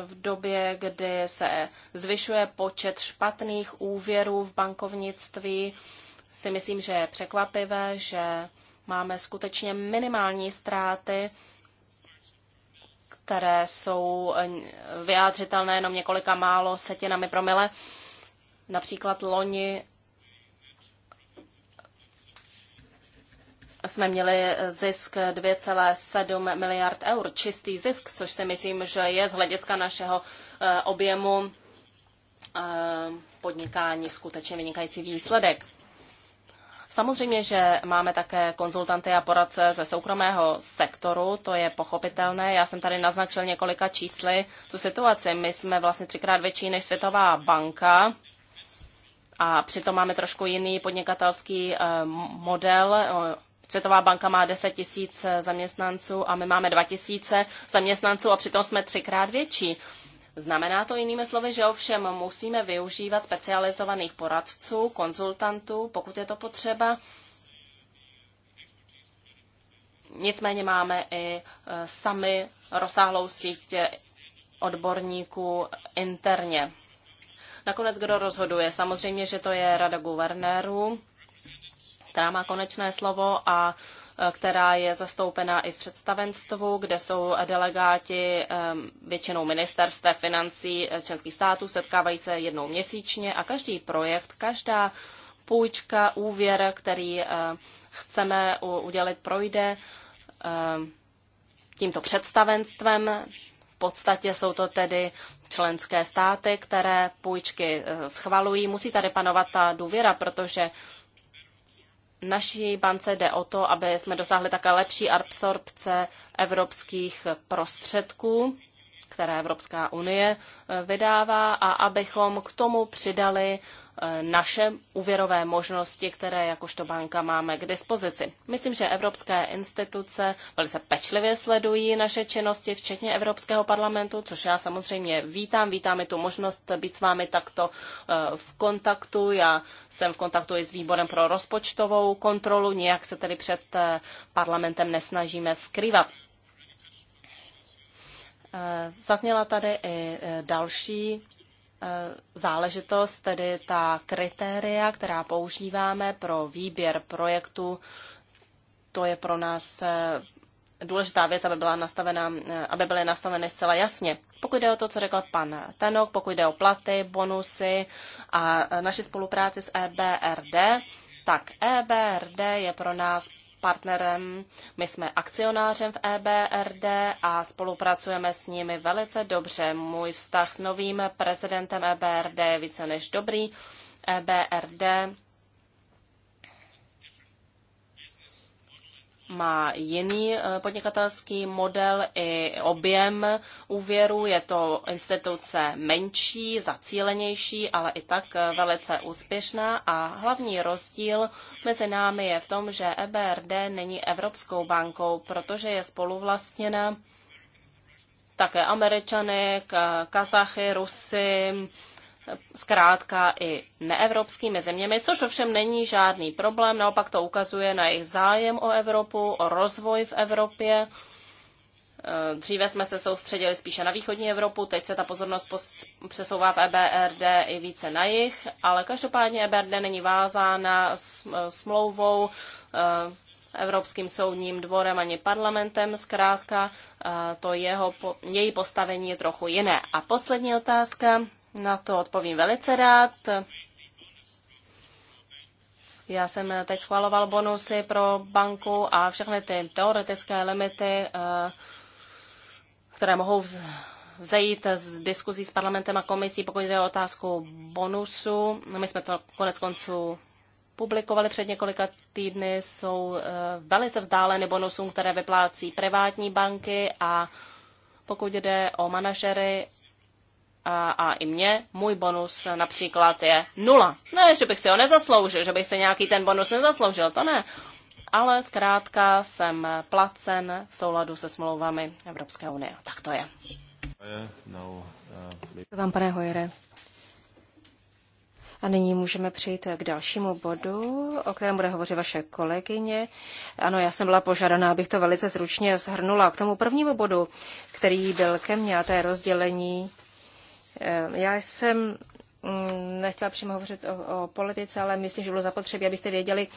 v době, kdy se zvyšuje počet špatných úvěrů v bankovnictví, si myslím, že je překvapivé, že máme skutečně minimální ztráty, které jsou vyjádřitelné jenom několika málo setinami promile. Například loni jsme měli zisk 2,7 miliard eur, čistý zisk, což si myslím, že je z hlediska našeho eh, objemu eh, podnikání skutečně vynikající výsledek. Samozřejmě, že máme také konzultanty a poradce ze soukromého sektoru, to je pochopitelné. Já jsem tady naznačil několika čísly tu situaci. My jsme vlastně třikrát větší než Světová banka a přitom máme trošku jiný podnikatelský eh, model. Světová banka má 10 tisíc zaměstnanců a my máme 2 tisíce zaměstnanců a přitom jsme třikrát větší. Znamená to jinými slovy, že ovšem musíme využívat specializovaných poradců, konzultantů, pokud je to potřeba. Nicméně máme i e, sami rozsáhlou síť odborníků interně. Nakonec kdo rozhoduje? Samozřejmě, že to je Rada guvernérů která má konečné slovo a e, která je zastoupená i v představenstvu, kde jsou delegáti e, většinou ministerstev financí e, členských států, setkávají se jednou měsíčně a každý projekt, každá půjčka, úvěr, který chceme udělat, projde tímto představenstvem. V podstatě jsou to tedy členské státy, které půjčky schvalují. Musí tady panovat ta důvěra, protože naší bance jde o to, aby jsme dosáhli také lepší absorpce evropských prostředků, které Evropská unie eh, vydává a abychom k tomu přidali Eh, naše úvěrové možnosti, které jakožto banka máme k dispozici. Myslím, že evropské instituce velice pečlivě sledují naše činnosti, včetně Evropského parlamentu, což já samozřejmě vítám. Vítám i tu možnost být s vámi takto eh, v kontaktu. Já jsem v kontaktu i s výborem pro rozpočtovou kontrolu, nijak se tedy před eh, parlamentem nesnažíme skrývat. Zazněla tady i další Eh, záležitost, tedy ta kritéria, která používáme pro výběr projektu, to je pro nás eh, důležitá věc, aby, byla nastavena, eh, aby byly nastaveny zcela jasně. Pokud jde o to, co řekl pan Tenok, pokud jde o platy, bonusy a naši spolupráci s EBRD, tak EBRD je pro nás partnerem. My jsme akcionářem v EBRD a spolupracujeme s nimi velice dobře. Můj vztah s novým prezidentem EBRD je více než dobrý. EBRD má jiný eh, podnikatelský model i objem úvěru. Je to instituce menší, zacílenější, ale i tak eh, velice úspěšná. A hlavní rozdíl mezi námi je v tom, že EBRD není Evropskou bankou, protože je spoluvlastněna také Američany, Kazachy, Rusy, zkrátka i neevropskými zeměmi, což ovšem není žádný problém, naopak to ukazuje na jejich zájem o Evropu, o rozvoj v Evropě. E, dříve jsme se soustředili spíše na východní Evropu, teď se ta pozornost přesouvá v EBRD i více na jich, ale každopádně EBRD není vázána e, smlouvou, e, Evropským soudním dvorem ani parlamentem, zkrátka to jeho, její postavení je trochu jiné. A poslední otázka, na to odpovím velice rád. Já jsem teď schvaloval bonusy pro banku a všechny ty teoretické limity, eh, které mohou vzejít z diskuzí s parlamentem a komisí, pokud jde o otázku bonusu. My jsme to konec konců publikovali před několika týdny, jsou eh, velice vzdáleny bonusům, které vyplácí privátní banky a pokud jde o manažery a i mě, můj bonus například je nula. Ne, že bych si ho nezasloužil, že bych se nějaký ten bonus nezasloužil, to ne. Ale zkrátka jsem placen v souladu se smlouvami Evropské unie. Tak to je. Děkuji vám, pane Hojere. A nyní můžeme přijít k dalšímu bodu, o kterém bude hovořit vaše kolegyně. Ano, já jsem byla požádaná, abych to velice zručně shrnula k tomu prvnímu bodu, který byl ke mně, a to je rozdělení já jsem mm, nechtěla přímo hovořit o, o politice, ale myslím, že bylo zapotřebí, abyste věděli,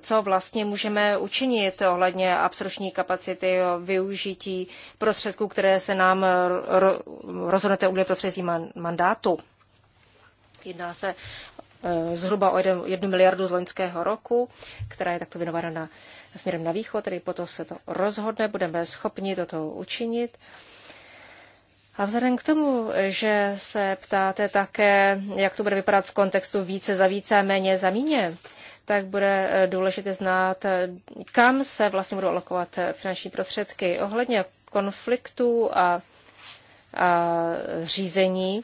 co vlastně můžeme učinit ohledně absorpční kapacity, o využití prostředků, které se nám ro, rozhodnete udělat prostřednictvím man, mandátu. Jedná se e, zhruba o jeden, jednu miliardu z loňského roku, která je takto věnována směrem na východ, tedy potom se to rozhodne, budeme schopni toto učinit. E, a vzhledem k tomu, že se ptáte také, jak to bude vypadat v kontextu více za více a méně za míně, tak bude důležité znát, kam se vlastně budou alokovat finanční prostředky. Ohledně konfliktů a, a řízení,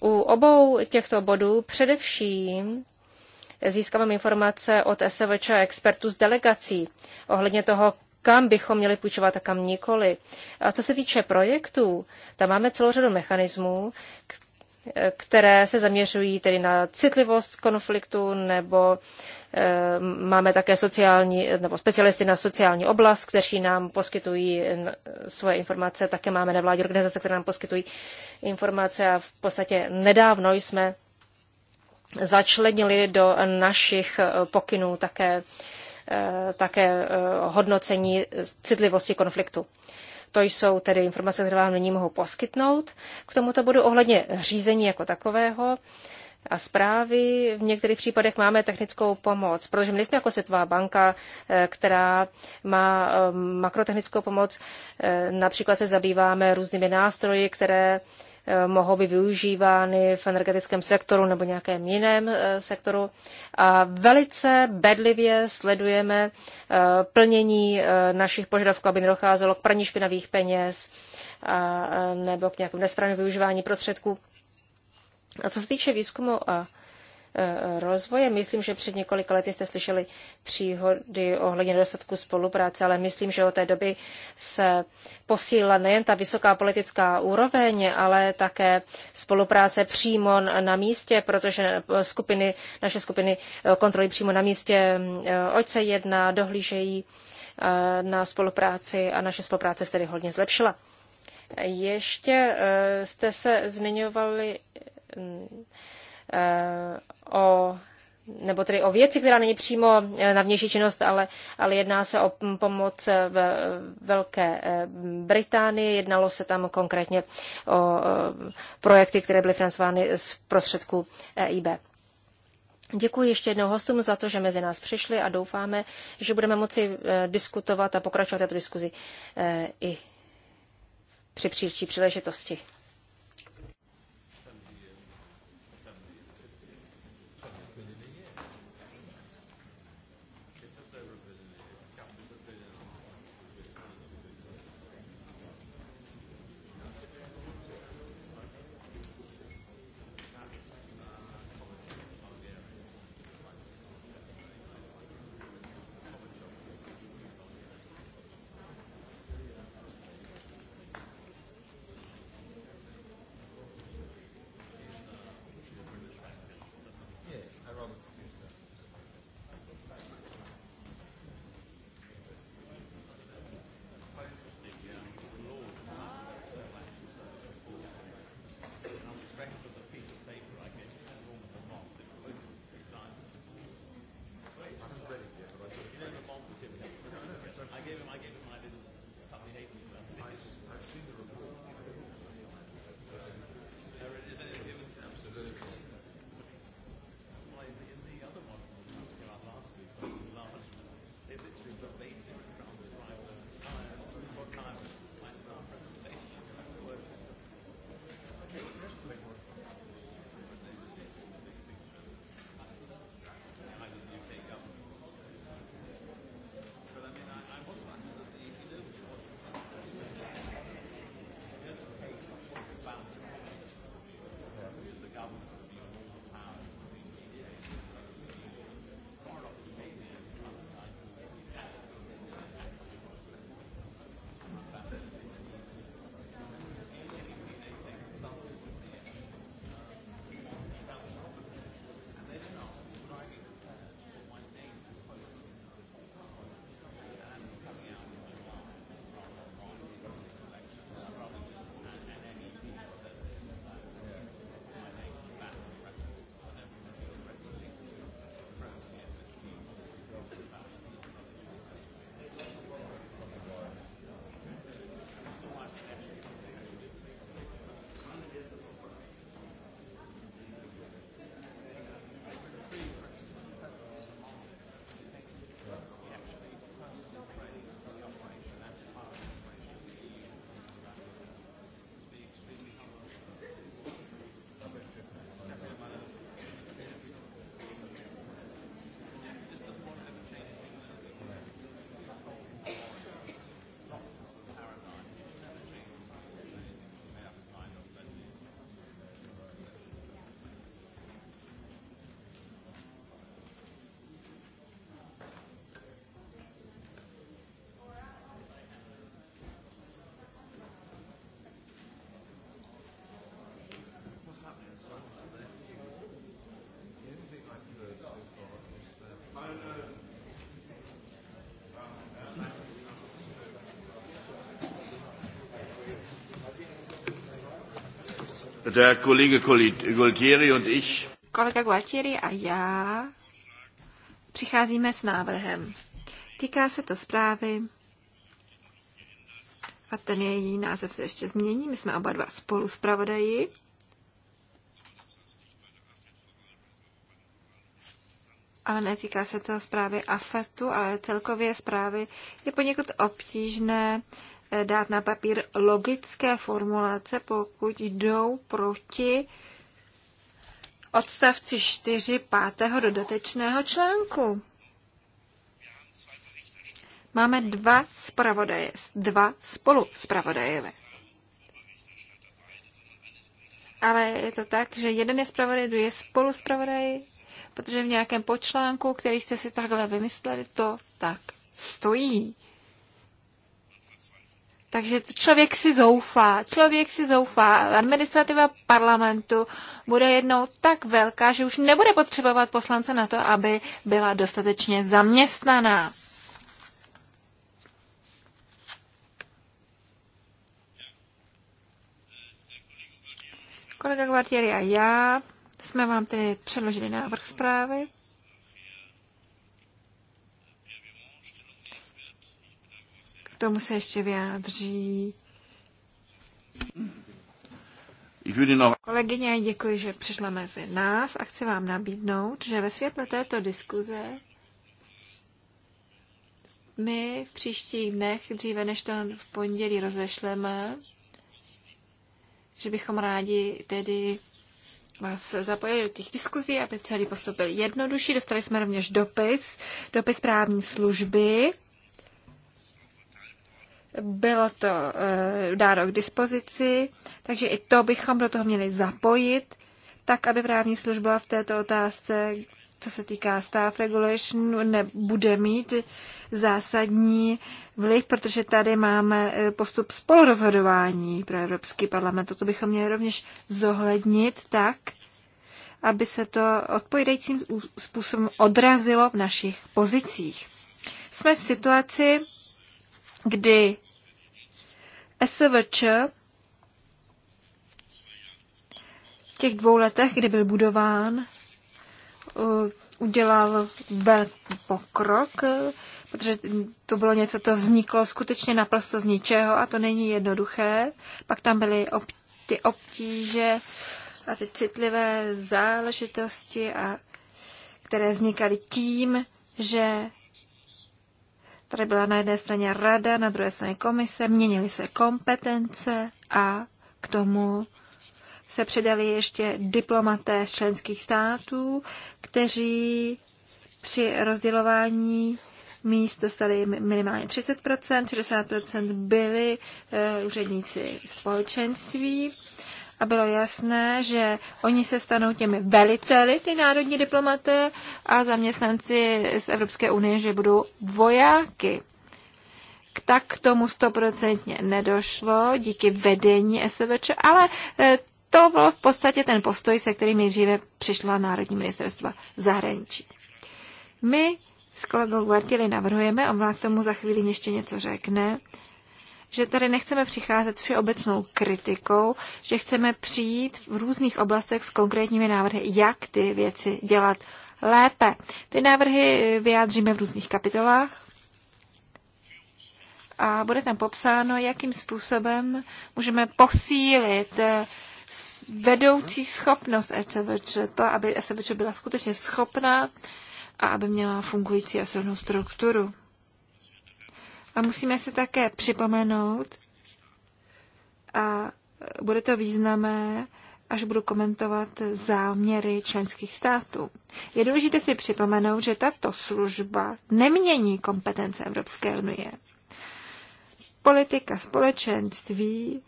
u obou těchto bodů především získávám informace od SVČ expertů z delegací ohledně toho, kam bychom měli půjčovat a kam nikoli. A co se týče projektů, tam máme celou řadu mechanismů, které se zaměřují tedy na citlivost konfliktu, nebo e, máme také sociální, nebo specialisty na sociální oblast, kteří nám poskytují eh, svoje informace, také máme nevládní organizace, které nám poskytují informace a v podstatě nedávno jsme začlenili do našich eh, pokynů také Eh, také eh, hodnocení citlivosti konfliktu. To jsou tedy informace, které vám nyní mohu poskytnout. K tomuto bodu ohledně řízení jako takového a zprávy. V některých případech máme technickou pomoc, protože my jsme jako Světová banka, eh, která má makrotechnickou pomoc. Například se zabýváme různými nástroji, které Eh, mohou být využívány v energetickém sektoru nebo nějakém jiném eh, sektoru. A velice bedlivě sledujeme eh, plnění našich požadavků, aby nedocházelo k praní špinavých peněz nebo k nějakému nesprávnému využívání prostředků. A co se týče výzkumu a Eh, rozvoje. Myslím, že před několika lety jste slyšeli příhody ohledně nedostatku spolupráce, ale myslím, že od té doby se posílila nejen ta vysoká politická úroveň, ale také spolupráce přímo na místě, protože skupiny, naše skupiny kontrolují přímo na místě, eh, oč se jedná, dohlížejí eh, na spolupráci a naše spolupráce se tedy hodně zlepšila. Ještě jste se zmiňovali mm, o nebo tedy o věci, která není přímo eh, na vnější činnost, ale, ale jedná se o pomoc eh, v Velké eh, Británii. Jednalo se tam konkrétně o projekty, které byly financovány z prostředků EIB. Děkuji ještě jednou hostům za to, že mezi nás přišli a doufáme, že budeme moci diskutovat a pokračovat této diskuzi i při příští příležitosti. Der Kollege Gualtieri und ich. Kolega Gualtieri a já přicházíme s návrhem. Týká se to zprávy a ten její název se ještě změní. My jsme oba dva spolu zpravodaji. netýká se to zprávy AFETu, ale celkově zprávy je poněkud obtížné eh, dát na papír logické formulace, pokud jdou proti odstavci 4 pátého dodatečného článku. Máme dva zpravodaje, dva spolu spravodaje, Ale je to tak, že jeden je zpravodaj, druhý je spolu zpravodaj, protože v nějakém počlánku, který jste si takhle vymysleli, to tak stojí. Takže člověk si zoufá, člověk si zoufá. Administrativa parlamentu bude jednou tak velká, že už nebude potřebovat poslance na to, aby byla dostatečně zaměstnaná. Kolega Guartieri a já jsme vám tedy předložili návrh zprávy. K tomu se ještě vyjádří Kolegyně, děkuji, že přišla mezi nás a chci vám nabídnout, že ve světle této diskuze my v příštích dnech, dříve než to v pondělí rozešleme, že bychom rádi tedy vás zapojili do těch diskuzí, aby celý postup byl jednodušší. Dostali jsme rovněž dopis, dopis právní služby. Bylo to uh, dáno k dispozici, takže i to bychom do toho měli zapojit, tak aby právní služba v této otázce, co se týká staff regulation, nebude mít zásadní vliv, protože tady máme eh, postup spolurozhodování pro Evropský parlament. Toto bychom měli rovněž zohlednit tak, aby se to odpovídajícím způsobem odrazilo v našich pozicích. Jsme v situaci, kdy SVČ v těch dvou letech, kdy byl budován, eh, udělal velký pokrok protože to bylo něco, to vzniklo skutečně naprosto z ničeho a to není jednoduché. Pak tam byly ob, ty obtíže a ty citlivé záležitosti, a, které vznikaly tím, že tady byla na jedné straně rada, na druhé straně komise, měnily se kompetence a k tomu se přidali ještě diplomaté z členských států, kteří při rozdělování míst dostali minimálně 30%, 60% byli eh, úředníci společenství a bylo jasné, že oni se stanou těmi veliteli, ty národní diplomaté a zaměstnanci z Evropské unie, že budou vojáky. Tak k tomu stoprocentně nedošlo díky vedení SVČ, ale eh, to byl v podstatě ten postoj, se kterým nejdříve přišla Národní ministerstva zahraničí. My s kolegou Guartili navrhujeme, on vám k tomu za chvíli ještě něco řekne, že tady nechceme přicházet s všeobecnou kritikou, že chceme přijít v různých oblastech s konkrétními návrhy, jak ty věci dělat lépe. Ty návrhy vyjádříme v různých kapitolách a bude tam popsáno, jakým způsobem můžeme posílit eh, vedoucí schopnost ECVČ, to, aby ECVČ byla skutečně schopná a aby měla fungující a silnou strukturu. A musíme se také připomenout, a bude to významné, až budu komentovat záměry členských států. Je důležité si připomenout, že tato služba nemění kompetence Evropské unie. Politika společenství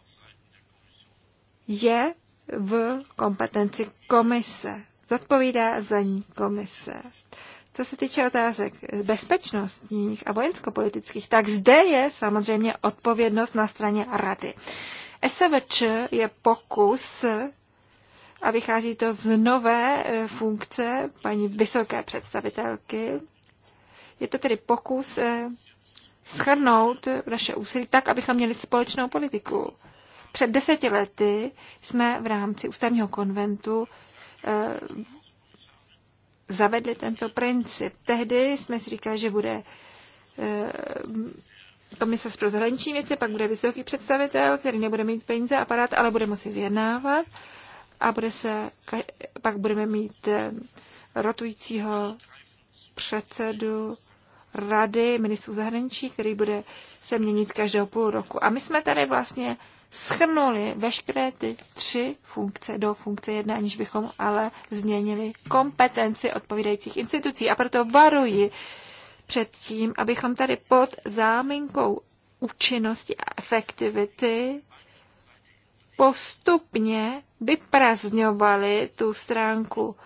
je v kompetenci komise. Zodpovídá za ní komise. Co se týče otázek bezpečnostních a vojenskopolitických, tak zde je samozřejmě odpovědnost na straně rady. SVČ je pokus a vychází to z nové e, funkce paní vysoké představitelky. Je to tedy pokus e, schrnout naše úsilí tak, abychom měli společnou politiku. Před deseti lety jsme v rámci ústavního konventu e, zavedli tento princip. Tehdy jsme si říkali, že bude eh, komise pro zahraniční věci, pak bude vysoký představitel, který nebude mít peníze, aparát, ale bude muset vyjednávat a bude se, pak budeme mít eh, rotujícího předsedu rady ministrů zahraničí, který bude se měnit každého půl roku. A my jsme tady vlastně schrnuli veškeré ty tři funkce do funkce jedna, aniž bychom ale změnili kompetenci odpovídajících institucí. A proto varuji před tím, abychom tady pod záminkou účinnosti a efektivity postupně vyprazňovali tu stránku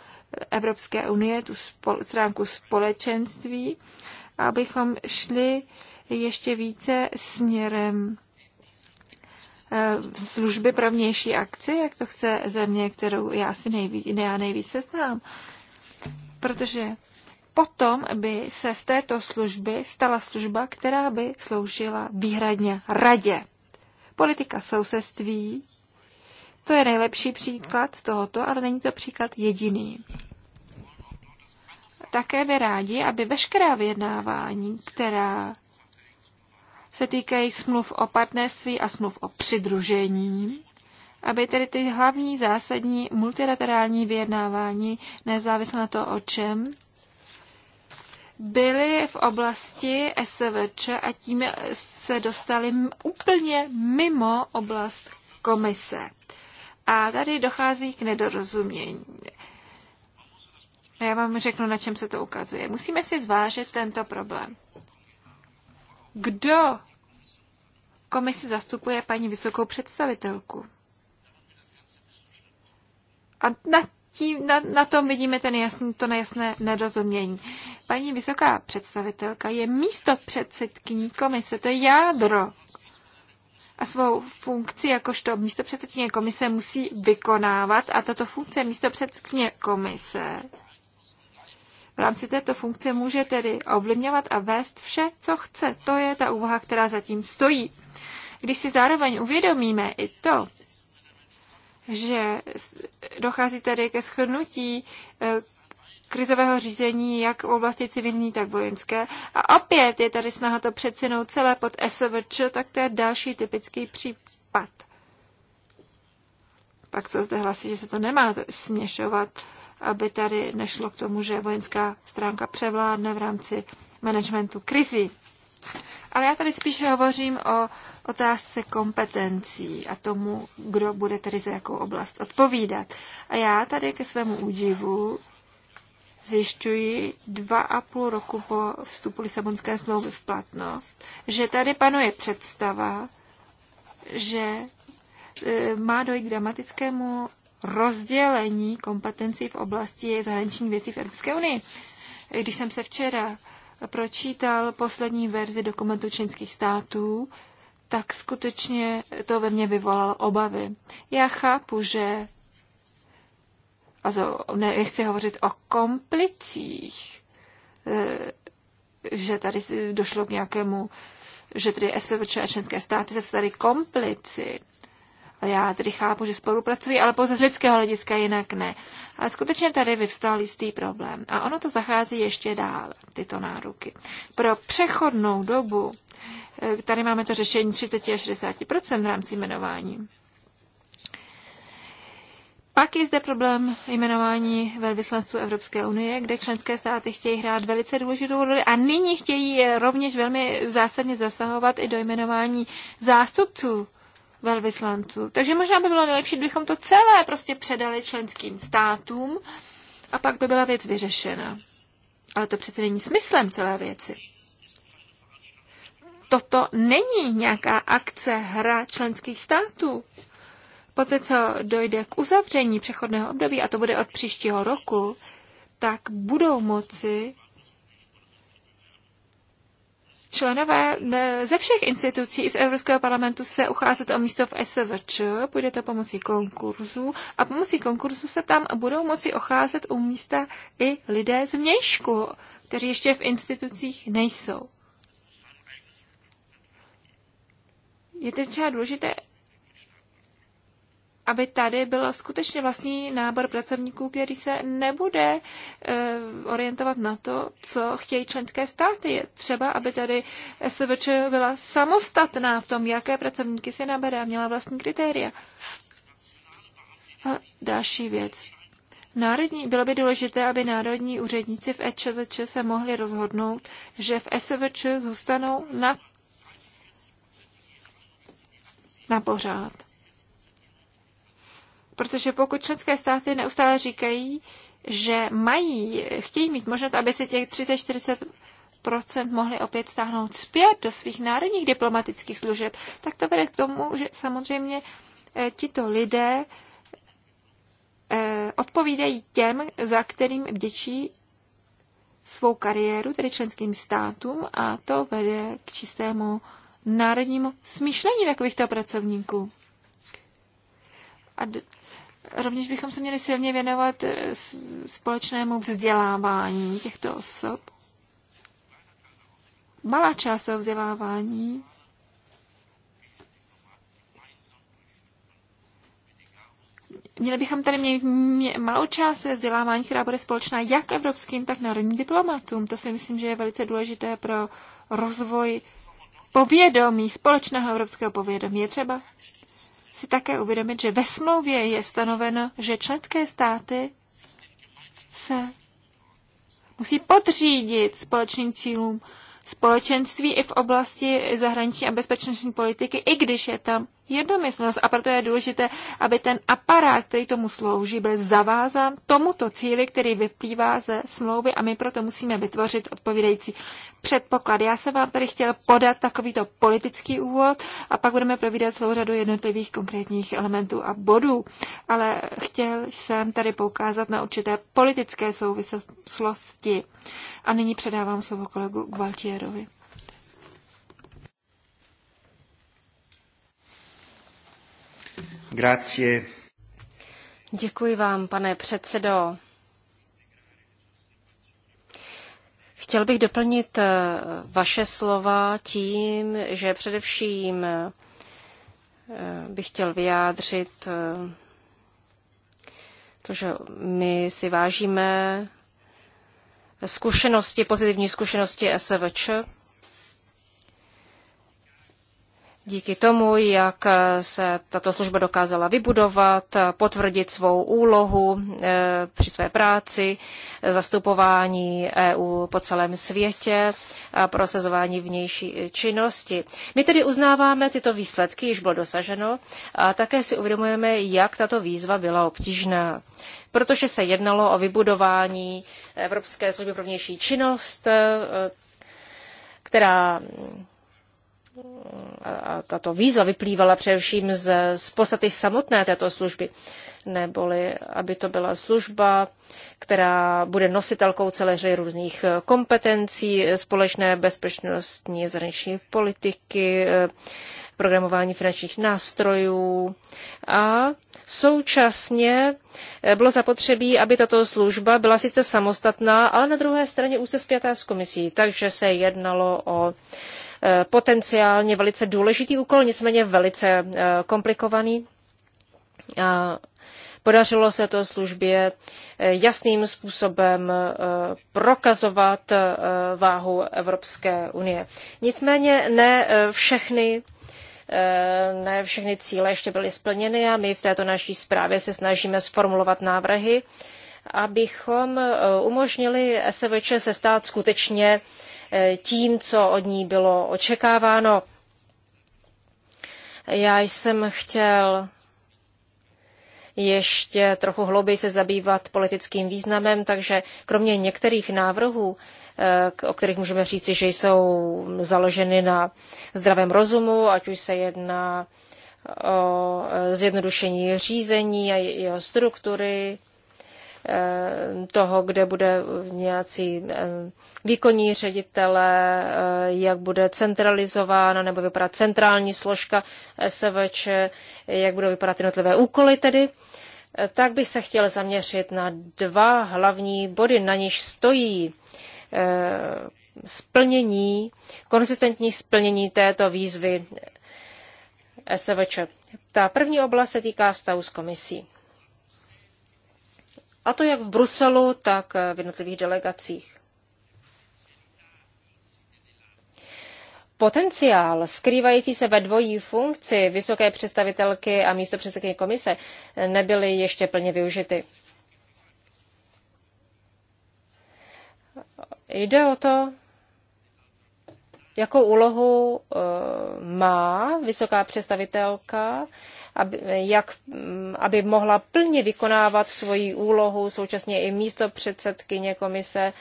Evropské unie, tu spol- stránku společenství, abychom šli ještě více směrem Eh, služby pro vnější akci, jak to chce země, kterou já si nejvíce já nejvíce znám. Protože potom by se z této služby stala služba, která by sloužila výhradně radě. Politika sousedství, to je nejlepší příklad tohoto, ale není to příklad jediný. Také by rádi, aby veškerá vyjednávání, která se týkají smluv o partnerství a smluv o přidružení, aby tedy ty hlavní zásadní multilaterální vyjednávání, nezávisle na to, o čem, byly v oblasti SVČ a tím se dostali úplně mimo oblast komise. A tady dochází k nedorozumění. Já vám řeknu, na čem se to ukazuje. Musíme si zvážit tento problém kdo komisi zastupuje paní vysokou představitelku. A na, tím, na, na tom vidíme ten jasný, to nejasné nedozumění. Paní vysoká představitelka je místo předsedkyní komise, to je jádro. A svou funkci jakožto místo předsedkyně komise musí vykonávat a tato funkce místo předsedkyně komise v rámci této funkce může tedy ovlivňovat a vést vše, co chce. To je ta úvaha, která zatím stojí. Když si zároveň uvědomíme i to, že dochází tady ke schrnutí eh, krizového řízení jak v oblasti civilní, tak vojenské. A opět je tady snaha to přecinout celé pod SVČ, tak to je další typický případ. Pak co zde hlasí, že se to nemá směšovat aby tady nešlo k tomu, že vojenská stránka převládne v rámci managementu krizí. Ale já tady spíše hovořím o otázce kompetencí a tomu, kdo bude tedy za jakou oblast odpovídat. A já tady ke svému údivu zjišťuji dva a půl roku po vstupu Lisabonské smlouvy v platnost, že tady panuje představa, že e, má dojít k dramatickému rozdělení kompetencí v oblasti zahraniční věcí v Evropské unii. Když jsem se včera pročítal poslední verzi dokumentu členských států, tak skutečně to ve mně vyvolalo obavy. Já chápu, že a nechci hovořit o komplicích, e, že tady došlo k nějakému, že tady SVČ a členské státy se tady komplici. Já tedy chápu, že spolupracují, ale pouze z lidského hlediska jinak ne. Ale skutečně tady vyvstal jistý problém. A ono to zachází ještě dál, tyto náruky. Pro přechodnou dobu, eh, tady máme to řešení 30 až 60 v rámci jmenování. Pak je zde problém jmenování velvyslanců Evropské unie, kde členské státy chtějí hrát velice důležitou roli a nyní chtějí rovněž velmi zásadně zasahovat i do jmenování zástupců velvyslanců. Takže možná by bylo nejlepší, kdybychom to celé prostě předali členským státům a pak by byla věc vyřešena. Ale to přece není smyslem celé věci. Toto není nějaká akce, hra členských států. Poté, co dojde k uzavření přechodného období, a to bude od příštího roku, tak budou moci členové ze všech institucí z Evropského parlamentu se ucházet o místo v SVČ, půjde to pomocí konkurzu a pomocí konkurzu se tam budou moci ocházet u místa i lidé z mějšku, kteří ještě v institucích nejsou. Je teď třeba důležité aby tady byl skutečně vlastní nábor pracovníků, který se nebude eh, orientovat na to, co chtějí členské státy. Je třeba, aby tady SVČ byla samostatná v tom, jaké pracovníky si nabere a měla vlastní kritéria. A další věc. Národní, bylo by důležité, aby národní úředníci v EČVČ se mohli rozhodnout, že v SVČ zůstanou na, na pořád. Protože pokud členské státy neustále říkají, že mají, chtějí mít možnost, aby si těch 30-40 mohli opět stáhnout zpět do svých národních diplomatických služeb, tak to vede k tomu, že samozřejmě eh, tito lidé eh, odpovídají těm, za kterým vděčí svou kariéru, tedy členským státům, a to vede k čistému národnímu smýšlení takovýchto pracovníků. A Rovněž bychom se měli silně věnovat eh, společnému vzdělávání těchto osob. Malá část toho vzdělávání Měli bychom tady mít malou část vzdělávání, která bude společná jak evropským, tak národním diplomatům. To si myslím, že je velice důležité pro rozvoj povědomí, společného evropského povědomí. Je třeba si také uvědomit, že ve smlouvě je stanoveno, že členské státy se musí podřídit společným cílům společenství i v oblasti zahraniční a bezpečnostní politiky, i když je tam jednomyslnost a proto je důležité, aby ten aparát, který tomu slouží, byl zavázán tomuto cíli, který vyplývá ze smlouvy a my proto musíme vytvořit odpovídající předpoklad. Já jsem vám tady chtěl podat takovýto politický úvod a pak budeme provídat celou řadu jednotlivých konkrétních elementů a bodů, ale chtěl jsem tady poukázat na určité politické souvislosti. A nyní předávám slovo kolegu Gualtierovi. Grazie. Děkuji vám, pane předsedo. Chtěl bych doplnit eh, vaše slova tím, že především eh, bych chtěl vyjádřit eh, to, že my si vážíme zkušenosti, pozitivní zkušenosti SVČ díky tomu, jak se tato služba dokázala vybudovat, potvrdit svou úlohu eh, při své práci, zastupování EU po celém světě a prosazování vnější činnosti. My tedy uznáváme tyto výsledky, již bylo dosaženo, a také si uvědomujeme, jak tato výzva byla obtížná protože se jednalo o vybudování Evropské služby pro vnější činnost, eh, která a tato výzva vyplývala především z, z podstaty samotné této služby, neboli aby to byla služba, která bude nositelkou celé řady různých eh, kompetencí, eh, společné bezpečnostní zahraniční politiky, eh, programování finančních nástrojů a současně bylo zapotřebí, aby tato služba byla sice samostatná, ale na druhé straně úzce spjatá s komisí, takže se jednalo o Eh, potenciálně velice důležitý úkol, nicméně velice eh, komplikovaný. A podařilo se to službě eh, jasným způsobem prokazovat váhu Evropské unie. Nicméně ne všechny ne všechny cíle ještě byly splněny a my v této naší zprávě se snažíme sformulovat návrhy, abychom umožnili SVČ se stát skutečně tím, co od ní bylo očekáváno. Já jsem chtěl ještě trochu hlouběji se zabývat politickým významem, takže kromě některých návrhů, eh, o kterých můžeme říci, že jsou založeny na zdravém rozumu, ať už se jedná o eh, zjednodušení řízení a jeho struktury, Eh, toho, kde bude nějací eh, výkonní ředitele, eh, jak bude centralizována nebo vypadat centrální složka SVČ, jak budou vypadat jednotlivé úkoly tedy, tak bych se chtěl zaměřit na dva hlavní body, na níž stojí splnění, konsistentní splnění této výzvy SVČ. Ta první oblast se týká vztahu s komisí. A to jak v Bruselu, tak v jednotlivých delegacích. Potenciál skrývající se ve dvojí funkci vysoké představitelky a místo předsedkyně komise nebyly ještě plně využity. Jde o to, jakou úlohu eh, má vysoká představitelka aby, jak, aby mohla plně vykonávat svoji úlohu, současně i místo předsedkyně komise,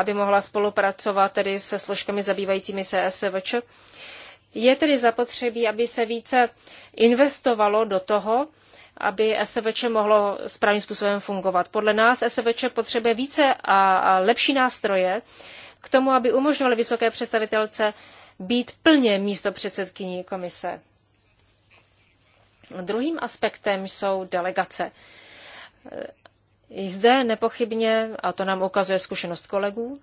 aby mohla spolupracovat tedy se složkami zabývajícími se SVČ. Je tedy zapotřebí, aby se více investovalo do toho, aby SVČ mohlo správným způsobem fungovat. Podle nás SVČ potřebuje více a lepší nástroje k tomu, aby umožňovaly vysoké představitelce být plně místo předsedkyní komise. Druhým aspektem jsou delegace. zde nepochybně, a to nám ukazuje zkušenost kolegů,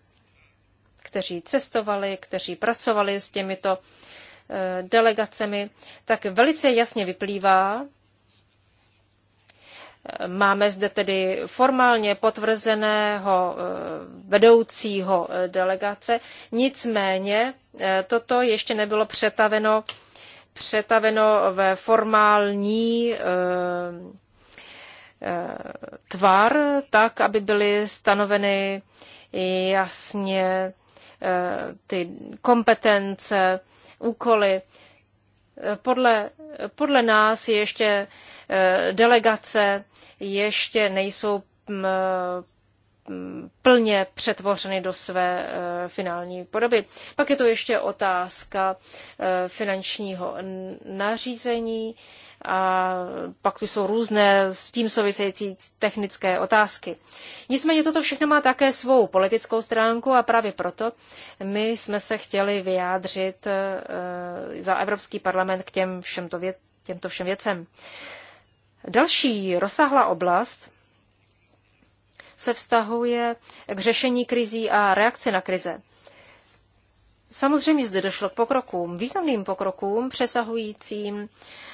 kteří cestovali, kteří pracovali s těmito e, delegacemi, tak velice jasně vyplývá, Máme zde tedy formálně potvrzeného e, vedoucího e, delegace, nicméně toto ještě nebylo přetaveno přetaveno ve formální eh, eh, tvar, tak, aby byly stanoveny jasně eh, ty kompetence, úkoly. Podle, podle nás ještě delegace ještě nejsou mm, plně přetvořeny do své eh, finální podoby. Pak je to ještě otázka eh, finančního nařízení a pak tu jsou různé s tím související technické otázky. Nicméně toto všechno má také svou politickou stránku a právě proto my jsme se chtěli vyjádřit eh, za Evropský parlament k těm všemto věc, těmto všem věcem. Další rozsáhlá oblast, se vztahuje k řešení krizí a reakci na krize. Samozřejmě zde došlo k pokrokům, významným pokrokům přesahujícím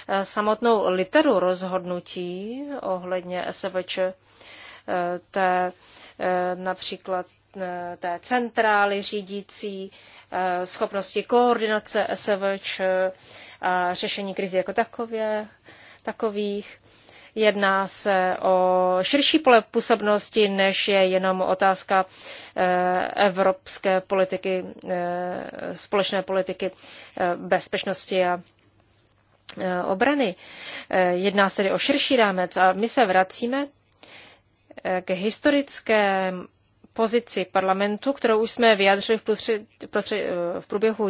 eh, samotnou literu rozhodnutí ohledně SVČ eh, té eh, například té centrály řídící, schopnosti koordinace SVČ a řešení krizi jako takové, takových. Jedná se o širší pole působnosti, než je jenom otázka eh, evropské politiky, eh, společné politiky eh, bezpečnosti a obrany. Jedná se tedy o širší rámec a my se vracíme k historické pozici parlamentu, kterou už jsme vyjádřili v, v, v průběhu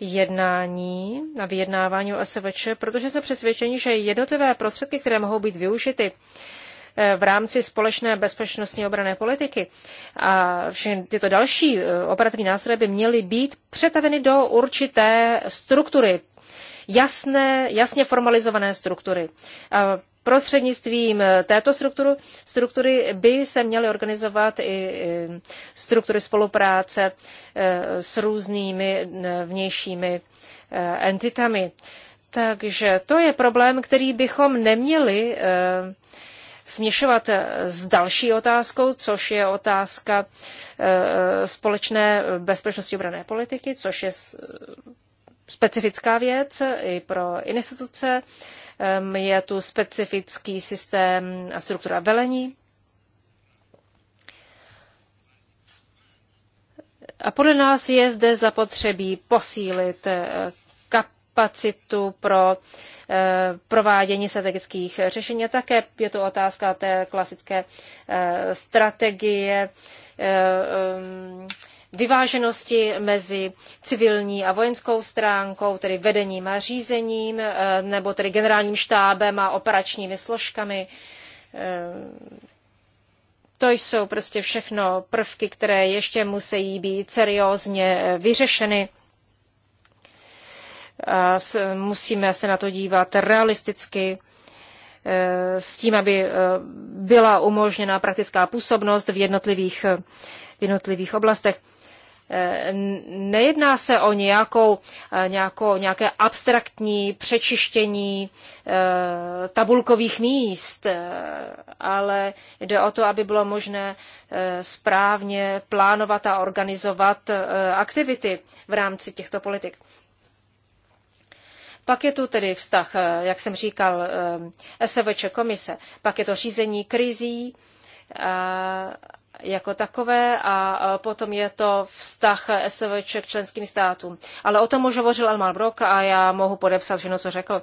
jednání na vyjednávání o SVČ, protože jsme přesvědčeni, že jednotlivé prostředky, které mohou být využity eh, v rámci společné bezpečnostní obrané politiky a všechny tyto další eh, operativní nástroje by měly být přetaveny do určité struktury, jasné, jasně formalizované struktury. A Prostřednictvím eh, této struktury, struktury by se měly organizovat i struktury spolupráce eh, s různými vnějšími eh, entitami. Takže to je problém, který bychom neměli směšovat s další otázkou, což je otázka společné bezpečnosti obrané politiky, což je specifická věc i pro instituce. Je tu specifický systém a struktura velení. A podle nás je zde zapotřebí posílit eh, kapacitu pro eh, provádění strategických řešení. A také je to otázka té klasické eh, strategie vyváženosti mezi civilní a vojenskou stránkou, tedy vedením a řízením, eh, nebo tedy generálním štábem a operačními složkami. Eh, to jsou prostě všechno prvky, které ještě musí být seriózně eh, vyřešeny. A musíme se na to dívat realisticky s tím, aby byla umožněna praktická působnost v jednotlivých, v jednotlivých oblastech. Eh, nejedná se o nějakou, eh, nějakou, nějaké abstraktní přečištění eh, tabulkových míst, ale jde o to, aby bylo možné správně plánovat a organizovat aktivity v rámci těchto politik. Pak je tu tedy vztah, jak jsem říkal, SVČ komise, pak je to řízení krizí, jako takové a potom je to vztah SVČ k členským státům. Ale o tom už hovořil Elmar Brok a já mohu podepsat všechno, co řekl.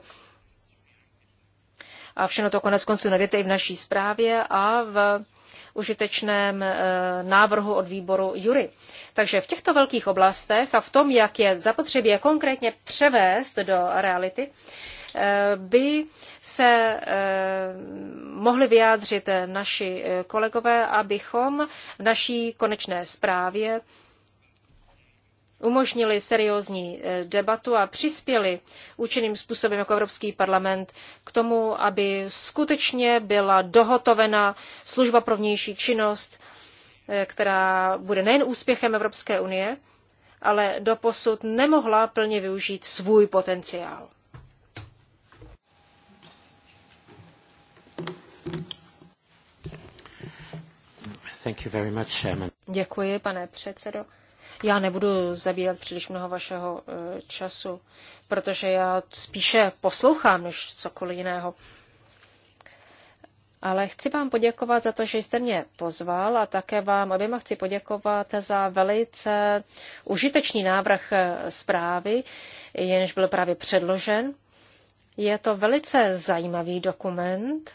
A všechno to konec konců najdete i v naší zprávě a v užitečném e, návrhu od výboru Jury. Takže v těchto velkých oblastech a v tom, jak je zapotřebí je konkrétně převést do reality, by se eh, mohli vyjádřit naši eh, kolegové, abychom v naší konečné zprávě umožnili seriózní eh, debatu a přispěli účinným způsobem jako Evropský parlament k tomu, aby skutečně byla dohotovena služba pro vnější činnost, která bude nejen úspěchem Evropské unie, ale doposud nemohla plně využít svůj potenciál. Děkuji, pane předsedo. Já nebudu zabírat příliš mnoho vašeho eh, času, protože já spíše poslouchám než cokoliv jiného. Ale chci vám poděkovat za to, že jste mě pozval a také vám oběma chci poděkovat za velice užitečný návrh eh, zprávy, jenž byl právě předložen. Je to velice zajímavý dokument,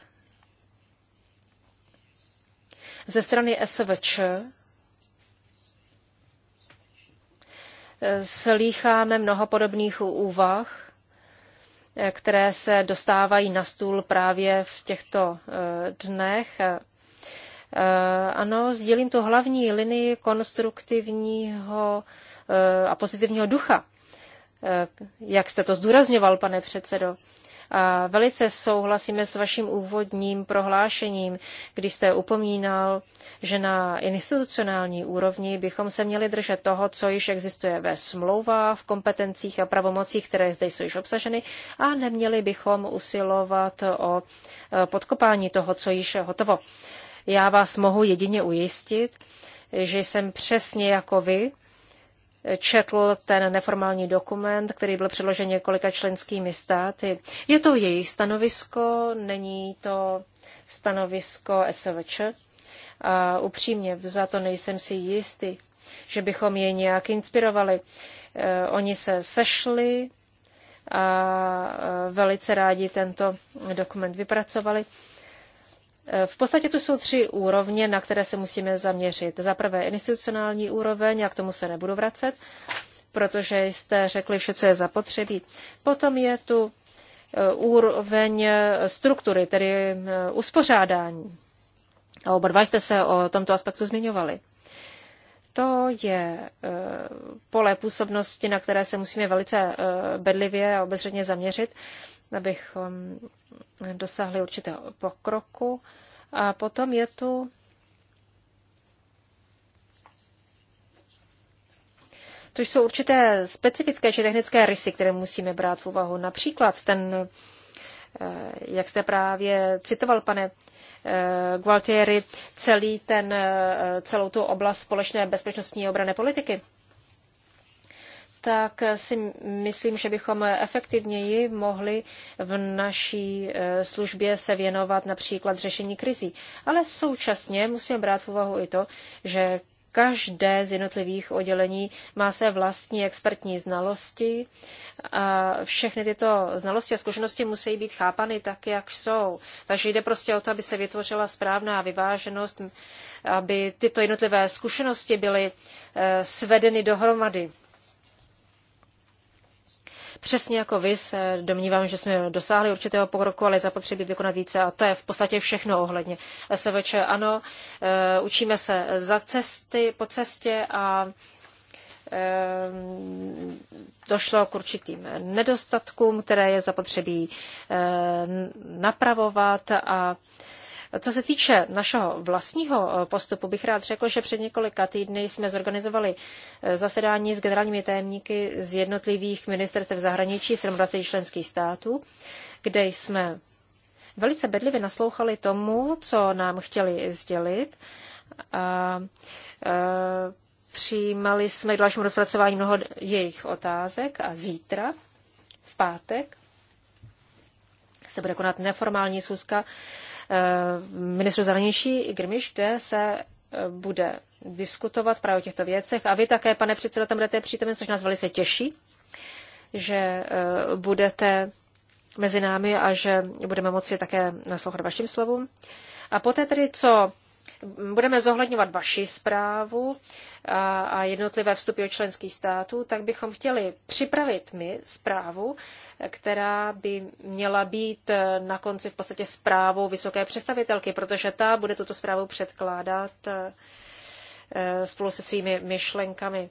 ze strany SVČ slýcháme mnoho podobných úvah, které se dostávají na stůl právě v těchto eh, dnech. Eh, ano, sdělím tu hlavní linii konstruktivního eh, a pozitivního ducha. Jak jste to zdůrazňoval, pane předsedo? velice souhlasíme s vaším úvodním prohlášením, kdy jste upomínal, že na institucionální úrovni bychom se měli držet toho, co již existuje ve smlouvách, v kompetencích a pravomocích, které zde jsou již obsaženy, a neměli bychom usilovat o e, podkopání toho, co již je hotovo. Já vás mohu jedině ujistit, že jsem přesně jako vy četl ten neformální dokument, který byl předložen několika členskými státy. Je to jejich stanovisko, není to stanovisko SVČ. A upřímně za to nejsem si jistý, že bychom je nějak inspirovali. E, oni se sešli a e, velice rádi tento dokument vypracovali. V podstatě tu jsou tři úrovně, na které se musíme zaměřit. Za prvé institucionální úroveň, já k tomu se nebudu vracet, protože jste řekli vše, co je zapotřebí. Potom je tu e, úroveň e, struktury, tedy e, uspořádání. A oba dva jste se o tomto aspektu zmiňovali. To je pole působnosti, na které se musíme velice bedlivě a obezřetně zaměřit abychom dosáhli určitého pokroku. A potom je tu To jsou určité specifické či technické rysy, které musíme brát v úvahu. Například ten, eh, jak jste právě citoval, pane eh, Gualtieri, celý ten, eh, celou tu oblast společné bezpečnostní obrané politiky tak si myslím, že bychom efektivněji mohli v naší e, službě se věnovat například řešení krizí. Ale současně musíme brát v úvahu i to, že každé z jednotlivých oddělení má své vlastní expertní znalosti. A všechny tyto znalosti a zkušenosti musí být chápany tak, jak jsou. Takže jde prostě o to, aby se vytvořila správná vyváženost, aby tyto jednotlivé zkušenosti byly e, svedeny dohromady. Přesně jako vy se domnívám, že jsme dosáhli určitého pokroku, ale je zapotřebí vykonat více a to je v podstatě všechno ohledně SVČ. Ano, eh, učíme se za cesty, po cestě a eh, došlo k určitým nedostatkům, které je zapotřebí eh, napravovat a co se týče našeho vlastního eh, postupu, bych rád řekl, že před několika týdny jsme zorganizovali eh, zasedání s generálními tajemníky z jednotlivých ministerstev zahraničí 27 členských států, kde jsme velice bedlivě naslouchali tomu, co nám chtěli sdělit. A, a, eh, přijímali jsme k dalšímu rozpracování mnoho jejich otázek a zítra, v pátek, se bude konat neformální schůzka Eh, ministru zahraničí Grmiš, kde se eh, bude diskutovat právě o těchto věcech. A vy také, pane předsedo, tam budete přítomen, což nás velice těší, že eh, budete mezi námi a že budeme moci také naslouchat vašim slovům. A poté tedy, co budeme zohledňovat vaši zprávu a jednotlivé vstupy od členských států, tak bychom chtěli připravit my zprávu, která by měla být eh, na konci v podstatě zprávou vysoké představitelky, protože ta bude tuto zprávu předkládat eh, eh, spolu se svými myšlenkami.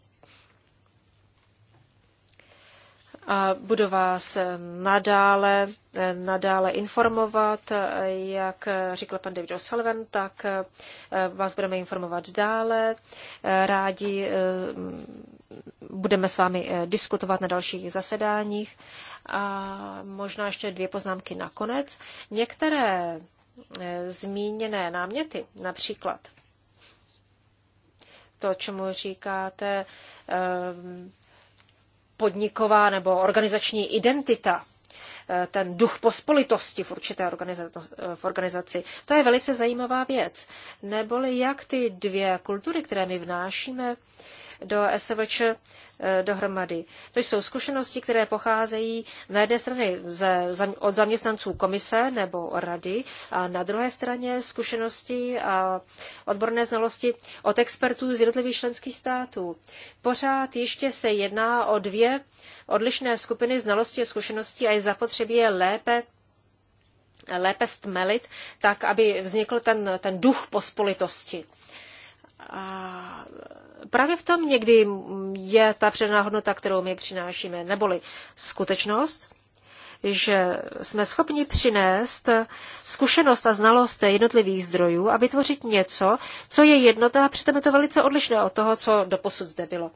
a budu vás nadále, nadále informovat, jak říkal pan David O'Sullivan, tak eh, vás budeme informovat dále. Eh, rádi eh, budeme s vámi diskutovat na dalších zasedáních. A možná ještě dvě poznámky nakonec. Některé zmíněné náměty, například to, čemu říkáte, um, podniková nebo organizační identita, eh, ten duch pospolitosti v určité organizaci, eh, v organizaci. To je velice zajímavá věc. Neboli jak ty dvě kultury, které my vnášíme, do SVČ eh, dohromady. To jsou zkušenosti, které pocházejí na jedné straně od zaměstnanců komise nebo rady a na druhé straně zkušenosti a odborné znalosti od expertů z jednotlivých členských států. Pořád ještě se jedná o dvě odlišné skupiny znalostí a zkušeností a je zapotřebí je lépe lépe stmelit, tak aby vznikl ten, ten duch pospolitosti. A právě v tom někdy je ta předaná hodnota, kterou my přinášíme, neboli skutečnost, že jsme schopni přinést zkušenost a znalost jednotlivých zdrojů a vytvořit něco, co je jednota a přitom je to velice odlišné od toho, co doposud zde bylo.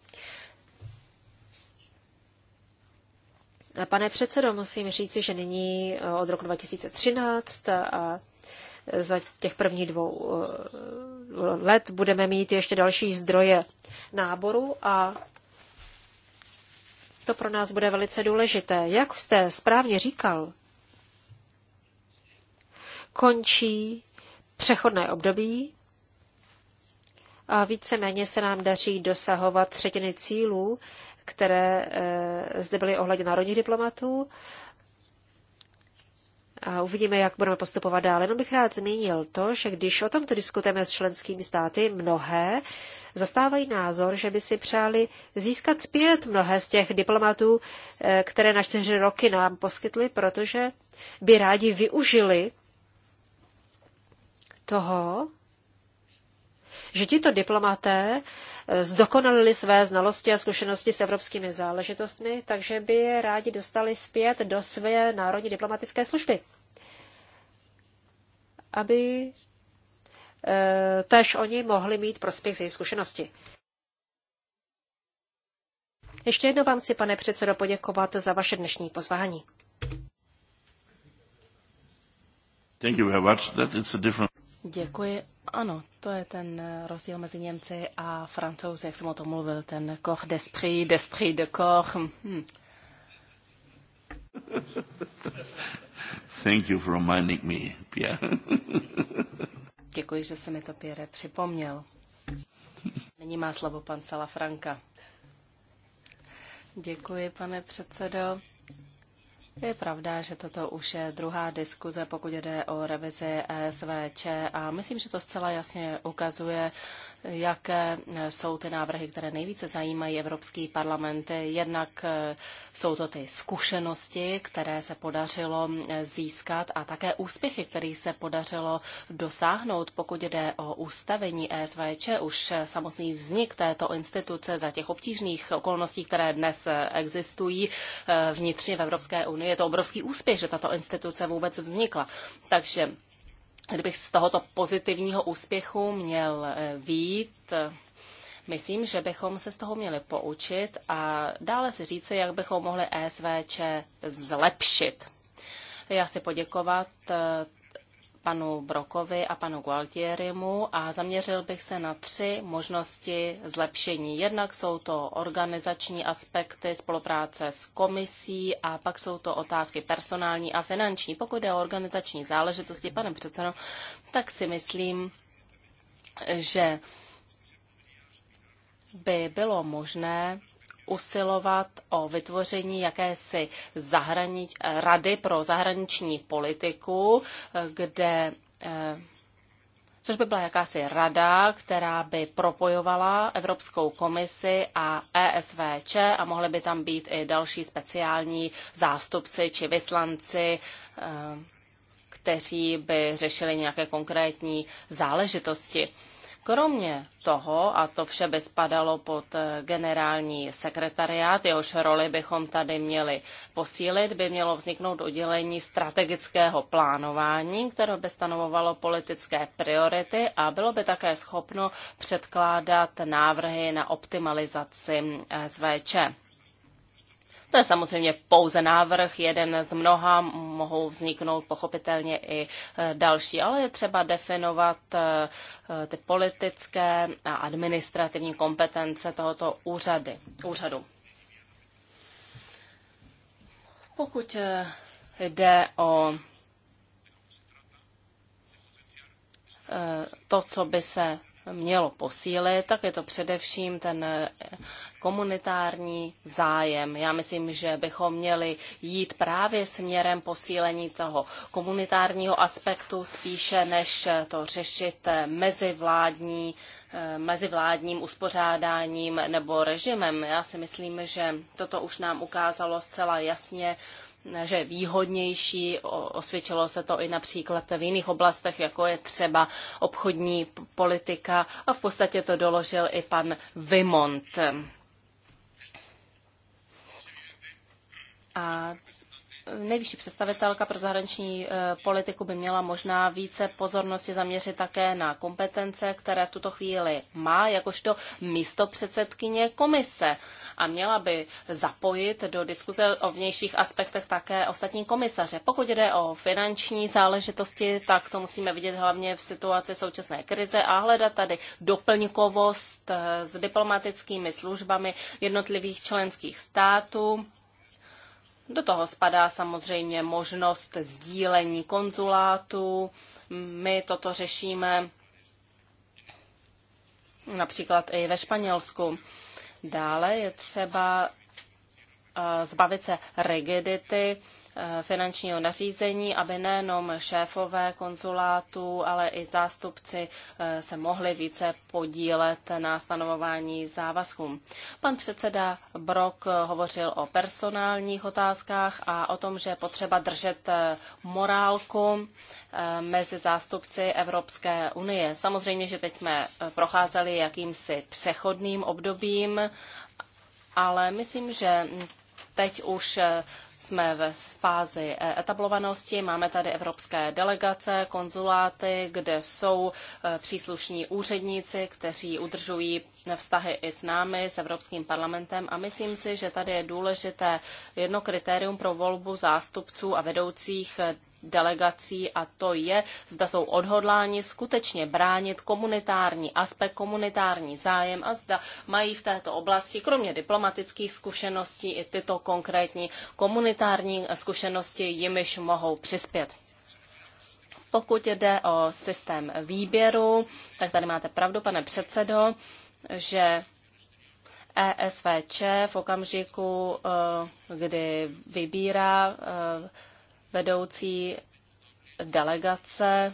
Pane předsedo, musím říci, že nyní od roku 2013 a za těch prvních dvou eh, let budeme mít ještě další zdroje náboru a to pro nás bude velice důležité. Jak jste správně říkal, končí přechodné období a víceméně se nám daří dosahovat třetiny cílů, které eh, zde byly ohledně národních diplomatů a uvidíme, jak budeme postupovat dále. Jenom bych rád zmínil to, že když o tomto diskutujeme s členskými státy, mnohé zastávají názor, že by si přáli získat zpět mnohé z těch diplomatů, eh, které na čtyři roky nám poskytli, protože by rádi využili toho, že tito diplomaté eh, zdokonalili své znalosti a zkušenosti s evropskými záležitostmi, takže by je rádi dostali zpět do své národní diplomatické služby aby eh, tež oni mohli mít prospěch z jejich zkušenosti. Ještě jednou vám chci, pane předsedo, poděkovat za vaše dnešní pozvání. Thank you very much. That it's a different... Děkuji. Ano, to je ten eh, rozdíl mezi Němci a Francouzi, jak jsem o tom mluvil, ten koch d'esprit, d'esprit de koch. Hm. hm. Thank you for reminding me, Pierre. Děkuji, že se mi to, Pierre, připomněl. Nyní má slovo pan Salafranka. Děkuji, pane předsedo. Je pravda, že toto už je druhá diskuze, pokud jde o revizi e SVČ a myslím, že to zcela jasně ukazuje, jaké jsou ty návrhy, které nejvíce zajímají Evropský parlament. Jednak eh, jsou to ty zkušenosti, které se podařilo eh, získat a také úspěchy, které se podařilo dosáhnout, pokud jde o ustavení ESVČ. Už eh, samotný vznik této instituce za těch obtížných okolností, které dnes existují vnitřně v Evropské unii, je to obrovský úspěch, že tato instituce vůbec vznikla. Takže kdybych z tohoto pozitivního úspěchu měl eh, výjít, eh, myslím, že bychom se z toho měli poučit a dále si říci, jak bychom mohli ESVČ zlepšit. Já chci poděkovat eh, panu Brokovi a panu Gualtierimu a zaměřil bych se na tři možnosti zlepšení. Jednak jsou to organizační aspekty spolupráce s komisí a pak jsou to otázky personální a finanční. Pokud je o organizační záležitosti, pane předsedo, tak si myslím, že by bylo možné usilovat o vytvoření jakési zahranič, rady pro zahraniční politiku, kde eh, což by byla jakási rada, která by propojovala Evropskou komisi a ESVČ a mohly by tam být i další speciální zástupci či vyslanci, eh, kteří by řešili nějaké konkrétní záležitosti. Kromě toho, a to vše by spadalo pod eh, generální sekretariát, jehož roli bychom tady měli posílit, by mělo vzniknout oddělení strategického plánování, které by stanovovalo politické priority a bylo by také schopno předkládat návrhy na optimalizaci eh, SVČ. To je samozřejmě pouze návrh, jeden z mnoha, mohou vzniknout pochopitelně i eh, další, ale je třeba definovat eh, eh, ty politické a administrativní kompetence tohoto úřady, úřadu. Pokud jde o to, co by se mělo posílit, tak je to především ten komunitární zájem. Já myslím, že bychom měli jít právě směrem posílení toho komunitárního aspektu spíše, než to řešit mezivládní, eh, mezivládním uspořádáním nebo režimem. Já si myslím, že toto už nám ukázalo zcela jasně, že výhodnější. Osvědčilo se to i například v jiných oblastech, jako je třeba obchodní politika a v podstatě to doložil i pan Vimont. A nejvyšší představitelka pro zahraniční e, politiku by měla možná více pozornosti zaměřit také na kompetence, které v tuto chvíli má jakožto místo předsedkyně komise a měla by zapojit do diskuze o vnějších aspektech také ostatní komisaře. Pokud jde o finanční záležitosti, tak to musíme vidět hlavně v situaci současné krize a hledat tady doplňkovost e, s diplomatickými službami jednotlivých členských států do toho spadá samozřejmě možnost sdílení konzulátu. My toto řešíme například i ve Španělsku. Dále je třeba eh, zbavit se rigidity finančního nařízení, aby nejenom šéfové konzulátů, ale i zástupci eh, se mohli více podílet na stanovování závazků. Pan předseda Brok hovořil o personálních otázkách a o tom, že je potřeba držet eh, morálku eh, mezi zástupci Evropské unie. Samozřejmě, že teď jsme procházeli jakýmsi přechodným obdobím, ale myslím, že teď už jsme ve fázi etablovanosti, máme tady evropské delegace, konzuláty, kde jsou eh, příslušní úředníci, kteří udržují vztahy i s námi, s Evropským parlamentem a myslím si, že tady je důležité jedno kritérium pro volbu zástupců a vedoucích delegací a to je, zda jsou odhodláni skutečně bránit komunitární aspekt, komunitární zájem a zda mají v této oblasti, kromě diplomatických zkušeností, i tyto konkrétní komunitární zkušenosti jimiž mohou přispět. Pokud jde o systém výběru, tak tady máte pravdu, pane předsedo, že ESVČ v okamžiku, eh, kdy vybírá eh, vedoucí delegace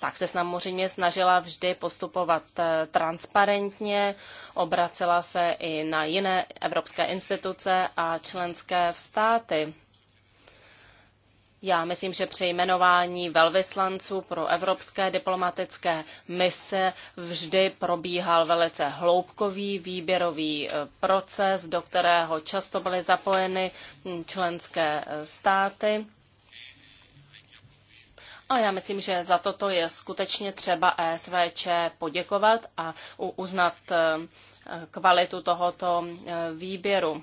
tak se samozřejmě snažila vždy postupovat eh, transparentně, obracela se i na jiné evropské instituce a členské státy. Já myslím, že při jmenování velvyslanců pro evropské diplomatické mise vždy probíhal velice hloubkový výběrový eh, proces, do kterého často byly zapojeny hm, členské eh, státy. A já myslím, že za toto je skutečně třeba ESVČ poděkovat a uznat eh, kvalitu tohoto eh, výběru.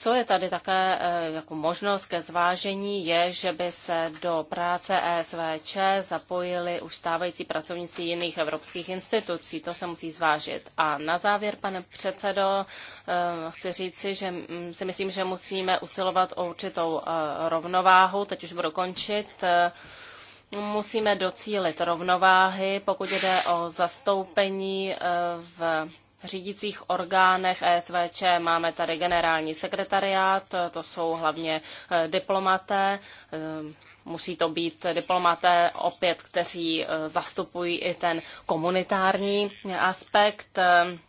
Co je tady také eh, jako možnost ke zvážení, je, že by se do práce ESVČ zapojili už stávající pracovníci jiných evropských institucí. To se musí zvážit. A na závěr, pane předsedo, eh, chci říci, že si myslím, že musíme usilovat o určitou eh, rovnováhu. Teď už budu končit musíme docílit rovnováhy, pokud jde o zastoupení v řídících orgánech ESVČ máme tady generální sekretariát, to jsou hlavně eh, diplomaté, eh, musí to být diplomaté opět, kteří eh, zastupují i ten komunitární aspekt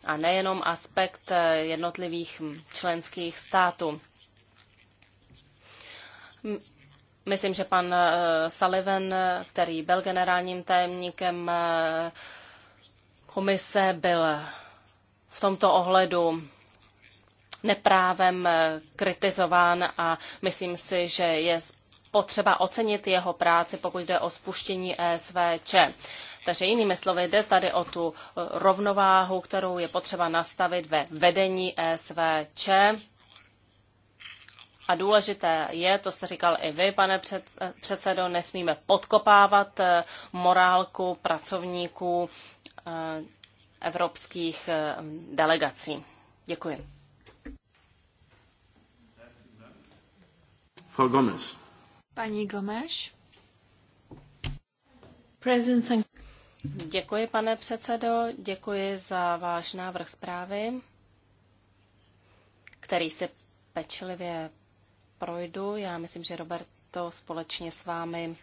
a nejenom aspekt jednotlivých hm, členských států. Myslím, že pan Sullivan, který byl generálním tajemníkem komise, byl v tomto ohledu neprávem eh, kritizován a myslím si, že je potřeba ocenit jeho práci, pokud jde o spuštění ESVČ. Takže jinými slovy, jde tady o tu eh, rovnováhu, kterou je potřeba nastavit ve vedení ESVČ. A důležité je, to jste říkal i vy, pane eh, předsedo, nesmíme podkopávat morálku pracovníků evropských eh, delegací. Děkuji. Frau Gomez. Paní Gomes. Děkuji, pane předsedo, děkuji za váš návrh zprávy, který si pečlivě projdu. Já myslím, že Roberto společně s vámi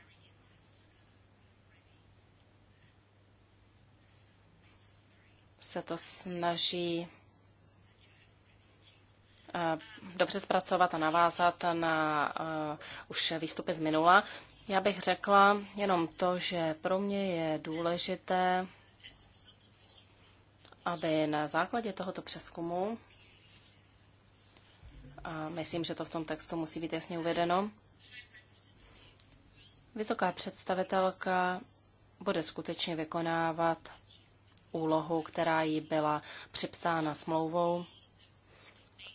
se to snaží eh, dobře zpracovat a navázat na eh, už výstupy z minula. Já bych řekla jenom to, že pro mě je důležité, aby na základě tohoto přeskumu, a myslím, že to v tom textu musí být jasně uvedeno, vysoká představitelka bude skutečně vykonávat úlohu, která jí byla připsána smlouvou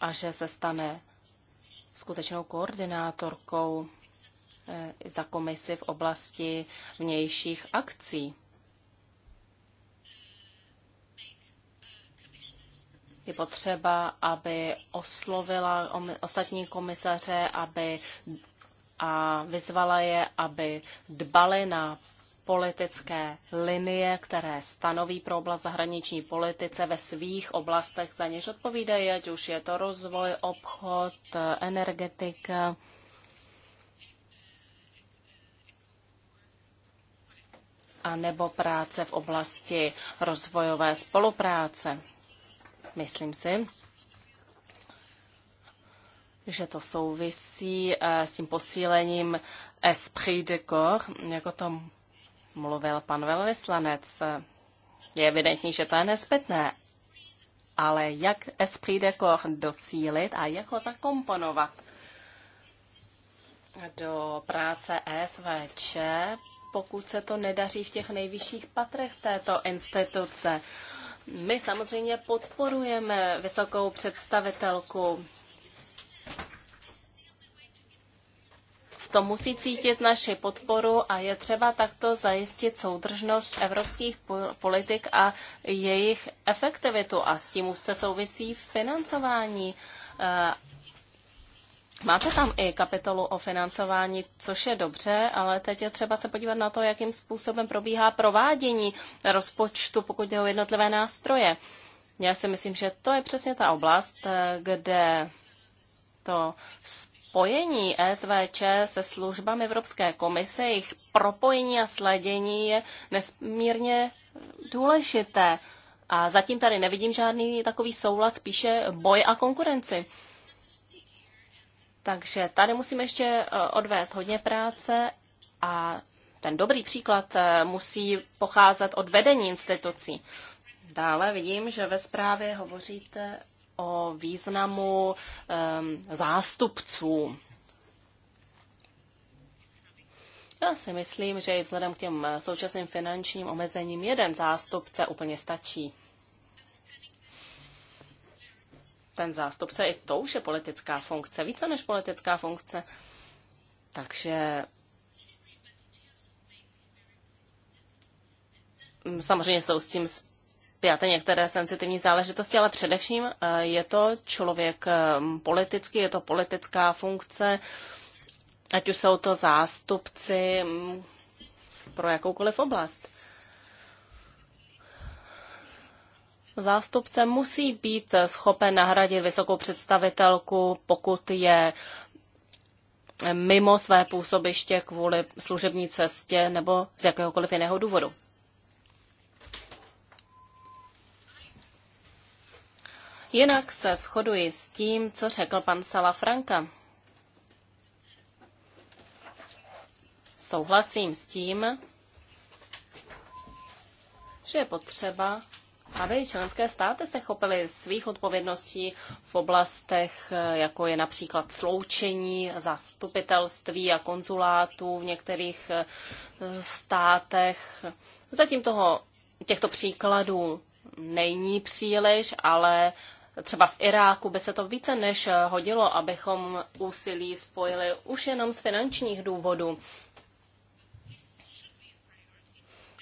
a že se stane skutečnou koordinátorkou eh, za komisi v oblasti vnějších akcí. Je potřeba, aby oslovila ostatní komisaře, aby a vyzvala je, aby dbali na politické linie, které stanoví pro oblast zahraniční politice ve svých oblastech, za něž odpovídají, ať už je to rozvoj, obchod, energetika. a nebo práce v oblasti rozvojové spolupráce. Myslím si, že to souvisí eh, s tím posílením esprit de corps, jako to mluvil pan velvyslanec, je evidentní, že to je nezbytné. Ale jak esprit de corps docílit a jak ho zakomponovat do práce ESVČ, pokud se to nedaří v těch nejvyšších patrech této instituce. My samozřejmě podporujeme vysokou představitelku to musí cítit naši podporu a je třeba takto zajistit soudržnost evropských politik a jejich efektivitu. A s tím se souvisí financování. Eh, máte tam i kapitolu o financování, což je dobře, ale teď je třeba se podívat na to, jakým způsobem probíhá provádění rozpočtu, pokud jde o jednotlivé nástroje. Já si myslím, že to je přesně ta oblast, eh, kde to spojení SVČ se službami Evropské komise, jejich propojení a sladění je nesmírně důležité. A zatím tady nevidím žádný takový soulad, spíše boj a konkurenci. Takže tady musíme ještě eh, odvést hodně práce a ten dobrý příklad eh, musí pocházet od vedení institucí. Dále vidím, že ve zprávě hovoříte o významu ehm, zástupců. Já si myslím, že i vzhledem k těm eh, současným finančním omezením jeden zástupce úplně stačí. Ten zástupce i to už je politická funkce, více než politická funkce. Takže samozřejmě jsou s tím zpěty některé sensitivní záležitosti, ale především eh, je to člověk eh, politický, je to politická funkce, ať už jsou to zástupci mm, pro jakoukoliv oblast. Zástupce musí být schopen nahradit vysokou představitelku, pokud je mimo své působiště kvůli služební cestě nebo z jakéhokoliv jiného důvodu. Jinak se shoduji s tím, co řekl pan Salafranka. Souhlasím s tím, že je potřeba, aby členské státy se chopily svých odpovědností v oblastech, jako je například sloučení zastupitelství a konzulátů v některých eh, státech. Zatím toho, těchto příkladů není příliš, ale Třeba v Iráku by se to více než hodilo, abychom úsilí spojili už jenom z finančních důvodů.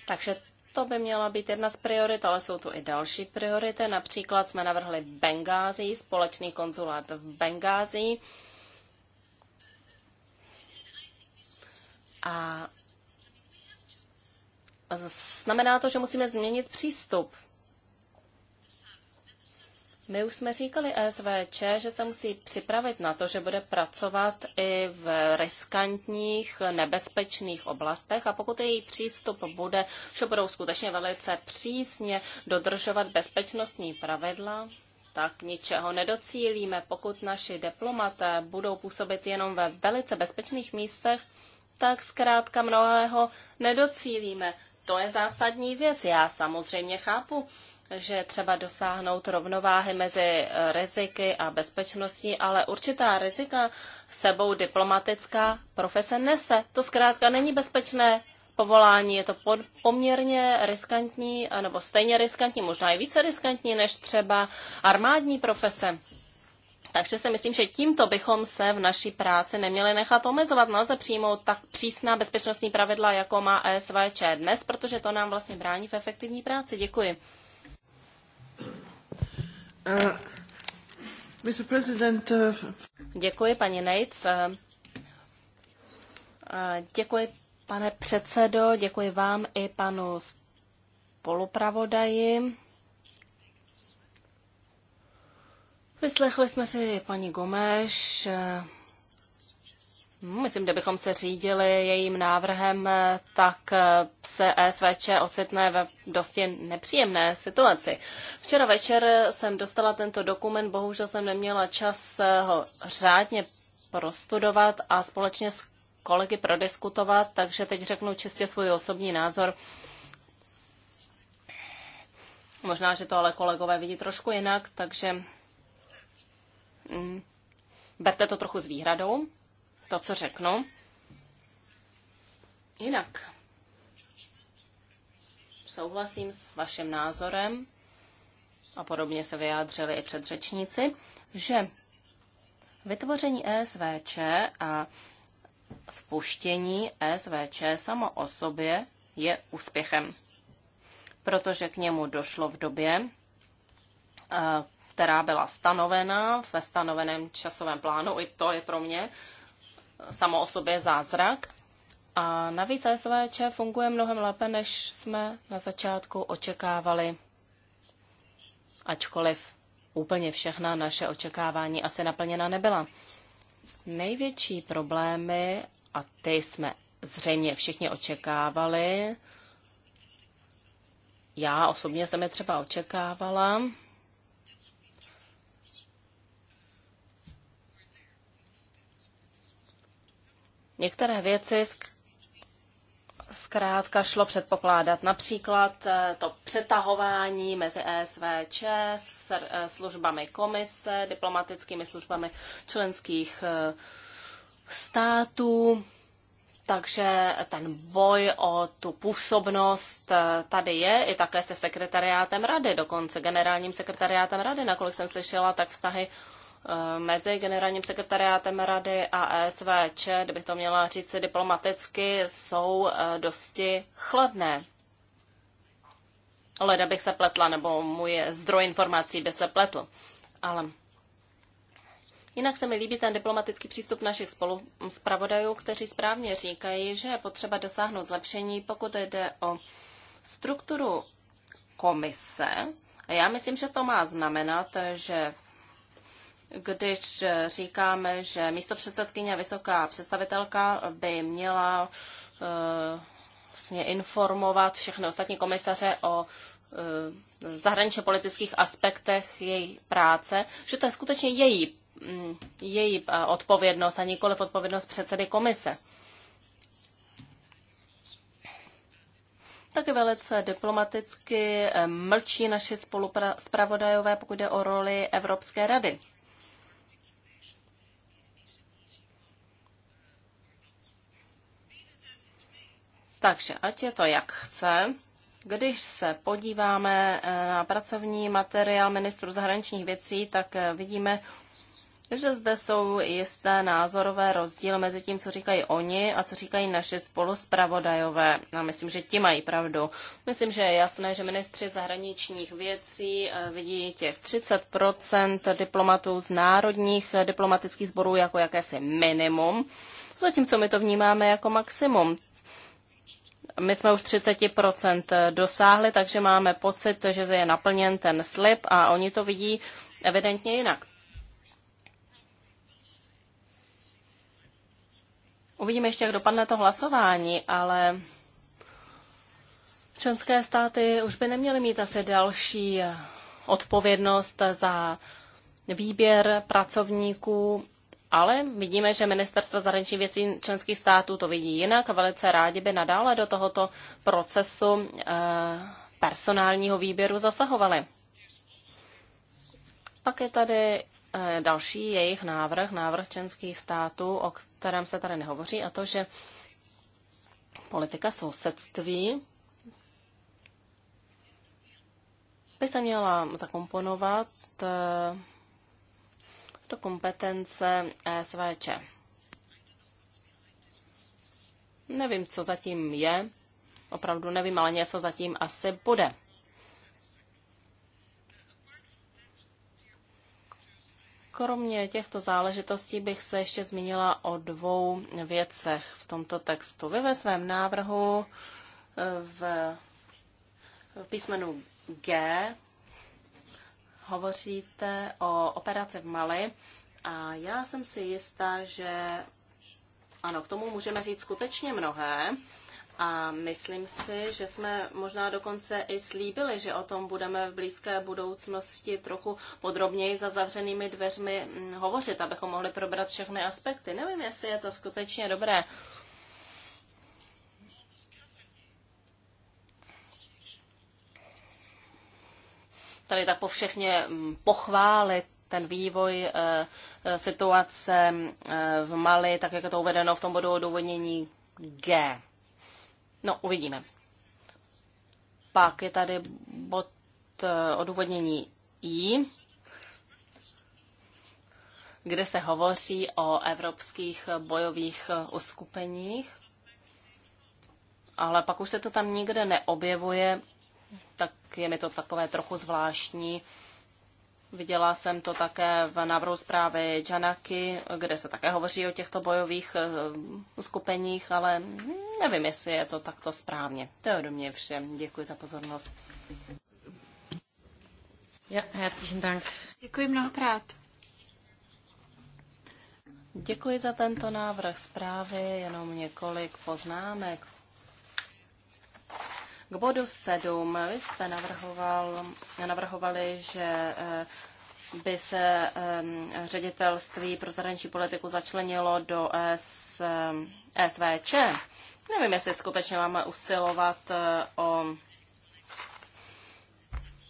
Takže to by měla být jedna z priorit, ale jsou tu i další priority. Například jsme navrhli Bengázi, společný konzulát v Bengázi. A znamená to, že musíme změnit přístup. My už jsme říkali SVČ, že se musí připravit na to, že bude pracovat i v riskantních, nebezpečných oblastech a pokud její přístup bude, že budou skutečně velice přísně dodržovat bezpečnostní pravidla, tak ničeho nedocílíme. Pokud naši diplomaté budou působit jenom ve velice bezpečných místech, tak zkrátka mnohého nedocílíme. To je zásadní věc. Já samozřejmě chápu, že třeba dosáhnout rovnováhy mezi eh, riziky a bezpečností, ale určitá rizika sebou diplomatická profese nese. To zkrátka není bezpečné povolání, je to pod, poměrně riskantní, nebo stejně riskantní, možná i více riskantní než třeba armádní profese. Takže si myslím, že tímto bychom se v naší práci neměli nechat omezovat. Nelze přijmout tak přísná bezpečnostní pravidla, jako má ESVČ dnes, protože to nám vlastně brání v efektivní práci. Děkuji. Uh, uh, děkuji, paní Nates. Uh, děkuji, pane předsedo, děkuji vám i panu spolupravodaji. Vyslechli jsme si paní Gomeš, Myslím, že bychom se řídili jejím návrhem, eh, tak eh, se ESVČ ocitne ve dosti nepříjemné situaci. Včera večer jsem dostala tento dokument, bohužel jsem neměla čas eh, ho řádně prostudovat a společně s kolegy prodiskutovat, takže teď řeknu čistě svůj osobní názor. Možná, že to ale kolegové vidí trošku jinak, takže mm, berte to trochu s výhradou to, co řeknu. Jinak souhlasím s vaším názorem a podobně se vyjádřili i předřečníci, že vytvoření ESVČ a spuštění ESVČ samo o sobě je úspěchem, protože k němu došlo v době, eh, která byla stanovena ve stanoveném časovém plánu. I to je pro mě samo o sobě zázrak. A navíc SVČ funguje mnohem lépe, než jsme na začátku očekávali. Ačkoliv úplně všechna naše očekávání asi naplněna nebyla. Největší problémy, a ty jsme zřejmě všichni očekávali, já osobně jsem je třeba očekávala, Některé věci zkrátka šlo předpokládat. Například eh, to přetahování mezi ESVČ, eh, službami komise, diplomatickými službami členských eh, států. Takže ten boj o tu působnost tady je i také se sekretariátem rady, dokonce generálním sekretariátem rady, nakolik jsem slyšela, tak vztahy Eh, mezi generálním sekretariátem Rady a ESVČ, kdybych to měla říct diplomaticky, jsou eh, dosti chladné. Leda bych se pletla, nebo můj zdroj informací by se pletl. Ale Jinak se mi líbí ten diplomatický přístup našich spoluzpravodajů, kteří správně říkají, že je potřeba dosáhnout zlepšení, pokud jde o strukturu komise. A já myslím, že to má znamenat, že když říkáme, že místo předsedkyně vysoká představitelka by měla eh, vlastně informovat všechny ostatní komisaře o eh, zahraničně politických aspektech její práce, že to je skutečně její, mm, její eh, odpovědnost a nikoliv odpovědnost předsedy komise. Taky velice diplomaticky mlčí naše spolupravodajové, pokud jde o roli Evropské rady. Takže ať je to jak chce, když se podíváme eh, na pracovní materiál ministru zahraničních věcí, tak eh, vidíme, že zde jsou jisté názorové rozdíly mezi tím, co říkají oni a co říkají naši spoluspravodajové. A myslím, že ti mají pravdu. Myslím, že je jasné, že ministři zahraničních věcí eh, vidí těch 30 diplomatů z národních diplomatických sborů jako jakési minimum, zatímco my to vnímáme jako maximum. My jsme už 30% dosáhli, takže máme pocit, že je naplněn ten slib a oni to vidí evidentně jinak. Uvidíme ještě, jak dopadne to hlasování, ale členské státy už by neměly mít asi další odpovědnost za výběr pracovníků ale vidíme, že ministerstva zahraničních věcí členských států to vidí jinak a velice rádi by nadále do tohoto procesu eh, personálního výběru zasahovali. Pak je tady eh, další jejich návrh, návrh členských států, o kterém se tady nehovoří, a to, že politika sousedství by se měla zakomponovat eh, to kompetence eh, SVČ. Nevím, co zatím je, opravdu nevím, ale něco zatím asi bude. Kromě těchto záležitostí bych se ještě zmínila o dvou věcech v tomto textu. Vy ve svém návrhu eh, v písmenu G hovoříte o operaci v Mali a já jsem si jistá, že ano, k tomu můžeme říct skutečně mnohé. A myslím si, že jsme možná dokonce i slíbili, že o tom budeme v blízké budoucnosti trochu podrobněji za zavřenými dveřmi hm, hovořit, abychom mohli probrat všechny aspekty. Nevím, jestli je to skutečně dobré. tady tak povšechně mm, pochválit ten vývoj eh, eh, situace eh, v Mali, tak jak je to uvedeno v tom bodu odůvodnění G. No, uvidíme. Pak je tady bod odůvodnění I, kde se hovoří o evropských bojových uskupeních, ale pak už se to tam nikde neobjevuje tak je mi to takové trochu zvláštní. Viděla jsem to také v návrhu zprávy Janaky, kde se také hovoří o těchto bojových eh, skupeních, ale nevím, jestli je to takto správně. To je ode mě všem. Děkuji za pozornost. Ja, herzlichen Dank. Děkuji mnohokrát. Děkuji za tento návrh zprávy, jenom několik poznámek. K bodu 7 vy jste navrhoval, navrhovali, že eh, by se eh, ředitelství pro zahraniční politiku začlenilo do S, eh, SVČ. Nevím, jestli skutečně máme usilovat o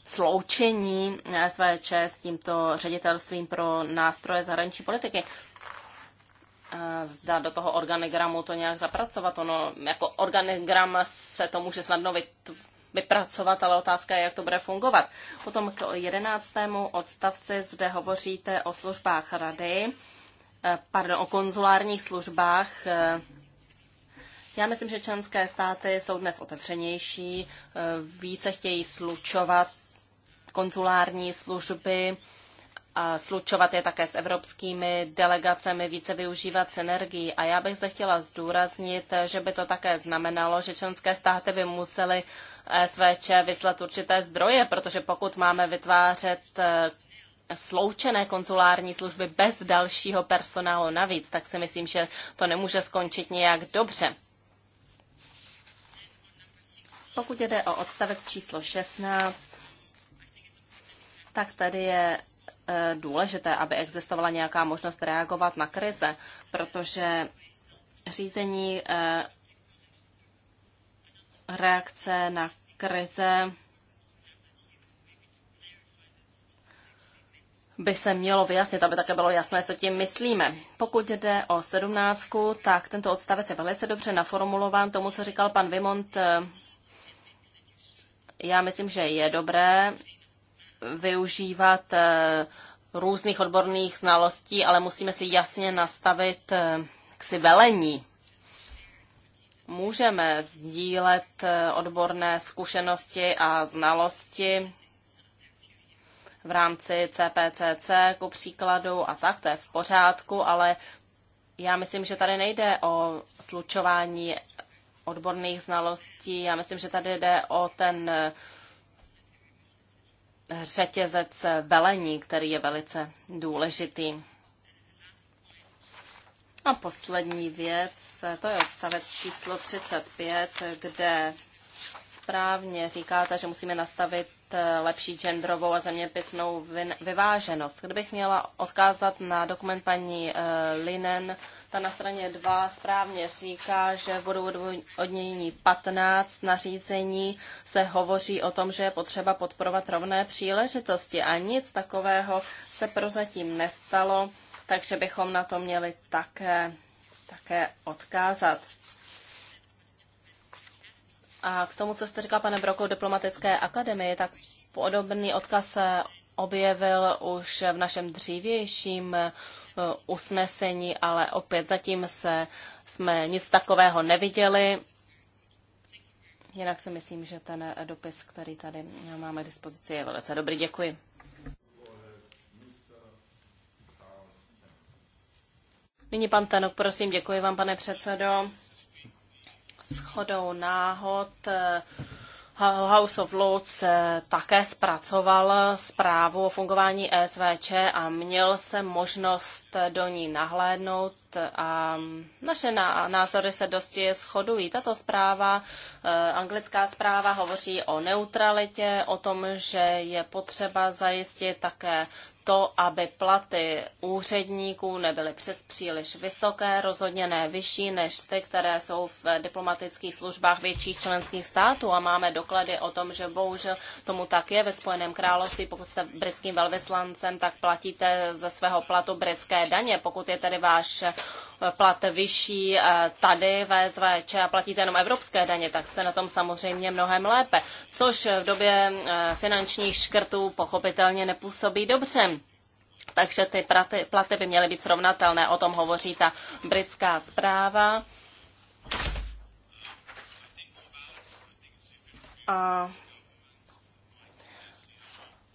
sloučení SVČ s tímto ředitelstvím pro nástroje zahraniční politiky zda do toho organigramu to nějak zapracovat. Ono jako organigram se to může snadno vypracovat, ale otázka je, jak to bude fungovat. Potom k jedenáctému odstavci zde hovoříte o službách rady, eh, pardon, o konzulárních službách. Eh, já myslím, že členské státy jsou dnes otevřenější, eh, více chtějí slučovat konzulární služby a slučovat je také s evropskými delegacemi, více využívat synergii. A já bych zde chtěla zdůraznit, že by to také znamenalo, že členské státy by musely SVČ vyslat určité zdroje, protože pokud máme vytvářet eh, sloučené konzulární služby bez dalšího personálu navíc, tak si myslím, že to nemůže skončit nějak dobře. Pokud jde o odstavec číslo 16, tak tady je Eh, důležité, aby existovala nějaká možnost reagovat na krize, protože řízení eh, reakce na krize by se mělo vyjasnit, aby také bylo jasné, co tím myslíme. Pokud jde o sedmnáctku, tak tento odstavec je velice dobře naformulován tomu, co říkal pan Vimont. Já myslím, že je dobré využívat eh, různých odborných znalostí, ale musíme si jasně nastavit eh, k si velení. Můžeme sdílet eh, odborné zkušenosti a znalosti v rámci CPCC ku příkladu a tak, to je v pořádku, ale já myslím, že tady nejde o slučování odborných znalostí, já myslím, že tady jde o ten řetězec velení, který je velice důležitý. A poslední věc, to je odstavec číslo 35, kde správně říkáte, že musíme nastavit eh, lepší genderovou a zeměpisnou vyváženost. Kdybych měla odkázat na dokument paní eh, Linen, ta na straně 2 správně říká, že v bodu odměnění 15 nařízení se hovoří o tom, že je potřeba podporovat rovné příležitosti a nic takového se prozatím nestalo, takže bychom na to měli také, také odkázat. A k tomu, co jste říkal, pane Broko, diplomatické akademii, tak podobný odkaz se objevil už v našem dřívějším eh, usnesení, ale opět zatím se, jsme nic takového neviděli. Jinak si myslím, že ten dopis, který tady máme k dispozici, je velice dobrý. Děkuji. Nyní pan Tenok, prosím, děkuji vám, pane předsedo shodou náhod eh, House of Lords eh, také zpracoval zprávu o fungování ESVČ a měl se možnost do ní nahlédnout a naše názory se dosti shodují. Tato zpráva, eh, anglická zpráva, hovoří o neutralitě, o tom, že je potřeba zajistit také to, aby platy úředníků nebyly přes příliš vysoké, rozhodně ne vyšší než ty, které jsou v diplomatických službách větších členských států. A máme doklady o tom, že bohužel tomu tak je ve Spojeném království. Pokud jste britským velvyslancem, tak platíte ze svého platu britské daně. Pokud je tedy váš plat vyšší eh, tady ve SVČ a platíte jenom evropské daně, tak jste na tom samozřejmě mnohem lépe, což v době eh, finančních škrtů pochopitelně nepůsobí dobře. Takže ty platy, by měly být srovnatelné, o tom hovoří ta britská zpráva. A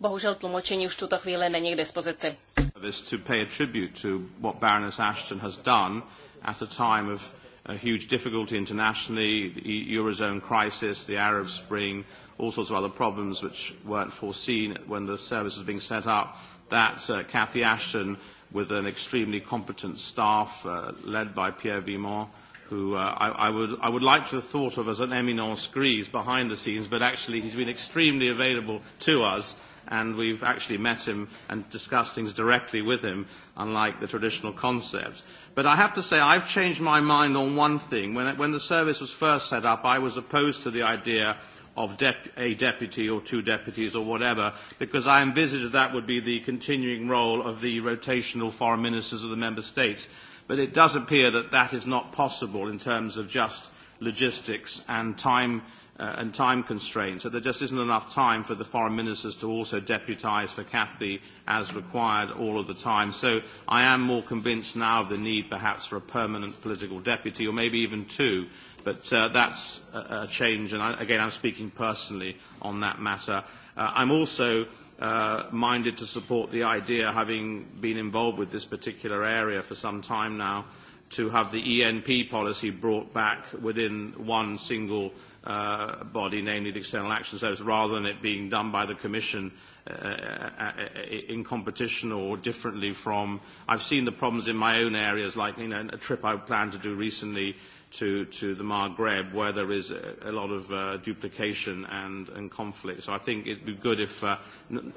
bohužel tlumočení už v tuto chvíli není k dispozici service to pay a tribute to what Baroness Ashton has done at a time of a huge difficulty internationally, the e-, Eurozone crisis, the Arab Spring, all sorts of other problems which weren't foreseen when the service was being set up, that uh, Cathy Ashton, with an extremely competent staff uh, led by Pierre Vimont, who uh, I, I, would, I would like to have thought of as an eminence grise behind the scenes, but actually he's been extremely available to us and we've actually met him and discussed things directly with him, unlike the traditional concepts. But I have to say, I've changed my mind on one thing. When, it, when the service was first set up, I was opposed to the idea of dep- a deputy or two deputies or whatever, because I envisaged that would be the continuing role of the rotational foreign ministers of the member states. But it does appear that that is not possible in terms of just logistics and time uh, and time constraints, that there just isn't enough time for the foreign ministers to also deputise for Cathy as required all of the time. So I am more convinced now of the need perhaps for a permanent political deputy, or maybe even two. But uh, that's a, a change, and I, again, I'm speaking personally on that matter. Uh, I'm also uh, minded to support the idea, having been involved with this particular area for some time now, to have the ENP policy brought back within one single uh, body, namely the External Action Service, rather than it being done by the Commission uh, uh, uh, in competition or differently from. I've seen the problems in my own areas, like you know, a trip I planned to do recently to, to the Maghreb, where there is a, a lot of uh, duplication and, and conflict. So I think it would be good if, uh,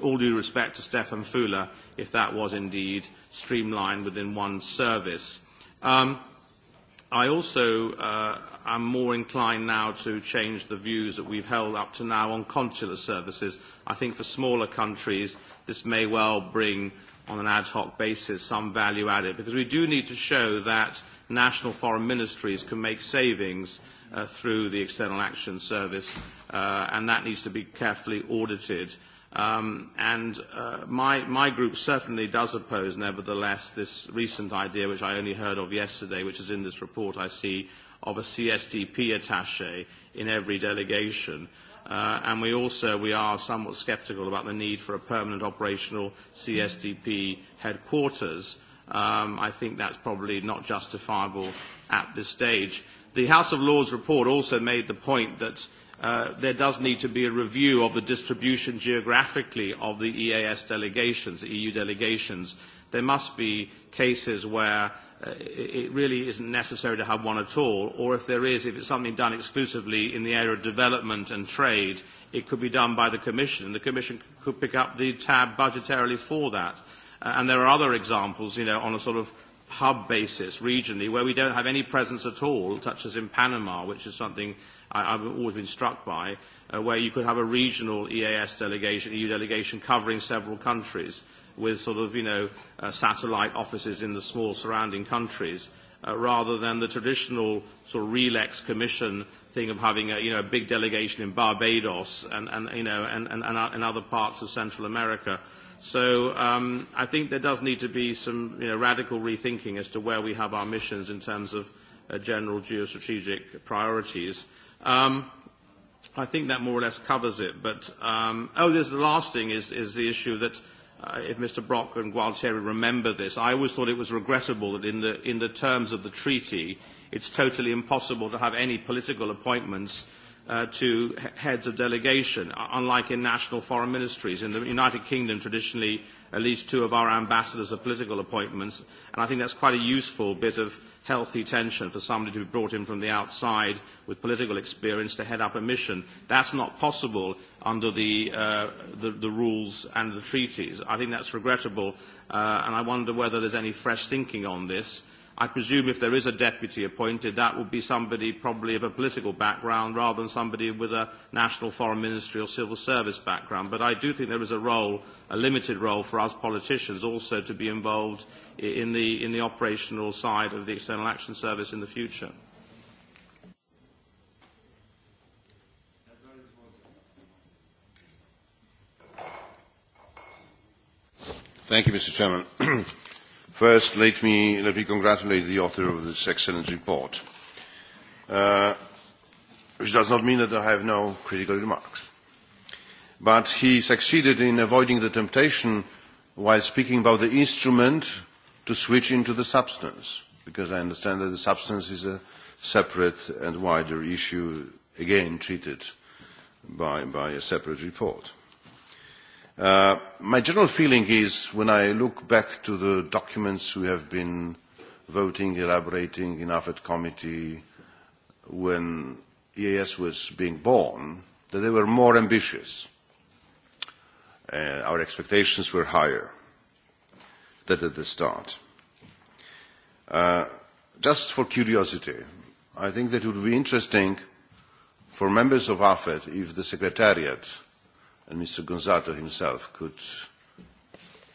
all due respect to Stefan Fuller, if that was indeed streamlined within one service. Um, I also uh, I'm more inclined now to change the views that we've held up to now on consular services. I think for smaller countries, this may well bring, on an ad hoc basis, some value added, because we do need to show that national foreign ministries can make savings uh, through the External Action Service, uh, and that needs to be carefully audited. Um, and uh, my, my group certainly does oppose, nevertheless, this recent idea, which I only heard of yesterday, which is in this report I see, of a CSDP attaché in every delegation. Uh, and we also we are somewhat sceptical about the need for a permanent operational CSDP headquarters. Um, I think that's probably not justifiable at this stage. The House of Lords report also made the point that uh, there does need to be a review of the distribution geographically of the EAS delegations, the EU delegations. There must be cases where Uh, it really isn't necessary to have one at all, or if there is, if it's something done exclusively in the area of development and trade, it could be done by the Commission. The Commission could pick up the tab budgetarily for that. Uh, and there are other examples, you know, on a sort of hub basis regionally where we don't have any presence at all, such as in Panama, which is something I, I've always been struck by, uh, where you could have a regional EAS delegation, EU delegation covering several countries with sort of, you know, uh, satellite offices in the small surrounding countries, uh, rather than the traditional sort of relax commission thing of having a, you know, a big delegation in Barbados and, and, you know, and, and, and other parts of Central America. So um, I think there does need to be some you know, radical rethinking as to where we have our missions in terms of uh, general geostrategic priorities. Um, I think that more or less covers it. But um, oh, there's the last thing is, is the issue that Uh, if Mr. Brock and Gualtieri remember this, I always thought it was regrettable that in the, in the terms of the treaty, it's totally impossible to have any political appointments uh, to heads of delegation, unlike in national foreign ministries. In the United Kingdom, traditionally, at least two of our ambassadors are political appointments, and I think that's quite a useful bit of healthy tension for somebody to be brought in from the outside with political experience to head up a mission. That's not possible under the, uh, the, the rules and the treaties. I think that's regrettable, uh, and I wonder whether there's any fresh thinking on this. I presume if there is a deputy appointed, that would be somebody probably of a political background rather than somebody with a national foreign ministry or civil service background. But I do think there is a role a limited role for us politicians also to be involved in the, in the operational side of the External Action Service in the future. Thank you, Mr. Chairman. First, let me, let me congratulate the author of this excellent report, uh, which does not mean that I have no critical remarks but he succeeded in avoiding the temptation while speaking about the instrument to switch into the substance, because I understand that the substance is a separate and wider issue, again treated by, by a separate report. Uh, my general feeling is, when I look back to the documents we have been voting, elaborating in AFET committee, when EAS was being born, that they were more ambitious uh, our expectations were higher than at the start. Uh, just for curiosity, I think that it would be interesting for members of AFET if the Secretariat and Mr. Gonzato himself could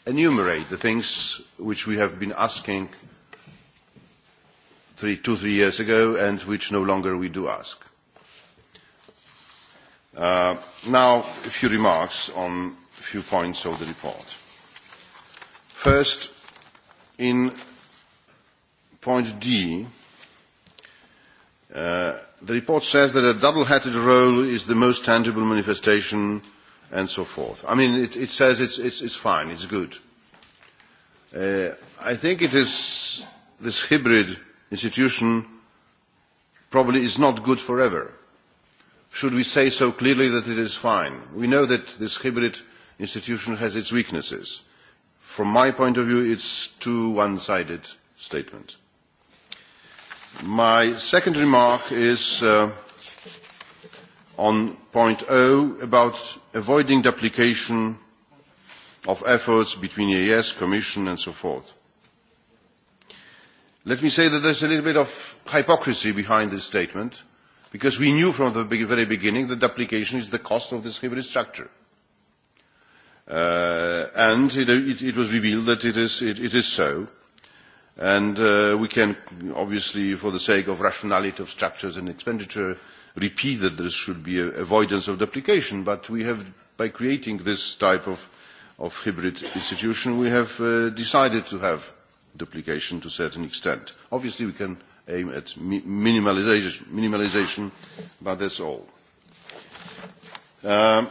enumerate the things which we have been asking three, two, three years ago and which no longer we do ask. Uh, now, a few remarks on few points of the report. First, in point D, uh, the report says that a double-headed role is the most tangible manifestation and so forth. I mean, it, it says it's, it's, it's fine, it's good. Uh, I think it is this hybrid institution probably is not good forever. Should we say so clearly that it is fine? We know that this hybrid institution has its weaknesses. From my point of view, it's too one-sided statement. My second remark is uh, on point O about avoiding duplication of efforts between EAS, Commission and so forth. Let me say that there's a little bit of hypocrisy behind this statement because we knew from the very beginning that duplication is the cost of this hybrid structure. Uh, and it, it, it was revealed that it is, it, it is so. And uh, we can obviously, for the sake of rationality of structures and expenditure, repeat that there should be a avoidance of duplication, but we have, by creating this type of, of hybrid institution, we have uh, decided to have duplication to a certain extent. Obviously, we can aim at mi minimalization, minimalization, but that's all. Um,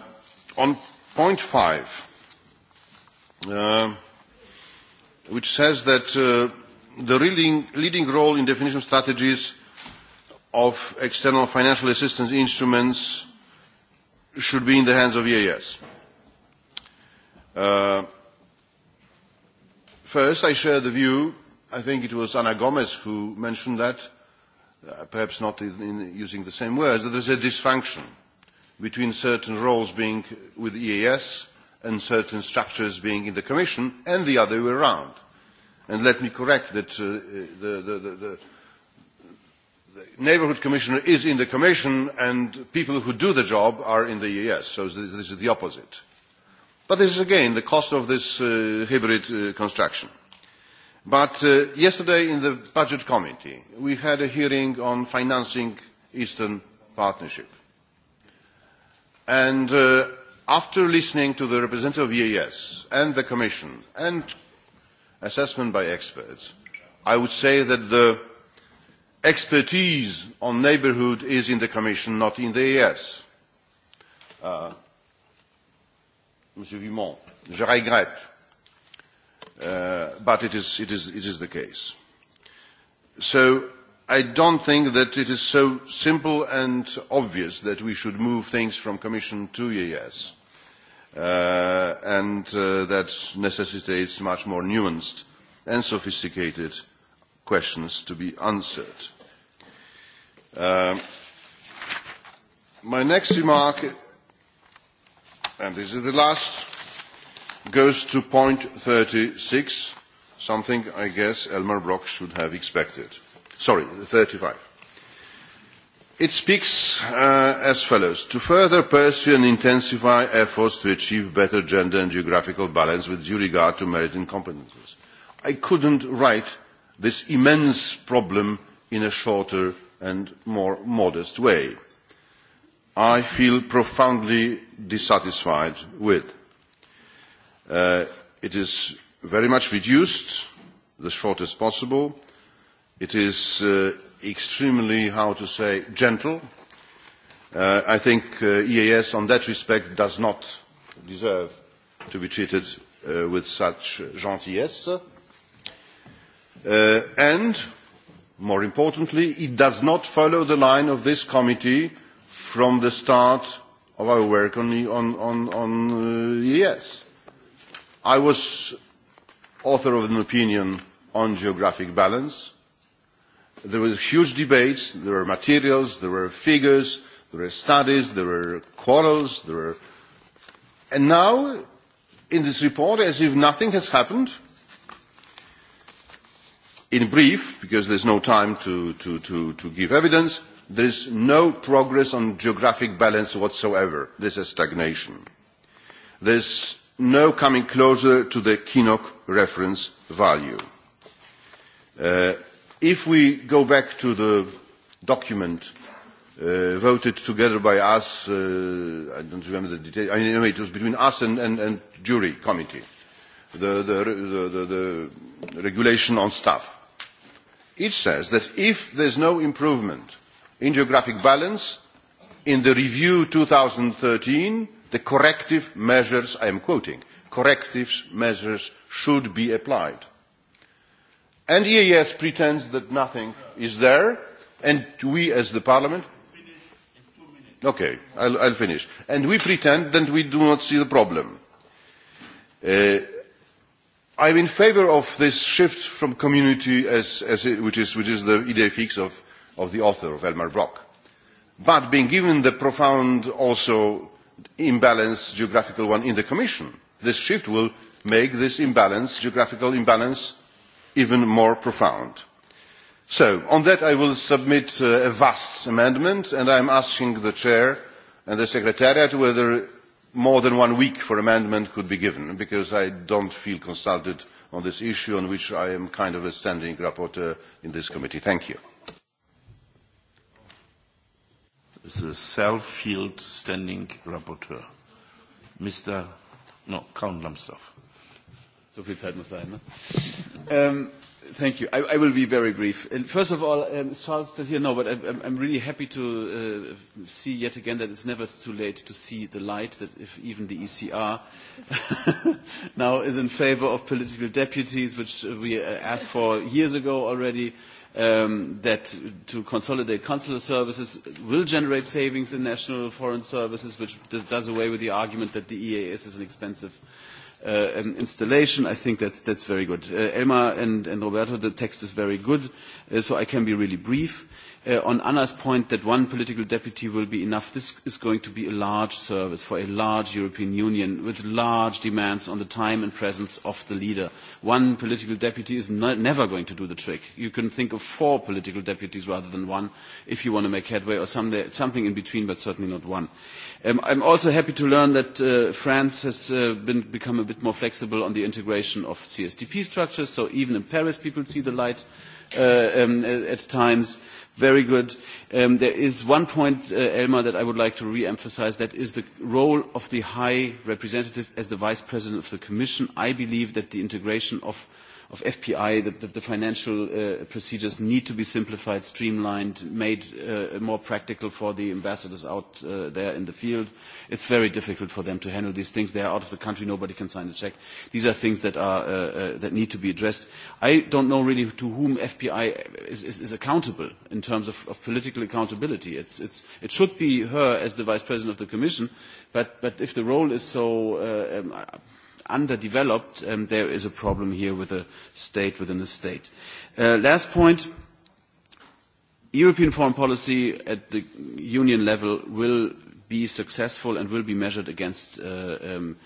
on point five, Uh, which says that uh, the leading, leading role in definition of strategies of external financial assistance instruments should be in the hands of EAS. Uh, first, I share the view, I think it was Ana Gomez who mentioned that, uh, perhaps not in, in using the same words, that there's a dysfunction between certain roles being with EAS and certain structures being in the Commission, and the other way around. And let me correct that uh, the, the, the, the, the neighbourhood commissioner is in the Commission, and people who do the job are in the EES. So this, this is the opposite. But this is again the cost of this uh, hybrid uh, construction. But uh, yesterday in the Budget Committee, we had a hearing on financing Eastern Partnership. And uh, after listening to the representative of eeas and the Commission and assessment by experts, I would say that the expertise on neighbourhood is in the Commission, not in the eeas. mr uh, Monsieur Vimont, je regrette, uh, but it is, it, is, it is the case. So i don't think that it is so simple and obvious that we should move things from Commission to EAS, uh, and uh, that necessitates much more nuanced and sophisticated questions to be answered. Uh, my next remark, and this is the last, goes to point 36, something I guess Elmar Brock should have expected sorry, 35. It speaks uh, as follows. To further pursue and intensify efforts to achieve better gender and geographical balance with due regard to merit and competences. I couldn't write this immense problem in a shorter and more modest way. I feel profoundly dissatisfied with. Uh, it is very much reduced, the shortest possible, It is uh, extremely, how to say, gentle. Uh, I think uh, EAS on that respect does not deserve to be treated uh, with such gentillesse. Uh, and, more importantly, it does not follow the line of this committee from the start of our work on, e, on, on, on uh, EAS. I was author of an opinion on geographic balance there were huge debates, there were materials, there were figures, there were studies, there were quarrels, there were... And now, in this report, as if nothing has happened, in brief, because there's no time to, to, to, to give evidence, there is no progress on geographic balance whatsoever. This is stagnation. There's no coming closer to the Kinnock reference value. Uh, If we go back to the document uh, voted together by us, uh, I don't remember the details. I mean, anyway, it was between us and, and, and jury committee, the, the, the, the, the regulation on staff. It says that if there's no improvement in geographic balance, in the review 2013, the corrective measures, I am quoting, corrective measures should be applied And EAS pretends that nothing is there, and we as the Parliament... Okay, I'll, I'll finish. And we pretend that we do not see the problem. Uh, I'm in favour of this shift from community, as, as it, which, is, which is the idea fix of, of the author, of Elmar Brock. But being given the profound also imbalance, geographical one, in the Commission, this shift will make this imbalance, geographical imbalance, even more profound. So, on that I will submit uh, a vast amendment, and I am asking the Chair and the Secretariat whether more than one week for amendment could be given, because I don't feel consulted on this issue on which I am kind of a standing rapporteur in this committee. Thank you. The self filled standing rapporteur. Mr. No, Count Lambsdorff. So viel Zeit muss sein, ne? Um, thank you. I, I will be very brief. And first of all, um, is Charles still here? No, but I, I'm, I'm really happy to uh, see yet again that it's never too late to see the light, that if even the ECR now is in favor of political deputies, which we uh, asked for years ago already, um, that to consolidate consular services will generate savings in national foreign services, which does away with the argument that the EAS is an expensive uh, um, installation. I think that, that's very good. Uh, Elmar and, and Roberto, the text is very good, uh, so I can be really brief. Uh, on Anna's point that one political deputy will be enough, this is going to be a large service for a large European Union with large demands on the time and presence of the leader. One political deputy is not, never going to do the trick. You can think of four political deputies rather than one if you want to make headway or someday, something in between, but certainly not one. Um, I'm also happy to learn that uh, France has uh, been, become a bit more flexible on the integration of CSDP structures, so even in Paris people see the light uh, um, at times. Very good. Um, there is one point, uh, Elmar, that I would like to re-emphasize. That is the role of the High Representative as the Vice President of the Commission. I believe that the integration of of FPI that, that the financial uh, procedures need to be simplified, streamlined, made uh, more practical for the ambassadors out uh, there in the field. It's very difficult for them to handle these things. They are out of the country. Nobody can sign a check. These are things that, are, uh, uh, that need to be addressed. I don't know really to whom FPI is, is, is accountable in terms of, of political accountability. It's, it's, it should be her as the vice president of the commission, but, but if the role is so... Uh, um, underdeveloped, um, there is a problem here with a state within a state. Uh, last point. European foreign policy at the union level will be successful and will be measured against uh, um,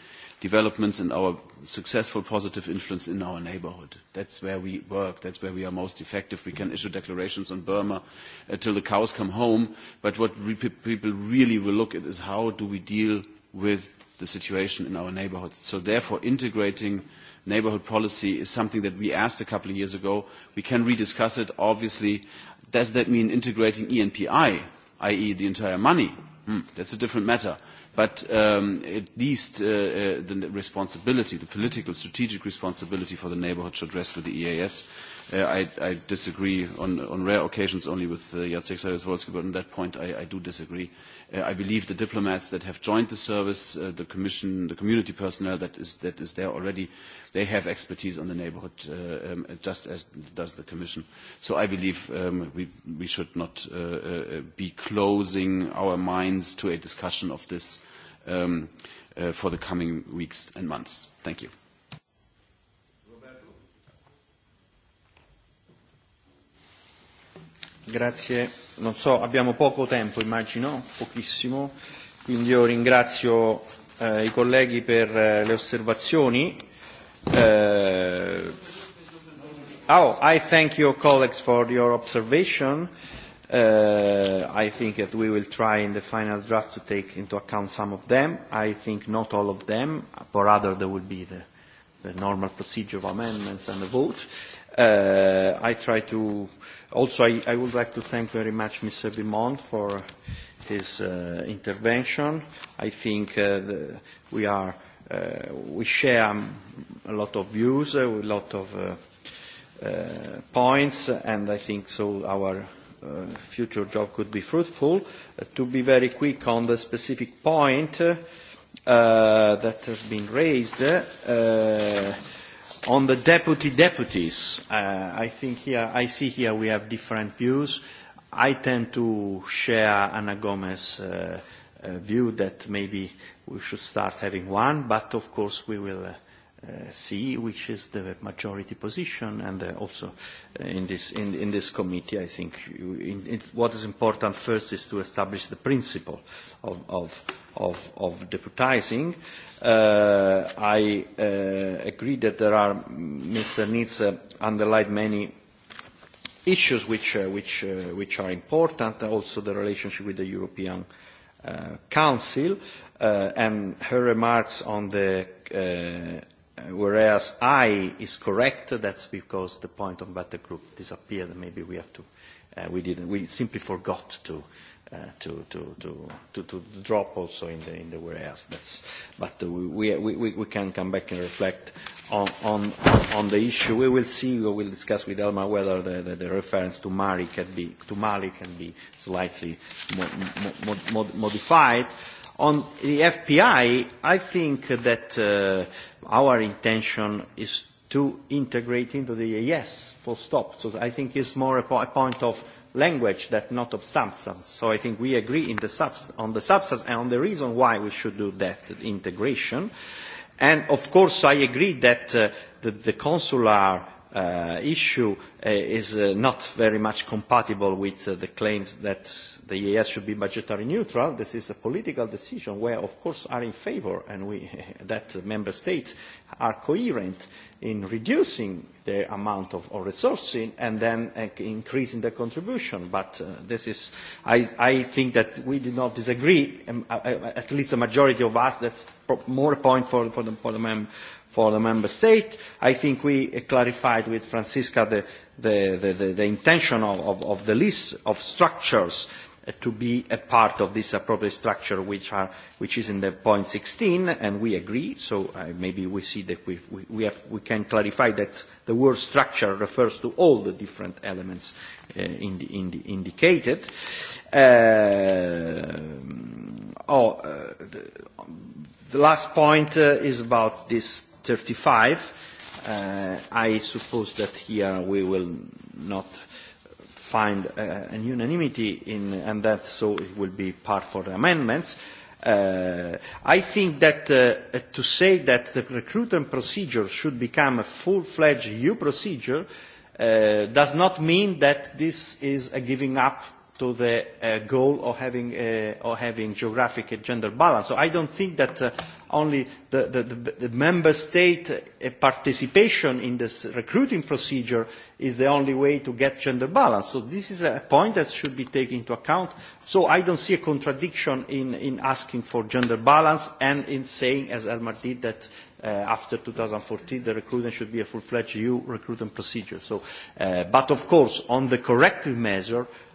developments in our successful positive influence in our neighborhood. That's where we work. That's where we are most effective. We can issue declarations on Burma until uh, the cows come home. But what re people really will look at is how do we deal with the situation in our neighborhood. So therefore, integrating neighborhood policy is something that we asked a couple of years ago. We can rediscuss it, obviously. Does that mean integrating ENPI, i.e. the entire money? Hmm, that's a different matter. But um, at least uh, uh, the responsibility, the political, strategic responsibility for the neighborhood should rest with the EAS Uh, I, I disagree on, on rare occasions only with uh, Jacek saryusz but on that point I, I do disagree. Uh, I believe the diplomats that have joined the service, uh, the commission, the community personnel that is, that is there already, they have expertise on the neighborhood, uh, um, just as does the commission. So I believe um, we, we should not uh, uh, be closing our minds to a discussion of this um, uh, for the coming weeks and months. Thank you. Grazie. Non so, abbiamo poco tempo, immagino, pochissimo, quindi io ringrazio eh, i colleghi per eh, le osservazioni. Eh, oh, I thank your colleagues for your observation. Uh, I think that we will try in the final draft to take into account some of them. I think not all of them, but rather there will be the, the normal procedure of amendments and the vote. Uh, I try to uh, Also, I, I would like to thank very much Mr. Bimont for his uh, intervention. I think uh, the, we are uh, we share a lot of views, a uh, lot of uh, uh, points, and I think so our uh, future job could be fruitful. Uh, to be very quick on the specific point uh, that has been raised, uh, On the deputy deputies, uh, I think here, I see here we have different views. I tend to share Anna Gomez's uh, uh, view that maybe we should start having one, but of course we will uh, C, which is the majority position, and uh, also in this, in, in this committee, I think you, in, it's, what is important first is to establish the principle of, of, of, of deputizing. Uh, I uh, agree that there are, Mr. Nitz uh, underlined many issues which, uh, which, uh, which are important, also the relationship with the European uh, Council, uh, and her remarks on the uh, whereas I is correct, that's because the point on battle group disappeared. and Maybe we have to, uh, we didn't, we simply forgot to, uh, to, to, to, to, to drop also in the, in the whereas. That's, but uh, we, we, we, we can come back and reflect on, on, on the issue. We will see, we will discuss with Elma whether the, the, the reference to Mali can be, to Mali can be slightly mo mo mo modified. On the FPI, I think that uh, our intention is to integrate into the EAS, full stop. So I think it's more a, po a point of language that not of substance. So I think we agree in the subst on the substance and on the reason why we should do that integration. And of course, I agree that uh, the, the consular uh, issue uh, is uh, not very much compatible with uh, the claims that the EAS should be budgetary neutral. This is a political decision where, of course, are in favor, and we, that member states are coherent in reducing the amount of, of resourcing and then uh, increasing the contribution. But uh, this is, I, I think that we do not disagree, um, uh, uh at least a majority of us, that's more a point for, for, the, for the mem for the member state. I think we clarified with Francisca the, the, the, the, the intention of, of, of the list of structures uh, to be a part of this appropriate structure which, are, which is in the point 16 and we agree so uh, maybe we see that we, we, we, have, we can clarify that the word structure refers to all the different elements uh, in the, in the indicated uh, oh, uh, the, the last point uh, is about this 35. Uh, I suppose that here we will not find uh, an unanimity in, and that so it will be part for the amendments. Uh, I think that uh, to say that the recruitment procedure should become a full-fledged EU procedure uh, does not mean that this is a giving up to the uh, goal of having, uh, of having geographic gender balance. So I don't think that uh, only the, the, the, the member state uh, participation in this recruiting procedure is the only way to get gender balance. So this is a point that should be taken into account. So I don't see a contradiction in, in asking for gender balance and in saying, as Elmar did, that uh, after 2014 the recruitment should be a full-fledged EU recruitment procedure. So, uh, but of course, on the corrective measure,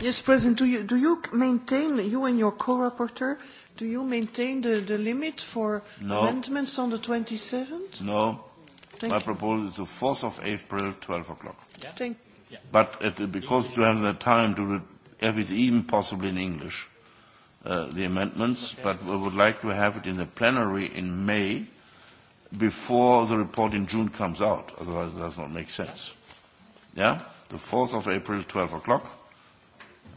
Yes, President, do you, do you maintain, you and your co-rapporteur, do you maintain the, the limit for no. amendments on the 27th? No. Thank My you. proposal is the 4th of April, 12 o'clock. Yeah. Thank yeah. But at, the, because you have the time to have it even possibly in English, uh, the amendments, okay. but we would like to have it in the plenary in May before the report in June comes out. Otherwise, it does not make sense. Yeah? The 4th of April, 12 o'clock